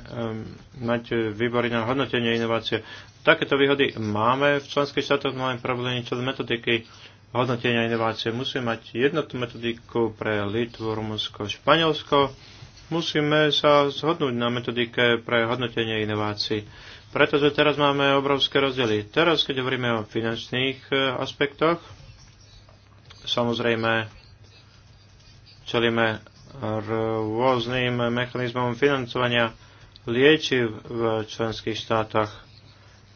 [SPEAKER 1] mať výbory na hodnotenie inovácie. Takéto výhody máme v členských štátoch, máme no problémy čo z metodiky hodnotenia inovácie. Musíme mať jednotnú metodiku pre Litvu, Rumunsko, Španielsko. Musíme sa zhodnúť na metodike pre hodnotenie inovácií. Pretože teraz máme obrovské rozdiely. Teraz, keď hovoríme o finančných e, aspektoch, samozrejme čelíme rôznym mechanizmom financovania liečiv v členských štátoch.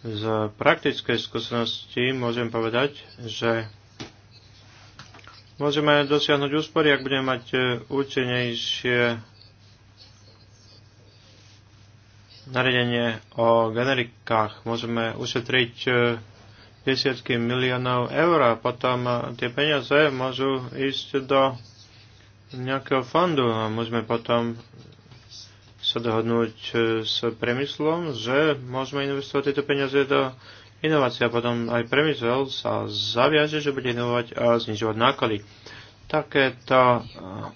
[SPEAKER 1] Z praktickej skúsenosti môžem povedať, že Môžeme dosiahnuť úspory, ak budeme mať e, účinnejšie nariadenie o generikách. Môžeme ušetriť e, desiatky miliónov eur a potom e, tie peniaze môžu ísť do nejakého fondu a môžeme potom sa dohodnúť s priemyslom, že môžeme investovať tieto peniaze do inovácia. Potom aj premysel sa zaviaže, že bude inovovať a znižovať náklady. Takéto eh,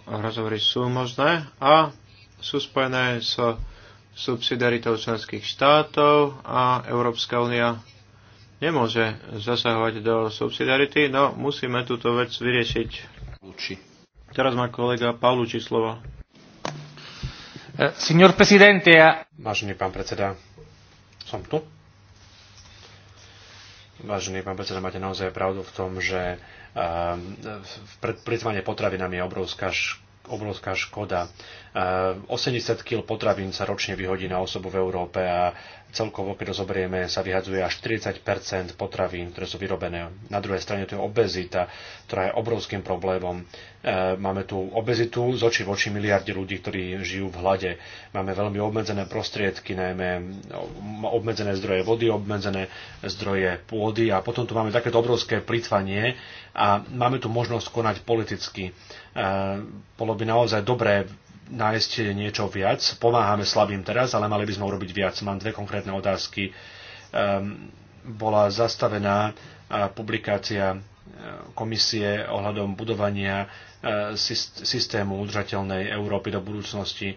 [SPEAKER 1] rozhovory sú možné a sú spojené s subsidiaritou členských štátov a Európska únia nemôže zasahovať do subsidiarity, no musíme túto vec vyriešiť. Luči. Teraz má kolega Pavluči slovo.
[SPEAKER 4] Eh, signor Presidente,
[SPEAKER 3] ja... Vážený pán predseda, som tu. Vážený pán predseda, máte naozaj pravdu v tom, že eh, plitvanie potravinami je obrovská obrovská škoda. 80 eh, kg potravín sa ročne vyhodí na osobu v Európe a celkovo, keď rozoberieme, sa vyhadzuje až 40 potravín, ktoré sú vyrobené. Na druhej strane tu je obezita, ktorá je obrovským problémom. E, máme tu obezitu z očí v oči miliardy ľudí, ktorí žijú v hlade. Máme veľmi obmedzené prostriedky, najmä obmedzené zdroje vody, obmedzené zdroje pôdy a potom tu máme takéto obrovské plitvanie a máme tu možnosť konať politicky. E, bolo by naozaj dobré nájsť niečo viac. Pomáhame slabým teraz, ale mali by sme urobiť viac. Mám dve konkrétne otázky. Ehm, bola zastavená e, publikácia e, komisie ohľadom budovania e, systému udržateľnej Európy do budúcnosti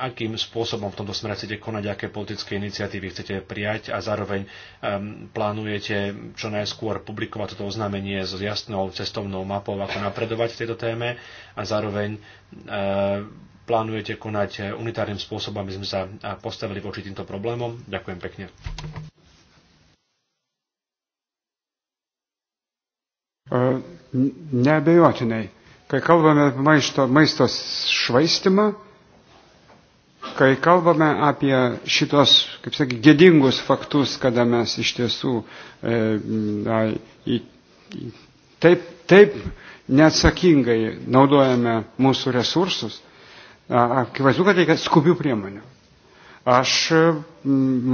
[SPEAKER 3] akým spôsobom v tomto smere chcete konať, aké politické iniciatívy chcete prijať a zároveň um, plánujete čo najskôr publikovať toto oznámenie s jasnou cestovnou mapou, ako napredovať v tejto téme a zároveň uh, plánujete konať unitárnym spôsobom, aby sme sa postavili voči týmto problémom. Ďakujem pekne.
[SPEAKER 2] Neabejotinai, kai kalbame maisto, maisto švaistimą, kai kalbame apie šitos, kaip sakė, gėdingus faktus, kada mes iš tiesų e, na, į, taip, taip neatsakingai naudojame mūsų resursus, akivaizdu, kad reikia skubių priemonių. Aš e,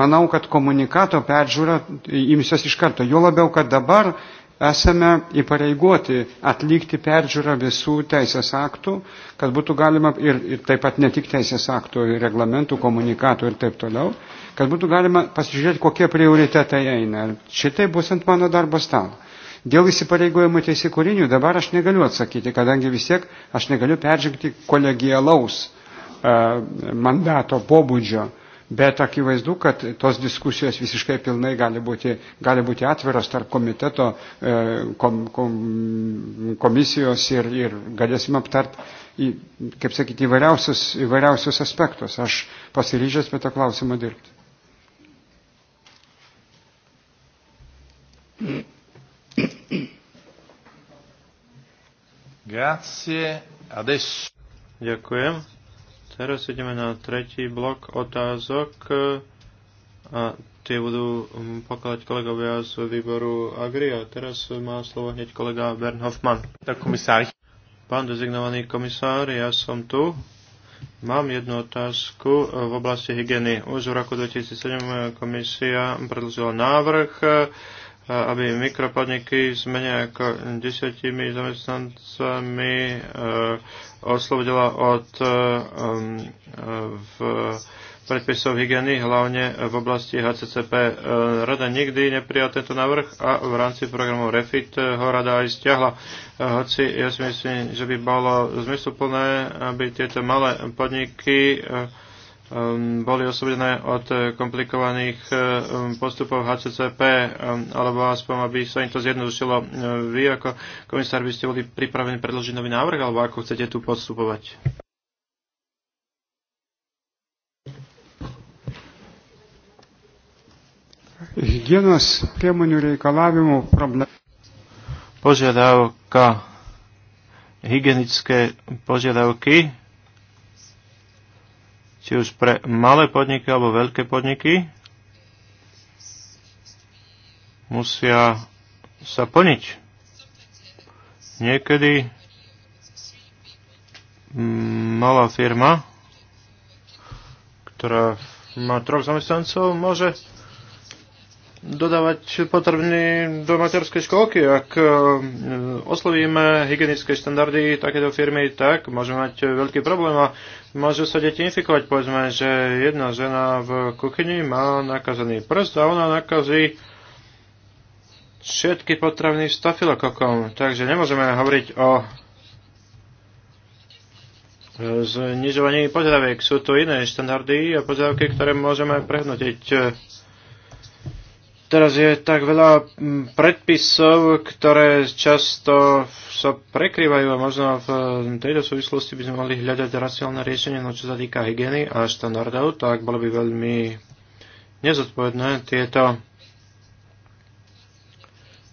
[SPEAKER 2] manau, kad komunikato peržiūrą imsiuosi iš karto. Jo labiau, kad dabar esame įpareigoti atlikti peržiūrą visų teisės aktų, kad būtų galima ir, ir taip pat ne tik teisės aktų, reglamentų, komunikatų ir taip toliau, kad būtų galima pasižiūrėti, kokie prioritetai eina. Šitai bus ant mano darbo stalo. Dėl įsipareigojimų teisikūrinių, dabar aš negaliu atsakyti, kadangi vis tiek aš negaliu peržengti kolegialaus e, mandato pobūdžio bet akivaizdu, kad tos diskusijos visiškai pilnai gali būti, gali būti atviros tarp komiteto, e, kom, kom, komisijos ir, ir galėsim aptart, kaip sakyti, įvairiausius, įvairiausius aspektus. Aš pasiryžęs prie to klausimo dirbti.
[SPEAKER 1] Grazie. Adesso. Ďakujem. Teraz ideme na tretí blok otázok a tie budú um, pokladať kolegovia z výboru Agri a teraz má slovo hneď kolega Bern Hoffman. komisár. Pán dezignovaný komisár, ja som tu. Mám jednu otázku eh, v oblasti hygieny. Už v roku 2007 eh, komisia predložila návrh eh, aby mikropodniky s menej ako desiatimi zamestnancami eh, oslobodila od eh, v predpisov hygieny, hlavne v oblasti HCCP. Eh, rada nikdy neprijala tento návrh a v rámci programu REFIT ho rada aj stiahla. Hoci ja si myslím, že by bolo zmysluplné, aby tieto malé podniky Um, boli osobené od eh, komplikovaných eh, um, postupov HCCP, um, alebo aspoň, aby sa im to zjednodušilo. Eh, vy ako komisár by ste boli pripravení predložiť nový návrh, alebo ako chcete tu postupovať?
[SPEAKER 2] Hygienos priemoňu reikalavimų problema.
[SPEAKER 1] Požiadavka, hygienické požiadavky či už pre malé podniky alebo veľké podniky, musia sa plniť. Niekedy malá firma, ktorá má troch zamestnancov, môže dodávať potrebný do materskej školky. Ak e, oslovíme hygienické štandardy takéto firmy, tak môžeme mať veľký problém a môžu sa deti infikovať. Povedzme, že jedna žena v kuchyni má nakazený prst a ona nakazí všetky potraviny stafilokokom. Takže nemôžeme hovoriť o e, znižovaní požiadaviek. Sú to iné štandardy a požiadavky, ktoré môžeme prehnutiť Teraz je tak veľa mm, predpisov, ktoré často sa prekrývajú a možno v mm, tejto súvislosti by sme mali hľadať racionálne riešenie, no čo sa týka hygieny a štandardov, tak bolo by veľmi nezodpovedné tieto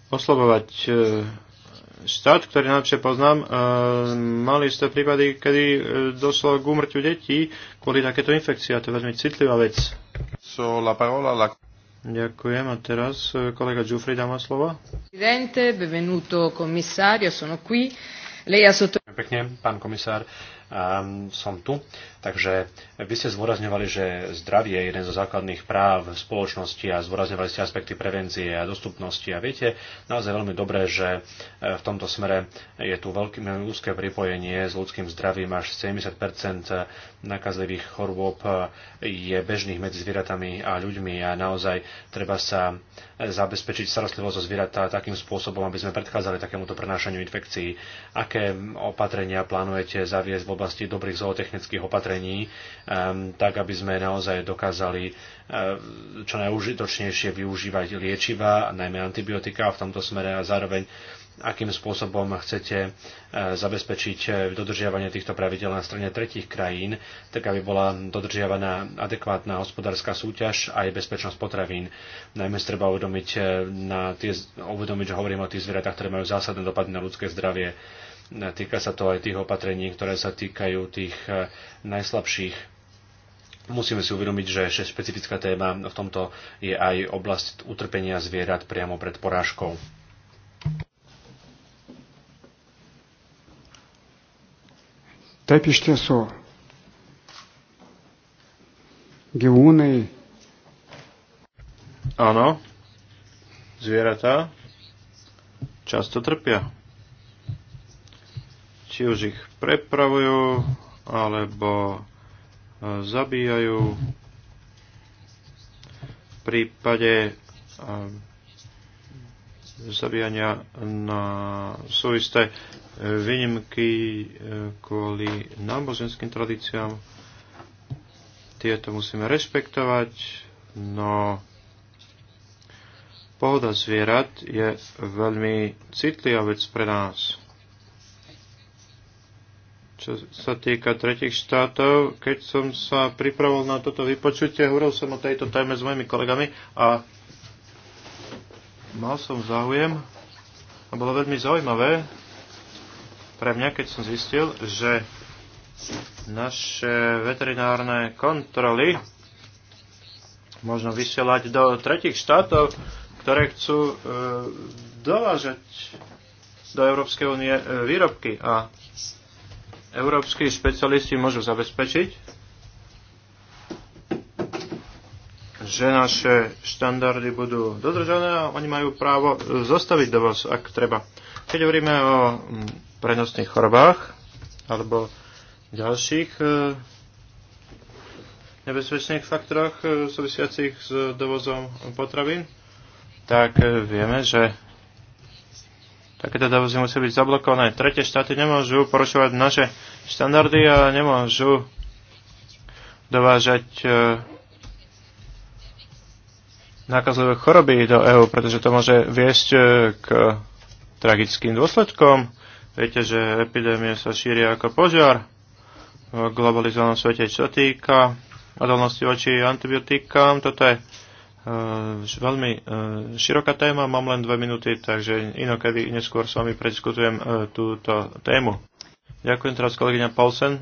[SPEAKER 1] oslovovať. E, štát, ktorý najlepšie poznám, e, mali ste prípady, kedy e, došlo k úmrtiu detí kvôli takéto infekcii a to je veľmi citlivá vec. So, la parola, la... Ďakujem. A teraz e, kolega Giuffri dá ma slovo.
[SPEAKER 4] Presidente, benvenuto commissario, sono qui. Lei ha
[SPEAKER 3] sotto... Pekne, pán komisár, um, som tu. Uh, Takže vy ste zvorazňovali, že zdravie je jeden zo základných práv spoločnosti a zvorazňovali ste aspekty prevencie a dostupnosti. A viete naozaj veľmi dobré, že e, v tomto smere je tu veľké úzke pripojenie s ľudským zdravím. Až 70 nakazlivých chorôb je bežných medzi zvieratami a ľuďmi a naozaj treba sa zabezpečiť starostlivosť o zvieratá takým spôsobom, aby sme predchádzali takémuto prenášaniu infekcií. Aké opatrenia plánujete zaviesť v oblasti dobrých zootechnických opatrení? opatrení, um, tak aby sme naozaj dokázali um, čo najúžitočnejšie využívať liečiva, najmä antibiotika v tomto smere a zároveň akým spôsobom chcete uh, zabezpečiť uh, dodržiavanie týchto pravidel na strane tretich krajín, tak aby bola dodržiavaná adekvátna hospodárska súťaž a aj bezpečnosť potravín. Najmä treba uvedomiť, uh, na tie, uvedomiť že hovoríme o tých zvieratách, ktoré majú zásadné dopady na ľudské zdravie. Týka sa to aj tých opatrení, ktoré sa týkajú tých e, najslabších musíme si uvedomiť, že ešte špecifická téma v tomto je aj oblasť utrpenia zvierat priamo pred porážkou.
[SPEAKER 2] Tepište sú tiesų.
[SPEAKER 1] Áno. Zvieratá často trpia či už ich prepravujú alebo e, zabíjajú. V prípade e, zabíjania na súisté e, výnimky kvôli náboženským tradíciám. Tieto musíme rešpektovať, no pohoda zvierat je veľmi citlivá vec pre nás. Čo sa týka tretich štátov, keď som sa pripravil na toto vypočutie, hovoril som o tejto téme s mojimi kolegami a mal som záujem a bolo veľmi zaujímavé pre mňa, keď som zistil, že naše veterinárne kontroly možno vysielať do tretich štátov, ktoré chcú e, dovážať do Európskej únie e, výrobky. A európsky špecialisti môžu zabezpečiť, že naše štandardy budú dodržané a oni majú právo zostaviť dovoz, ak treba. Keď hovoríme o prenosných chorobách alebo ďalších e, nebezpečných faktoroch e, súvisiacich s dovozom potravín, tak e, vieme, že takéto teda vozy musia byť zablokované. Tretie štáty nemôžu porušovať naše štandardy a nemôžu dovážať e, nákazlivé choroby do EÚ, pretože to môže viesť e, k tragickým dôsledkom. Viete, že epidémie sa šíria ako požiar v globalizovanom svete, čo týka odolnosti voči antibiotikám. Toto je Uh, veľmi uh, široká téma, mám len dve minúty, takže inokedy neskôr s vami prediskutujem uh, túto tému. Ďakujem teraz kolegyňa Paulsen.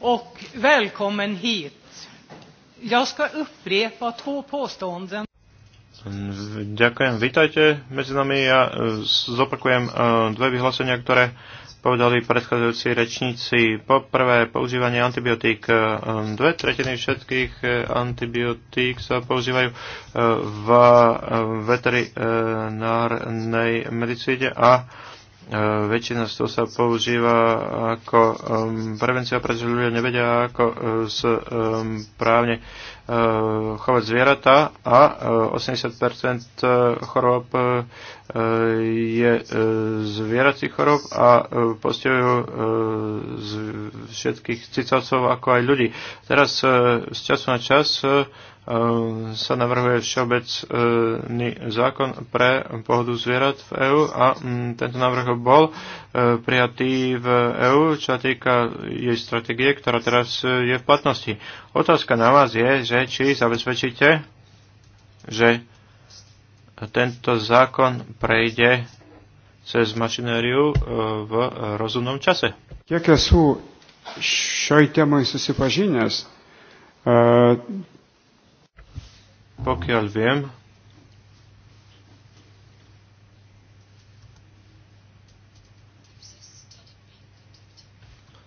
[SPEAKER 4] Och välkommen hit. Jag ska upprepa två påståenden.
[SPEAKER 1] Ďakujem, vítajte medzi nami. Ja e, zopakujem e, dve vyhlásenia, ktoré povedali predchádzajúci rečníci. Poprvé, používanie antibiotík. E, dve tretiny všetkých e, antibiotík sa používajú e, v veterinárnej medicíne a E, väčšina z toho sa používa ako prevencia, pretože ľudia nevedia, ako e, s právne e, chovať zvieratá a 80% chorób je zvieracích chorób a postihujú všetkých cicavcov ako aj ľudí. Teraz z času na čas Ehm, sa navrhuje všeobecný e, zákon pre pohodu zvierat v EÚ a mm, tento návrh bol e, prijatý v EÚ, čo týka jej stratégie, ktorá teraz e, je v platnosti. Otázka na vás je, že či zabezpečíte, že tento zákon prejde cez mašinériu v rozumnom čase.
[SPEAKER 2] Kiek esu šioj temai susipažinęs, pokiaľ
[SPEAKER 1] viem,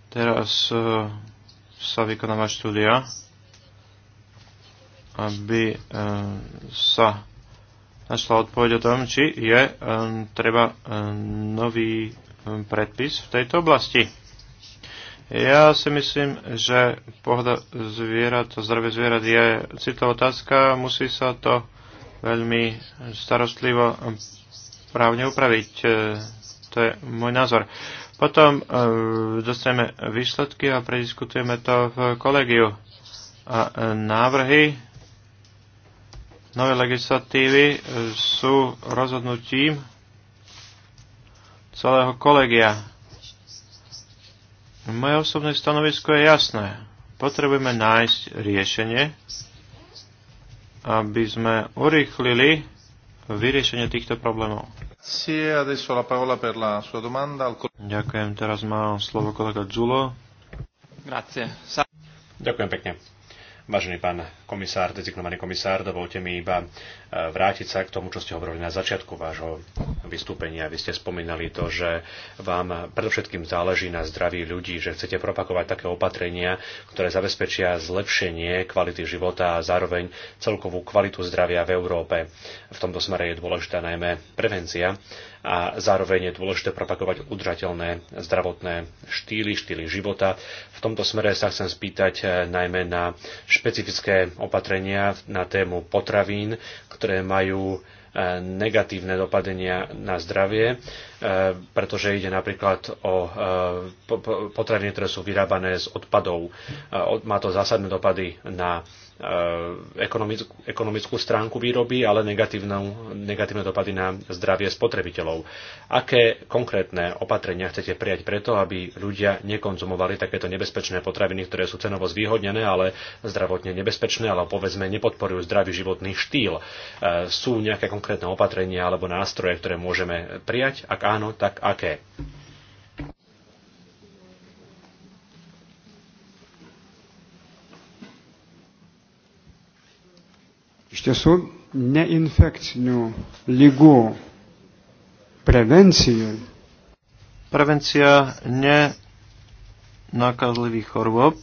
[SPEAKER 1] teraz e, sa vykonáva štúdia, aby e, sa našla odpoveď o tom, či je e, treba nový predpis v tejto oblasti. Ja si myslím, že pohoda zvierat, to zdravie zvierat je citlivá otázka. Musí sa to veľmi starostlivo právne upraviť. E, to je môj názor. Potom e, dostaneme výsledky a prediskutujeme to v kolegiu. A e, návrhy novej legislatívy sú rozhodnutím celého kolegia. Moje osobné stanovisko je jasné. Potrebujeme nájsť riešenie, aby sme urýchlili vyriešenie týchto problémov. Ďakujem, teraz má slovo kolega Zulo. Grazie. Ďakujem pekne.
[SPEAKER 3] Vážený pán komisár, dezignovaný komisár, dovolte mi iba e, vrátiť sa k tomu, čo ste hovorili na začiatku vášho vystúpenia. Vy ste spomínali to, že vám predovšetkým záleží na zdraví ľudí, že chcete propagovať také opatrenia, ktoré zabezpečia zlepšenie kvality života a zároveň celkovú kvalitu zdravia v Európe. V tomto smere je dôležitá najmä prevencia a zároveň je dôležité propagovať udržateľné zdravotné štýly, štýly života. V tomto smere sa chcem spýtať e, najmä na špecifické opatrenia na tému potravín, ktoré majú e, negatívne dopadenia na zdravie, e, pretože ide napríklad o e, potraviny, ktoré sú vyrábané z odpadov. Má to zásadné dopady na Eh, ekonomickú, ekonomickú stránku výroby, ale negatívne dopady na zdravie spotrebiteľov. Aké konkrétne opatrenia chcete prijať preto, aby ľudia nekonzumovali takéto nebezpečné potraviny, ktoré sú cenovo zvýhodnené, ale zdravotne nebezpečné, ale povedzme nepodporujú zdravý životný štýl? Eh, sú nejaké konkrétne opatrenia alebo nástroje, ktoré môžeme prijať? Ak áno, tak aké?
[SPEAKER 2] Iš tiesų, neinfekcinių lygų prevencijai.
[SPEAKER 1] Prevencia nenakazlivých chorôb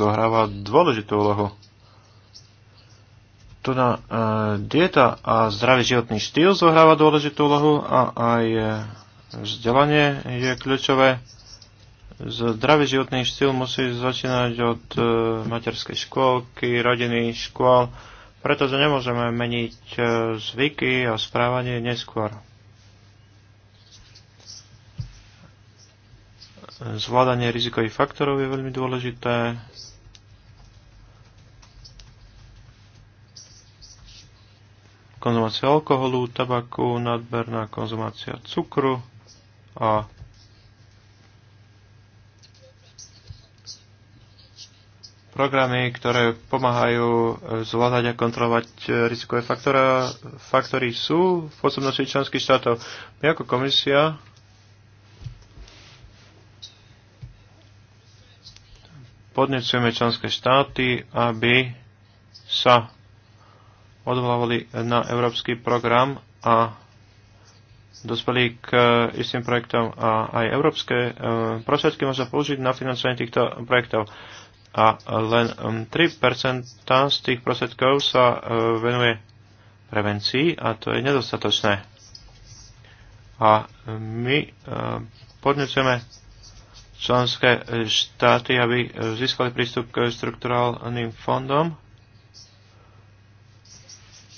[SPEAKER 1] zohráva dôležitú úlohu. Tu na e, dieta a zdravý životný štýl zohráva dôležitú úlohu a aj e, vzdelanie je kľúčové Zdravý životný štýl musí začínať od e, materskej škôlky, rodiny, škôl, pretože nemôžeme meniť e, zvyky a správanie neskôr. Zvládanie rizikových faktorov je veľmi dôležité. Konzumácia alkoholu, tabaku, nadberná konzumácia cukru a programy, ktoré pomáhajú e, zvládať a kontrolovať e, rizikové faktory, faktory sú v pôsobnosti členských štátov. My ako komisia podnecujeme členské štáty, aby sa odvolávali na európsky program a dospeli k e, istým projektom a aj európske prostriedky možno použiť na financovanie týchto projektov a len 3% um, z tých prostriedkov sa uh, venuje prevencii a to je nedostatočné. A my uh, podnecujeme členské štáty, aby uh, získali prístup k štrukturálnym fondom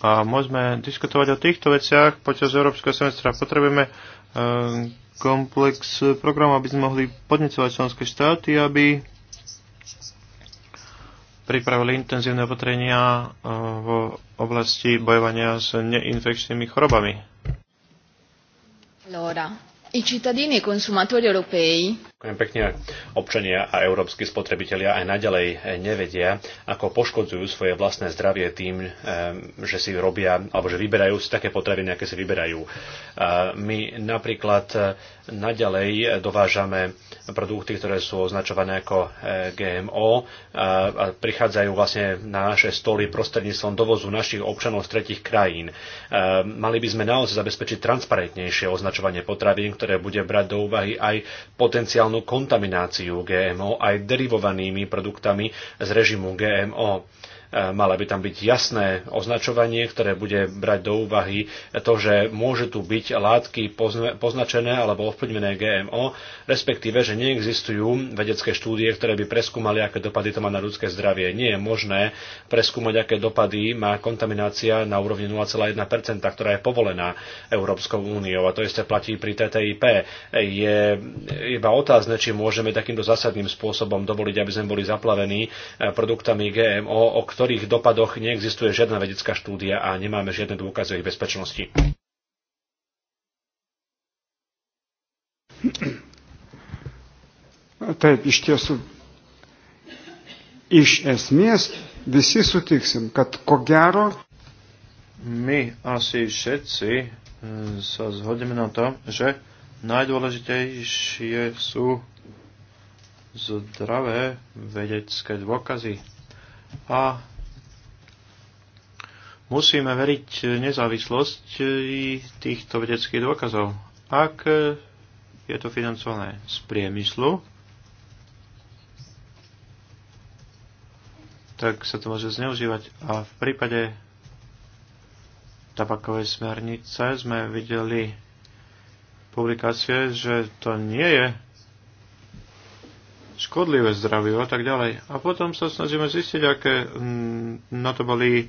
[SPEAKER 1] a môžeme diskutovať o týchto veciach počas Európskeho semestra. Potrebujeme um, komplex programov, aby sme mohli podnecovať členské štáty, aby pripravili intenzívne opatrenia e, v oblasti bojovania s neinfekčnými chorobami.
[SPEAKER 4] Allora, i cittadini e consumatori europei
[SPEAKER 3] Ďakujem pekne. Občania a európsky spotrebitelia aj naďalej nevedia, ako poškodzujú svoje vlastné zdravie tým, eh, že si robia, alebo že vyberajú si také potraviny, aké si vyberajú. Eh, my napríklad eh, naďalej dovážame produkty, ktoré sú označované ako GMO a prichádzajú vlastne na naše stoly prostredníctvom dovozu našich občanov z tretich krajín. Mali by sme naozaj zabezpečiť transparentnejšie označovanie potravín, ktoré bude brať do úvahy aj potenciálne potenciálnu kontamináciu GMO aj derivovanými produktami z režimu GMO. Eh, mala by tam byť jasné označovanie, ktoré bude brať do úvahy to, že môžu tu byť látky poznačené alebo ovplyvnené GMO, respektíve, že neexistujú vedecké štúdie, ktoré by preskúmali, aké dopady to má na ľudské zdravie. Nie je možné preskúmať, aké dopady má kontaminácia na úrovni 0,1%, ktorá je povolená Európskou úniou. A to isté platí pri TTIP. Je iba otázne, či môžeme takýmto zásadným spôsobom dovoliť, aby sme boli zaplavení eh, produktami GMO, o ktorých ktorých dopadoch neexistuje žiadna vedecká štúdia a nemáme žiadne dôkazy o ich bezpečnosti.
[SPEAKER 2] Taip, iš tiesų, iš esmės visi sutiksim, kad ko gero.
[SPEAKER 1] My asi všetci e, sa zhodneme na tom, že najdôležitejšie sú zdravé vedecké dôkazy. A Musíme veriť nezávislosť e, týchto vedeckých dôkazov. Ak e, je to financované z priemyslu, tak sa to môže zneužívať. A v prípade tabakovej smernice sme videli publikácie, že to nie je škodlivé zdravie a tak ďalej. A potom sa snažíme zistiť, aké mm, na to boli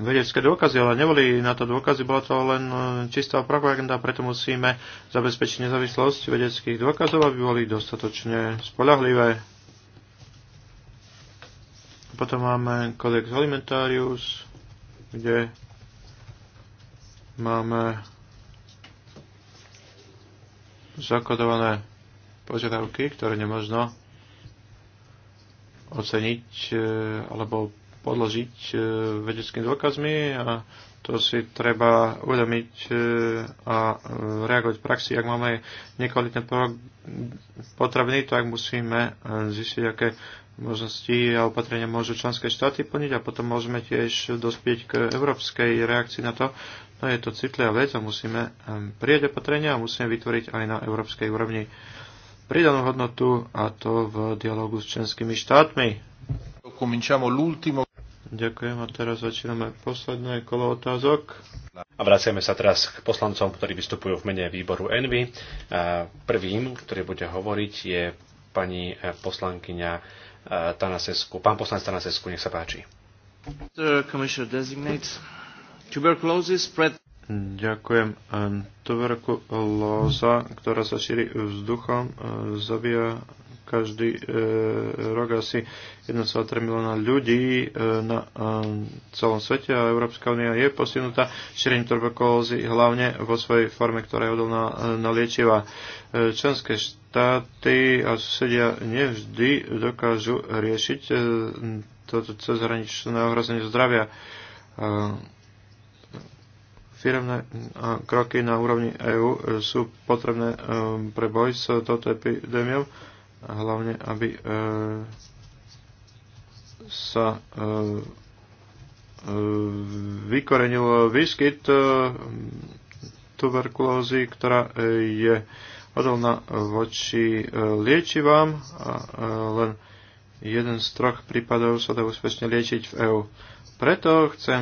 [SPEAKER 1] vedecké dôkazy, ale neboli na to dôkazy, bola to len e, čistá propaganda, preto musíme zabezpečiť nezávislosť vedeckých dôkazov, aby boli dostatočne spolahlivé. Potom máme kodex alimentarius, kde máme zakodované požiadavky, ktoré nemožno oceniť e, alebo podložiť e, vedeckými dôkazmi a to si treba uvedomiť e, a e, reagovať v praxi. Ak máme nekvalitné potraviny, tak musíme zistiť, aké možnosti a opatrenia môžu členské štáty plniť a potom môžeme tiež dospieť k európskej reakcii na to. No je to citlivá vec a musíme prijať opatrenia a musíme vytvoriť aj na európskej úrovni pridanú hodnotu a to v dialogu s členskými štátmi. Cominciamo l'ultimo Ďakujem a teraz začíname posledné kolo otázok.
[SPEAKER 3] A vraciame sa teraz k poslancom, ktorí vystupujú v mene výboru Envy. Prvým, ktorý bude hovoriť, je pani e, poslankyňa e, Tanasesku. Pán poslanec Tanasesku, nech sa páči.
[SPEAKER 1] Ďakujem. E, tuberkulóza, ktorá sa šíri vzduchom, zabíja každý e, rok asi 1,3 milióna ľudí e, na e, celom svete a Európska únia je posunutá šírením tuberkulózy hlavne vo svojej forme, ktorá je odolná e, na liečiva. E, členské štáty a susedia nevždy dokážu riešiť e, toto cezhraničné ohrozenie zdravia. E, firemné e, kroky na úrovni EÚ e, sú potrebné e, pre boj s touto epidémiou a hlavne aby e, sa e, e, vykorenil výskyt tuberkulózy, ktorá je odolná voči liečivám a len jeden z troch prípadov sa dá úspešne liečiť v EU. Preto chcem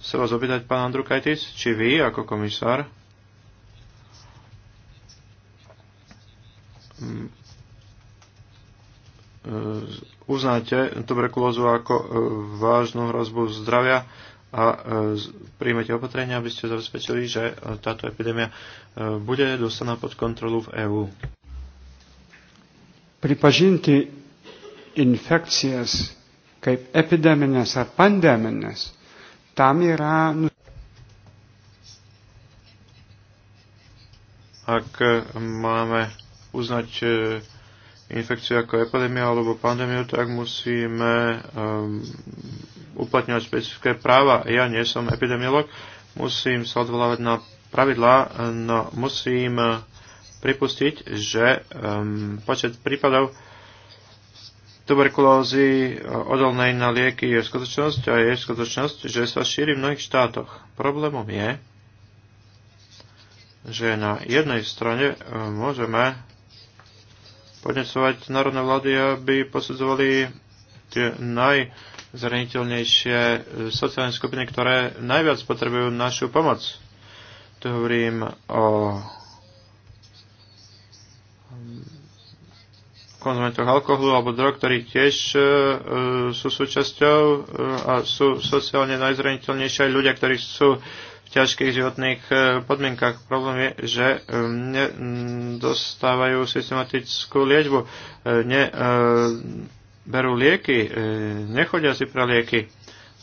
[SPEAKER 1] sa vás opýtať, pán Andrukaitis, či vy ako komisár E, uznáte tuberkulózu ako e, vážnu hrozbu zdravia a e, príjmete opatrenia, aby ste zabezpečili, že táto epidémia bude dostaná pod
[SPEAKER 2] kontrolu v EÚ. Pripažinti infekcijas kaip epideminės ar pandeminės, tam yra
[SPEAKER 1] ak máme uznať infekciu ako epidémia alebo pandémiu, tak musíme um, uplatňovať špecifické práva. Ja nie som epidemiolog, musím sa odvolávať na pravidlá, no musím pripustiť, že um, počet prípadov tuberkulózy eh, odolnej na lieky je skutočnosť a je skutočnosť, že sa šíri v mnohých štátoch. Problémom je, že na jednej strane eh, môžeme podnesovať národné vlády, aby posudzovali tie najzraniteľnejšie sociálne skupiny, ktoré najviac potrebujú našu pomoc. Tu hovorím o konzumentoch alkoholu alebo drog, ktorí tiež e, sú súčasťou e, a sú sociálne najzraniteľnejšie aj ľudia, ktorí sú ťažkých životných e, podmienkach. Problém je, že e, nedostávajú systematickú liečbu, e, neberú lieky, nechodia si pre lieky.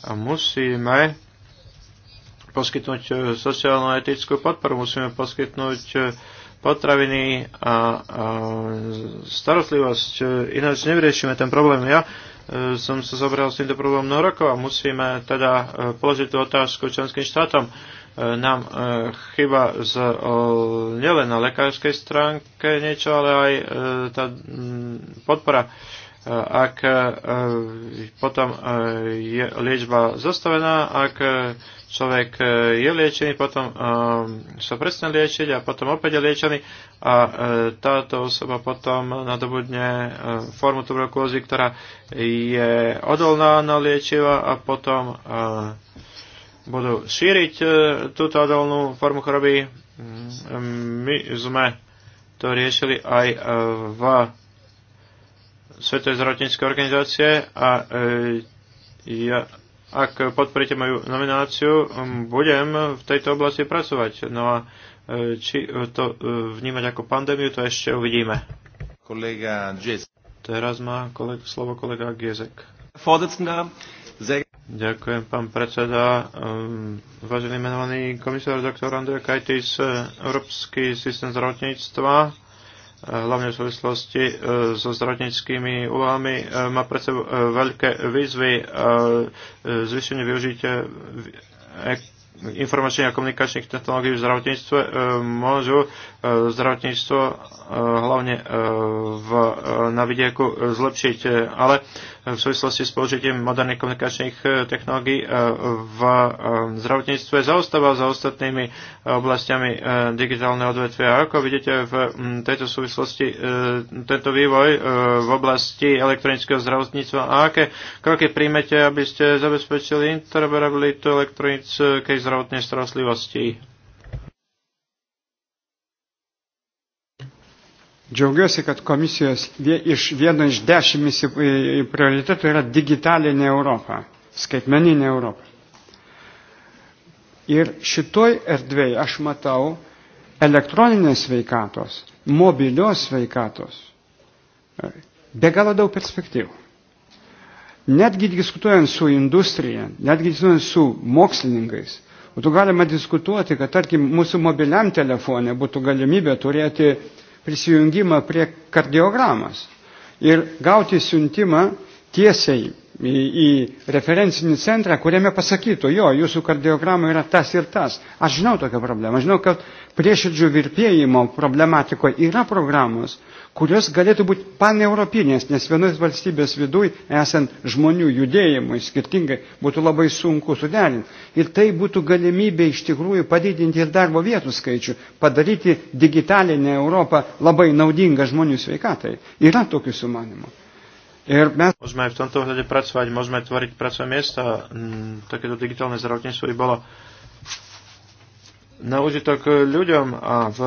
[SPEAKER 1] A musíme poskytnúť sociálno-etickú podporu, musíme poskytnúť potraviny a, a starostlivosť. Ináč nevyriešime ten problém. Ja som sa zobral s týmto problémom mnoho rokov a musíme teda položiť tú otázku členským štátom. E, nám e, chyba z, e, nielen na lekárskej stránke niečo, ale aj tá mm, podpora ak potom je liečba zastavená, ak človek je liečený, potom sa presne liečiť a potom opäť je liečený a táto osoba potom nadobudne formu tuberkulózy, ktorá je odolná na liečiva a potom budú šíriť e, túto odolnú formu choroby. Mm, e, my sme to riešili aj e, v Svetovej zdravotníckej organizácie a ja, ak podporíte moju nomináciu, budem v tejto oblasti pracovať. No a či to vnímať ako pandémiu, to ešte uvidíme. Kolega Teraz má kolega, slovo kolega Giezek. Vorsitzender, sehr Ďakujem, pán predseda. Ehm, vážený menovaný komisár doktor Andrej Kajtis, eh, Európsky systém zdravotníctva, eh, hlavne v súvislosti eh, so zdravotníckými úvahami, má pred sebou veľké výzvy zvýšenie využitia informačných a komunikačných technológií v zdravotníctve môžu zdravotníctvo hlavne v, na vidieku zlepšiť. Ale v súvislosti s použitím moderných komunikačných e, technológií e, v e, zdravotníctve zaostáva za ostatnými oblastiami digitálne odvetvia. Ako vidíte v tejto súvislosti tento vývoj v oblasti elektronického zdravotníctva a aké kroky príjmete, aby ste zabezpečili interoperabilitu elektronickej zdravotnej starostlivosti?
[SPEAKER 2] Džiaugiuosi, kad komisijos iš vieno iš dešimt prioritetų yra digitalinė Europa, skaitmeninė Europa. Ir šitoj erdvėje aš matau elektroninės sveikatos, mobilios sveikatos. E, be galo daug perspektyvų. Netgi diskutuojant su industrija, netgi diskutuojant su mokslininkais, būtų galima diskutuoti, kad tarkim mūsų mobiliam telefone būtų galimybė turėti uh, prisijungimą prie kardiogramos ir gauti siuntimą tiesiai į, į referencinį centrą, kuriame pasakytų, jo, jūsų kardiogramų yra tas ir tas. Aš žinau tokią problemą. Aš žinau, kad prieširdžių virpėjimo problematikoje yra programos, kurios galėtų būti paneuropinės, nes vienos valstybės viduj esant žmonių judėjimui skirtingai būtų labai sunku suderinti. Ir tai būtų galimybė iš tikrųjų padidinti ir darbo vietų skaičių, padaryti digitalinę Europą labai naudingą žmonių sveikatai. Yra tokių sumanimų. Môžeme
[SPEAKER 1] aj v tomto ohľade pracovať, môžeme tvoriť pracovné miesta. Mm, takéto digitálne zdravotníctvo by bolo na užitok ľuďom a v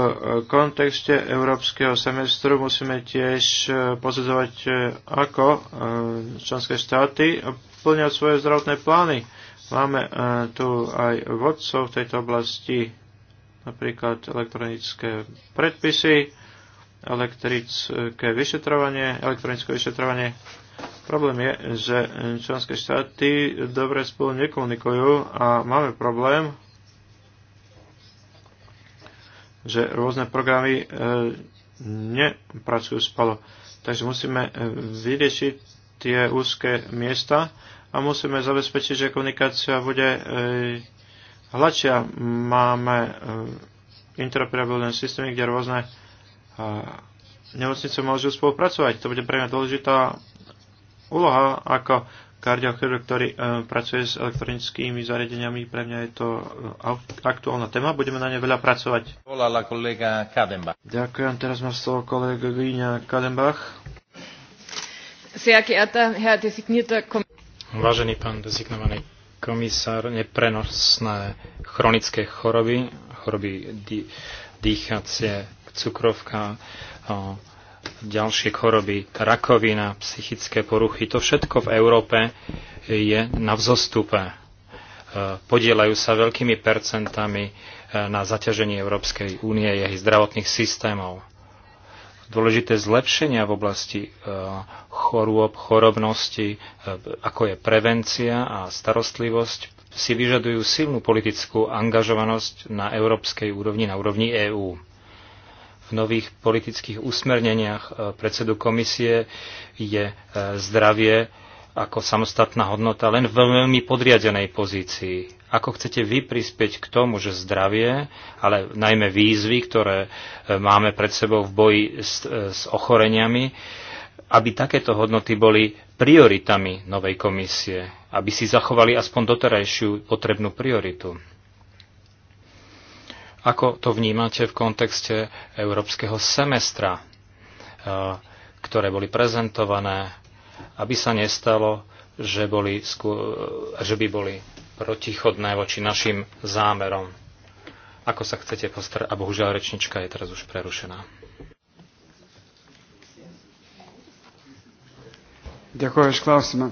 [SPEAKER 1] kontexte európskeho semestru musíme tiež e, posudzovať, e, ako e, členské štáty plňať svoje zdravotné plány. Máme tu aj vodcov v tejto oblasti, napríklad elektronické predpisy, elektrické vyšetrovanie, elektronické vyšetrovanie. Problém je, že členské štáty dobre spolu nekomunikujú a máme problém, že rôzne programy e, nepracujú spolu. Takže musíme e, vyriešiť tie úzke miesta a musíme zabezpečiť, že komunikácia bude e, hladšia. Máme interoperabilné systémy, kde rôzne a nemocnice môžu spolupracovať. To bude pre mňa dôležitá úloha ako kardiochirurg, ktorý e, pracuje s elektronickými zariadeniami. Pre mňa je to e, aktuálna téma, budeme na ne veľa pracovať. Volala kolega Kadenbach. Ďakujem, teraz má slovo kolega Gríňa Kadenbach.
[SPEAKER 4] Vážený pán dezignovaný komisár, neprenosné chronické choroby, choroby dýchacie cukrovka, ďalšie choroby, rakovina, psychické poruchy. To všetko v Európe je na vzostupe. E, podielajú sa veľkými percentami e, na zaťaženie Európskej únie jej zdravotných systémov. Dôležité zlepšenia v oblasti e, chorôb, chorobnosti, ako je prevencia a starostlivosť, si vyžadujú silnú politickú angažovanosť na európskej úrovni, na úrovni EÚ. EU nových politických usmerneniach e, predsedu komisie je e, zdravie ako samostatná hodnota len v veľmi podriadenej pozícii. Ako chcete vy prispieť k tomu, že zdravie, ale najmä výzvy, ktoré e, máme pred sebou v boji s, s ochoreniami, aby takéto hodnoty boli prioritami novej komisie, aby si zachovali aspoň doterajšiu potrebnú prioritu. Ako to vnímate v kontexte európskeho semestra, eh, ktoré boli prezentované, aby sa nestalo, že, boli, eh, že by boli protichodné voči našim zámerom? Ako sa chcete postarať? A bohužiaľ rečnička je teraz už prerušená.
[SPEAKER 2] Ďakujem,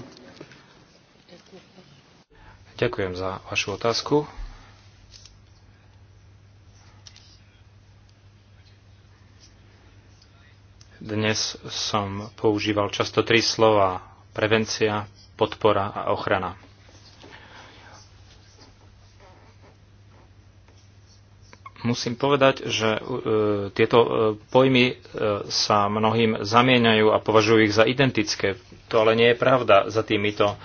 [SPEAKER 2] Ďakujem za vašu otázku.
[SPEAKER 4] Dnes som používal často tri slova. Prevencia, podpora a ochrana. Musím povedať, že e, tieto e, pojmy e, sa mnohým zamieňajú a považujú ich za identické. To ale nie je pravda. Za týmito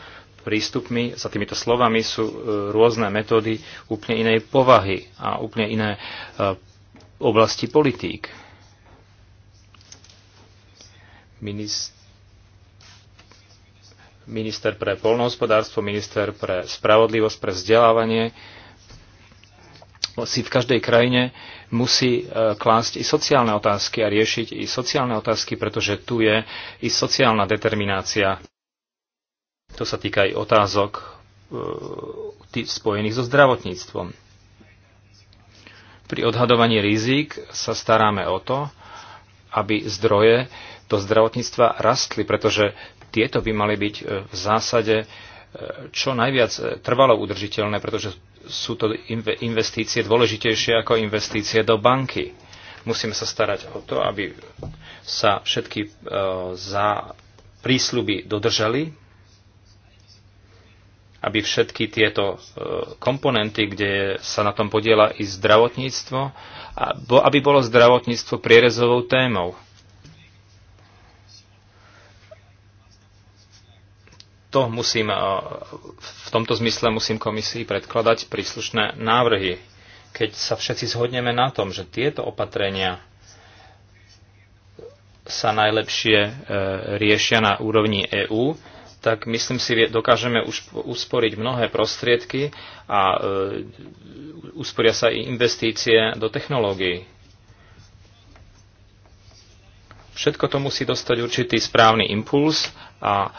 [SPEAKER 4] prístupmi, za týmito slovami sú rôzne metódy úplne inej povahy a úplne iné oblasti politík minister pre polnohospodárstvo, minister pre spravodlivosť, pre vzdelávanie si v každej krajine musí e, klásť i sociálne otázky a riešiť i sociálne otázky, pretože tu je i sociálna determinácia. To sa týka aj otázok e, spojených so zdravotníctvom. Pri odhadovaní rizik sa staráme o to, aby zdroje do zdravotníctva rastli, pretože tieto by mali byť e, v zásade e, čo najviac e, trvalo udržiteľné, pretože sú to investície dôležitejšie ako investície do banky. Musíme sa starať o to, aby sa všetky za prísľuby dodržali, aby všetky tieto komponenty, kde sa na tom podiela i zdravotníctvo, aby bolo zdravotníctvo prierezovou témou. to musím, e, v tomto zmysle musím komisii predkladať príslušné návrhy. Keď sa všetci zhodneme na tom, že tieto opatrenia sa najlepšie e, riešia na úrovni EÚ, tak myslím si, dokážeme už usporiť mnohé prostriedky a e, usporia sa i investície do technológií. Všetko to musí dostať určitý správny impuls a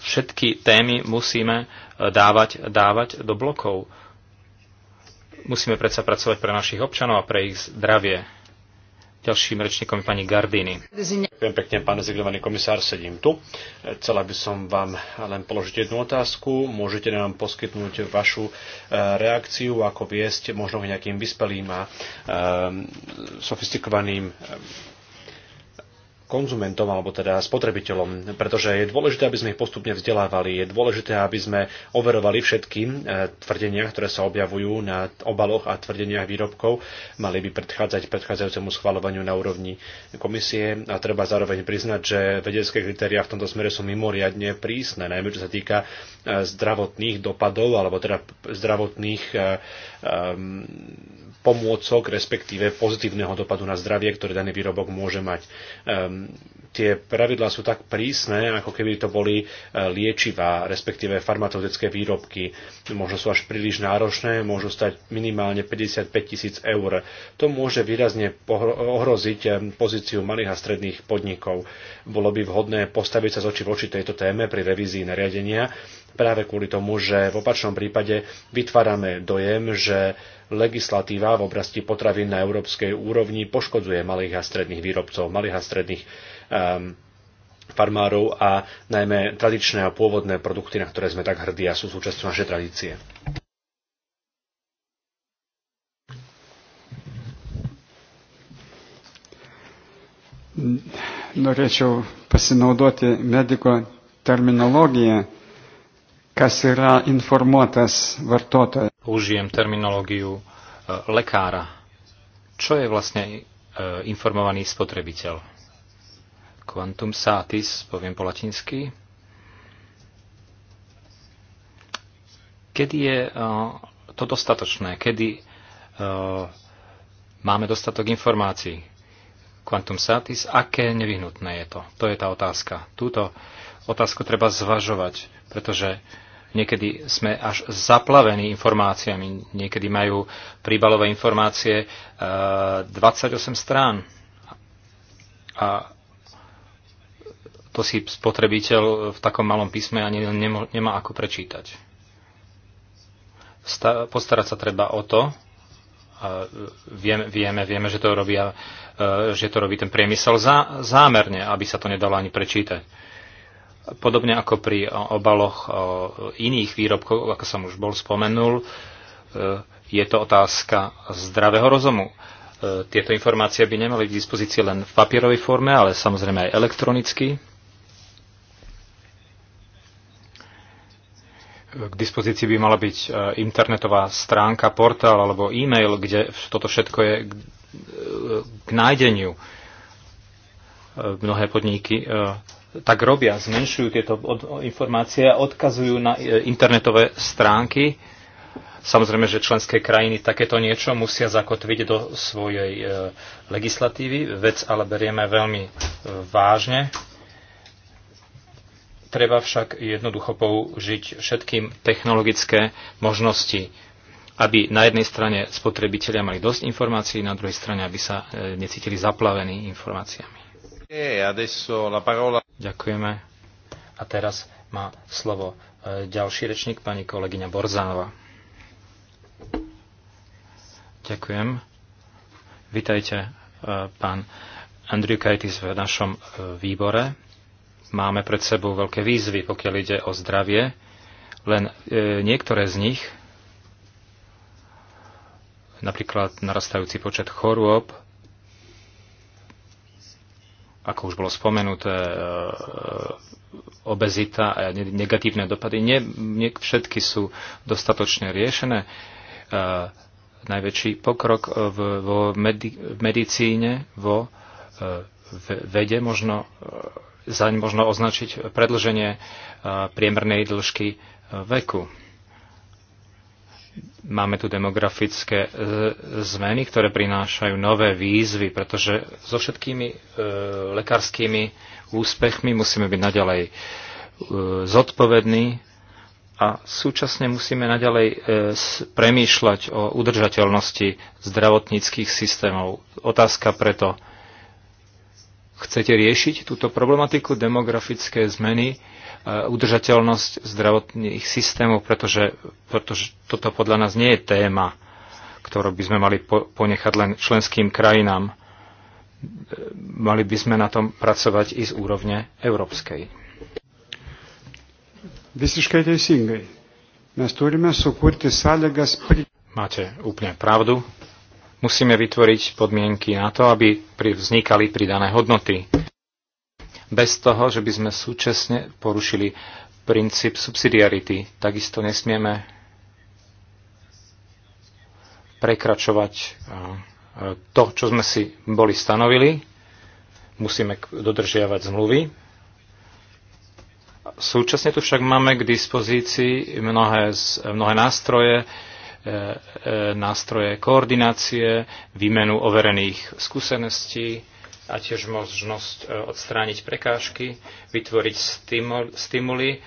[SPEAKER 4] všetky témy musíme e, dávať, dávať do blokov. Musíme predsa pracovať pre našich občanov a pre ich zdravie. Ďalším rečníkom je pani Gardini. Ďakujem pekne, pán dezignovaný komisár, sedím tu. E,
[SPEAKER 3] chcela by som vám len položiť jednu otázku. Môžete nám poskytnúť vašu e, reakciu, ako viesť možno k nejakým vyspelým a sofistikovaným konzumentom alebo teda spotrebiteľom, pretože je dôležité, aby sme ich postupne vzdelávali, je dôležité, aby sme overovali všetky e, tvrdenia, ktoré sa objavujú na obaloch a tvrdeniach výrobkov, mali by predchádzať predchádzajúcemu schvalovaniu na úrovni komisie a treba zároveň priznať, že vedecké kritériá v tomto smere sú mimoriadne prísne, najmä čo sa týka e, zdravotných dopadov alebo teda zdravotných e, pomôcok, respektíve pozitívneho dopadu na zdravie, ktoré daný výrobok môže mať. Ehm, tie pravidlá sú tak prísne, ako keby to boli e, liečivá, respektíve farmaceutické výrobky. Možno sú až príliš náročné, môžu stať minimálne 55 tisíc eur. To môže výrazne ohroziť e, pozíciu malých a stredných podnikov. Bolo by vhodné postaviť sa z v voči tejto téme pri revízii nariadenia, práve kvôli tomu, že v opačnom prípade vytvárame dojem, že legislatíva v oblasti potravín na európskej úrovni poškodzuje malých a stredných výrobcov, malých a stredných um, farmárov a najmä tradičné a pôvodné produkty, na ktoré sme tak hrdí a sú súčasťou našej tradície.
[SPEAKER 2] Norėčiau pasinaudoti mediko terminologiją, kas yra informuotas vartotojas.
[SPEAKER 4] Užijem terminológiu e, lekára. Čo je vlastne e, informovaný spotrebiteľ? Quantum satis, poviem po latinsky. Kedy je eh, to dostatočné? Kedy eh, máme dostatok informácií? Quantum satis, aké nevyhnutné je to? To je tá otázka. Túto otázku treba zvažovať, pretože Niekedy sme až zaplavení informáciami, niekedy majú príbalové informácie 28 eh, strán. A to si spotrebiteľ v takom malom písme ani nemá ako prečítať. Postarať sa treba o to, a e, vieme, vieme, vieme že, to a, e, že to robí ten priemysel zá, zámerne, aby sa to nedalo ani prečítať. Podobne ako pri obaloch iných výrobkov, ako som už bol spomenul, e, je to otázka zdravého rozumu. Tieto informácie by nemali k dispozícii len v papierovej forme, ale samozrejme aj elektronicky. k dispozícii by mala byť e, internetová stránka, portál alebo e-mail, kde toto všetko je e, k, nájdeniu. E, mnohé podniky tak robia, zmenšujú tieto informácie a odkazujú na internetové stránky. Samozrejme, že členské krajiny takéto niečo musia zakotviť do svojej legislatívy. Vec ale berieme veľmi vážne Treba však jednoducho použiť všetkým technologické možnosti, aby na jednej strane spotrebitelia mali dosť informácií, na druhej strane, aby sa e, necítili zaplavení informáciami. E, Ďakujeme. A teraz má slovo e, ďalší rečník, pani kolegyňa Borzánova. Ďakujem. Vítajte, pán Andriu Kajtis v našom výbore. Máme pred sebou veľké výzvy, pokiaľ ide o zdravie. Len e, niektoré z nich, napríklad narastajúci počet chorôb, ako už bolo spomenuté, e, obezita a negatívne dopady, nie, nie všetky sú dostatočne riešené. E, najväčší pokrok v, vo medi, v medicíne, vo e, v vede možno e, zaň možno označiť predlženie e, priemernej dĺžky e, veku. Máme tu demografické e, zmeny, ktoré prinášajú nové výzvy, pretože so všetkými lekárskými úspechmi musíme byť naďalej zodpovední a súčasne musíme naďalej premýšľať o udržateľnosti zdravotníckých systémov. Otázka preto, chcete riešiť túto problematiku demografické zmeny, e, udržateľnosť zdravotných systémov, pretože, pretože toto podľa nás nie je téma, ktorú by sme mali ponechať len členským krajinám. E, mali by sme na tom pracovať i z úrovne európskej. Máte úplne pravdu. Musíme vytvoriť podmienky na to, aby vznikali pridané hodnoty. Bez toho, že by sme súčasne porušili princíp subsidiarity, takisto nesmieme prekračovať e, e, to, čo sme si boli stanovili. Musíme dodržiavať zmluvy. Súčasne tu však máme k dispozícii mnohé, mnohé nástroje, E, e, nástroje koordinácie, výmenu overených skúseností a tiež možnosť e, odstrániť prekážky, vytvoriť stimuly,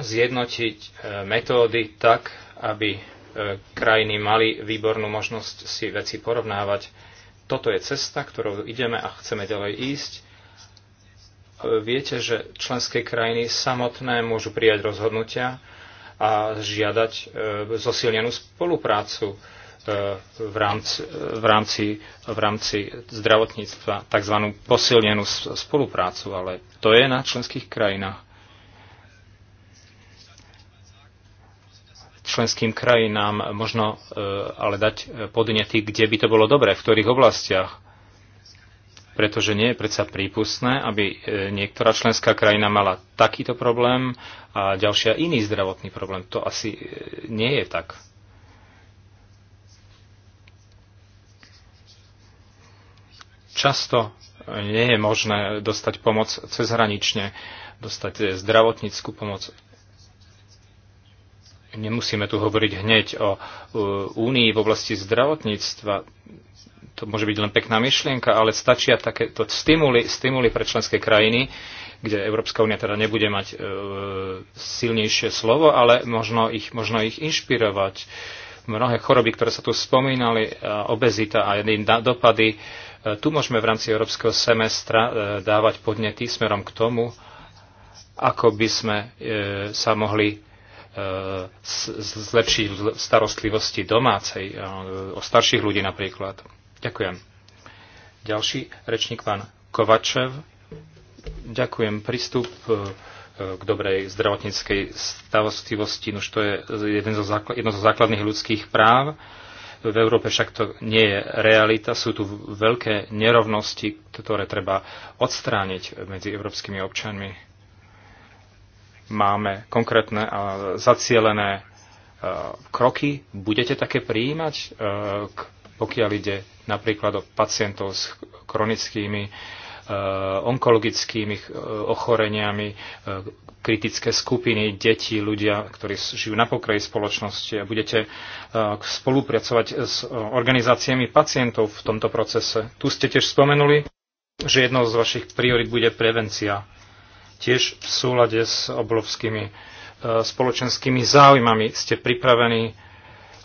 [SPEAKER 4] zjednotiť metódy tak, aby krajiny mali výbornú možnosť si veci porovnávať. Toto je cesta, ktorou ideme a chceme ďalej ísť viete, že členské krajiny samotné môžu prijať rozhodnutia a žiadať e, zosilnenú spoluprácu e, v rámci, v rámci, v rámci zdravotníctva, tzv. posilnenú spoluprácu, ale to je na členských krajinách. členským krajinám možno e, ale dať podnety, kde by to bolo dobré, v ktorých oblastiach pretože nie je predsa prípustné, aby e, niektorá členská krajina mala takýto problém a ďalšia iný zdravotný problém. To asi e, nie je tak. Často e, nie je možné dostať pomoc cezhranične, dostať zdravotníckú pomoc. Nemusíme tu hovoriť hneď o únii v oblasti zdravotníctva to môže byť len pekná myšlienka, ale stačia takéto stimuly, stimuly pre členské krajiny, kde Európska únia teda nebude mať e, silnejšie slovo, ale možno ich, možno ich inšpirovať. Mnohé choroby, ktoré sa tu spomínali, e, obezita a jedným dopady, e, tu môžeme v rámci Európskeho semestra e, dávať podnety smerom k tomu, ako by sme e, sa mohli e, zlepšiť starostlivosti domácej, e, o starších ľudí napríklad. Ďakujem. Ďalší rečník, pán Kovačev. Ďakujem. Prístup e, e, k dobrej zdravotníckej stavostivosti, už to je jeden zo jedno zo základných ľudských práv. V Európe však to nie je realita. Sú tu veľké nerovnosti, ktoré treba odstrániť medzi európskymi občanmi. Máme konkrétne a zacielené e, kroky. Budete také prijímať k pokiaľ ide napríklad o pacientov s chronickými e, onkologickými e, ochoreniami, e, kritické skupiny, deti, ľudia, ktorí žijú na pokraji spoločnosti a budete spolupracovať s organizáciami pacientov v tomto procese. Tu ste tiež spomenuli, že jednou z vašich priorit bude prevencia. Tiež v súlade s obrovskými spoločenskými záujmami ste pripravení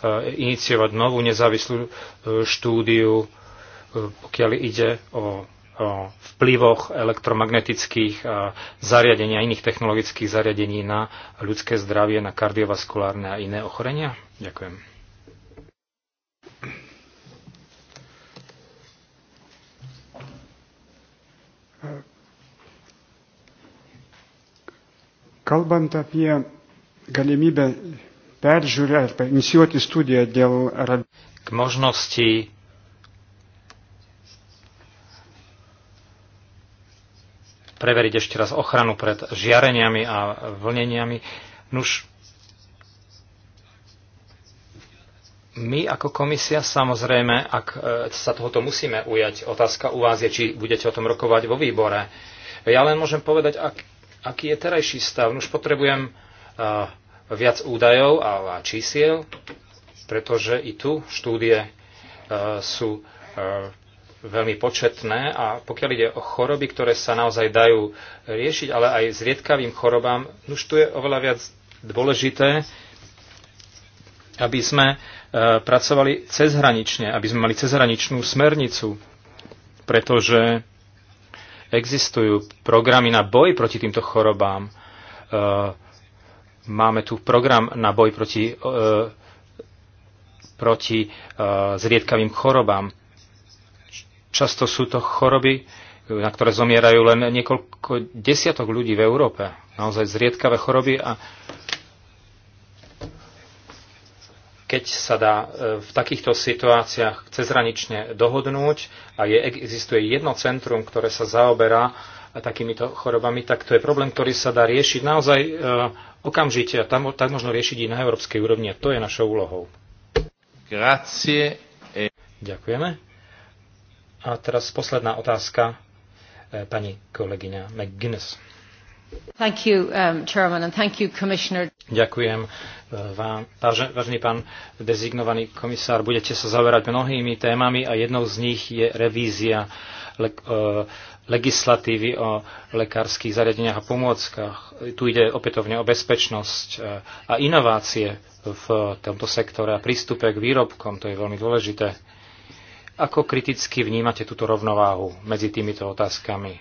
[SPEAKER 4] E, iniciovať novú nezávislú e, štúdiu, e, pokiaľ ide o o vplyvoch elektromagnetických zariadení a iných technologických zariadení na ľudské zdravie, na kardiovaskulárne a iné ochorenia? Ďakujem.
[SPEAKER 2] Kalbant galimybę peržiūrėti, inicijuoti studiją dėl
[SPEAKER 4] k možnosti preveriť ešte raz ochranu pred žiareniami a vlneniami. Nuž, my ako komisia samozrejme, ak e, sa tohoto musíme ujať, otázka u vás je, či budete o tom rokovať vo výbore. Ja len môžem povedať, ak, aký je terajší stav. Už potrebujem uh, viac údajov a čísiel, pretože i tu štúdie e, sú e, veľmi početné a pokiaľ ide o choroby, ktoré sa naozaj dajú riešiť, ale aj zriedkavým chorobám, už tu je oveľa viac dôležité, aby sme e, pracovali cezhranične, aby sme mali cezhraničnú smernicu, pretože existujú programy na boj proti týmto chorobám. E, Máme tu program na boj proti, e, proti e, zriedkavým chorobám. Často sú to choroby, na ktoré zomierajú len niekoľko desiatok ľudí v Európe. Naozaj zriedkavé choroby a keď sa dá e, v takýchto situáciách cezranične dohodnúť a je, existuje jedno centrum, ktoré sa zaoberá takýmito chorobami, tak to je problém, ktorý sa dá riešiť naozaj e, okamžite a tam, tak možno riešiť i na európskej úrovni a to je našou úlohou. Grazie. E- Ďakujeme. A teraz posledná otázka e, pani kolegyňa McGuinness.
[SPEAKER 1] Thank you, um, Chairman, and thank you, Commissioner.
[SPEAKER 4] Ďakujem e, vám, vážený pán dezignovaný komisár. Budete sa zaverať mnohými témami a jednou z nich je revízia le, e, legislatívy o lekárskych zariadeniach a pomôckach. Tu ide opätovne o bezpečnosť e, a inovácie v tomto sektore a prístupe k výrobkom, to je veľmi dôležité. Ako kriticky vnímate túto rovnováhu medzi týmito otázkami?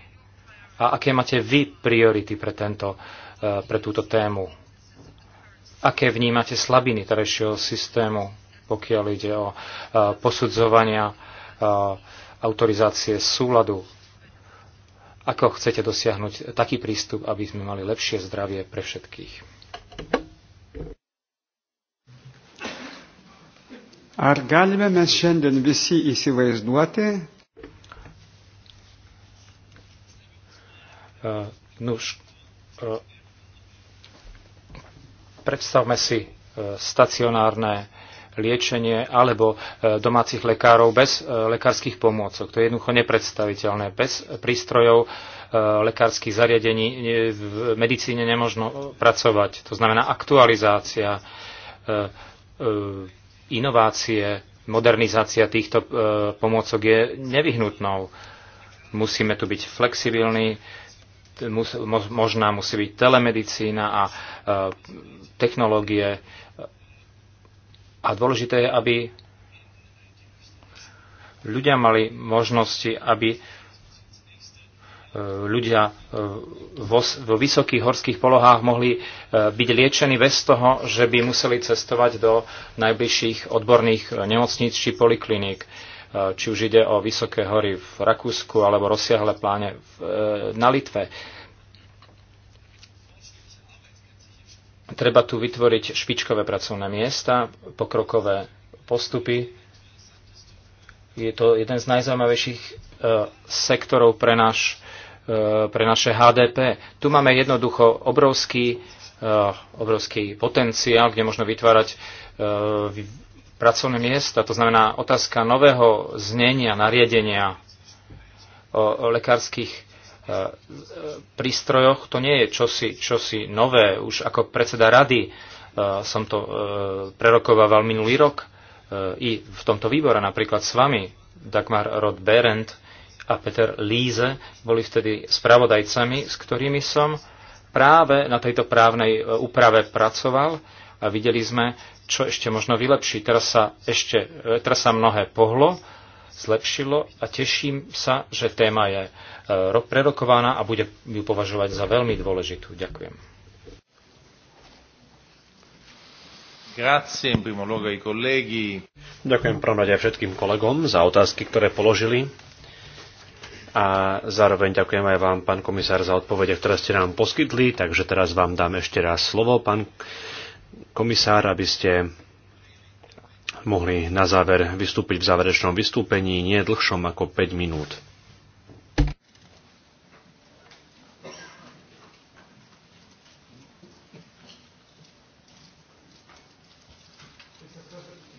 [SPEAKER 4] A aké máte vy priority pre, tento, e, pre túto tému? Aké vnímate slabiny terajšieho systému, pokiaľ ide o e, posudzovania autorizácie súladu ako chcete dosiahnuť taký prístup, aby sme mali lepšie zdravie pre všetkých?
[SPEAKER 2] Ar galime mes šiandien visi įsivaizduoti? Uh, nuž, uh,
[SPEAKER 4] predstavme si uh, stacionárne liečenie alebo e, domácich lekárov bez e, lekárskych pomôcok. To je jednoducho nepredstaviteľné. Bez prístrojov e, lekárskych zariadení v medicíne nemožno pracovať. To znamená aktualizácia, inovácie, modernizácia týchto pomôcok je nevyhnutnou. Musíme tu byť flexibilní, možná musí byť telemedicína a technológie a dôležité je, aby ľudia mali možnosti, aby e, ľudia e, vo, vo vysokých horských polohách mohli e, byť liečení bez toho, že by museli cestovať do najbližších odborných nemocníc či polikliník. Či už ide o vysoké hory v Rakúsku alebo rozsiahle pláne na Litve. Treba tu vytvoriť špičkové pracovné miesta, pokrokové postupy. Je to jeden z najzaujímavejších e, sektorov pre, uh, pre naše HDP. Tu máme jednoducho obrovský, e, obrovský potenciál, kde možno vytvárať pracovné miesta. To znamená otázka nového znenia, nariadenia o, o lekárskych Eh, prístrojoch. To nie je čosi, čosi nové. Už ako predseda rady eh, som to eh, prerokovával minulý rok i v tomto výbore napríklad s vami Dagmar Rod Berend a Peter Líze boli vtedy spravodajcami, s ktorými som práve na tejto právnej úprave pracoval a videli sme, čo ešte možno vylepšiť. Teraz sa, ešte, teraz sa mnohé pohlo, zlepšilo a teším sa, že téma je e, prerokovaná a bude ju považovať za veľmi dôležitú. Ďakujem. Grazie, primo luogo ai colleghi. Ďakujem prvom
[SPEAKER 3] rade všetkým kolegom za otázky, ktoré položili. A zároveň ďakujem aj vám, pán komisár, za odpovede, ktoré ste nám poskytli. Takže teraz vám dám ešte raz slovo, pán komisár, aby ste mohli na záver vystúpiť v záverečnom vystúpení nie dlhšom ako 5 minút.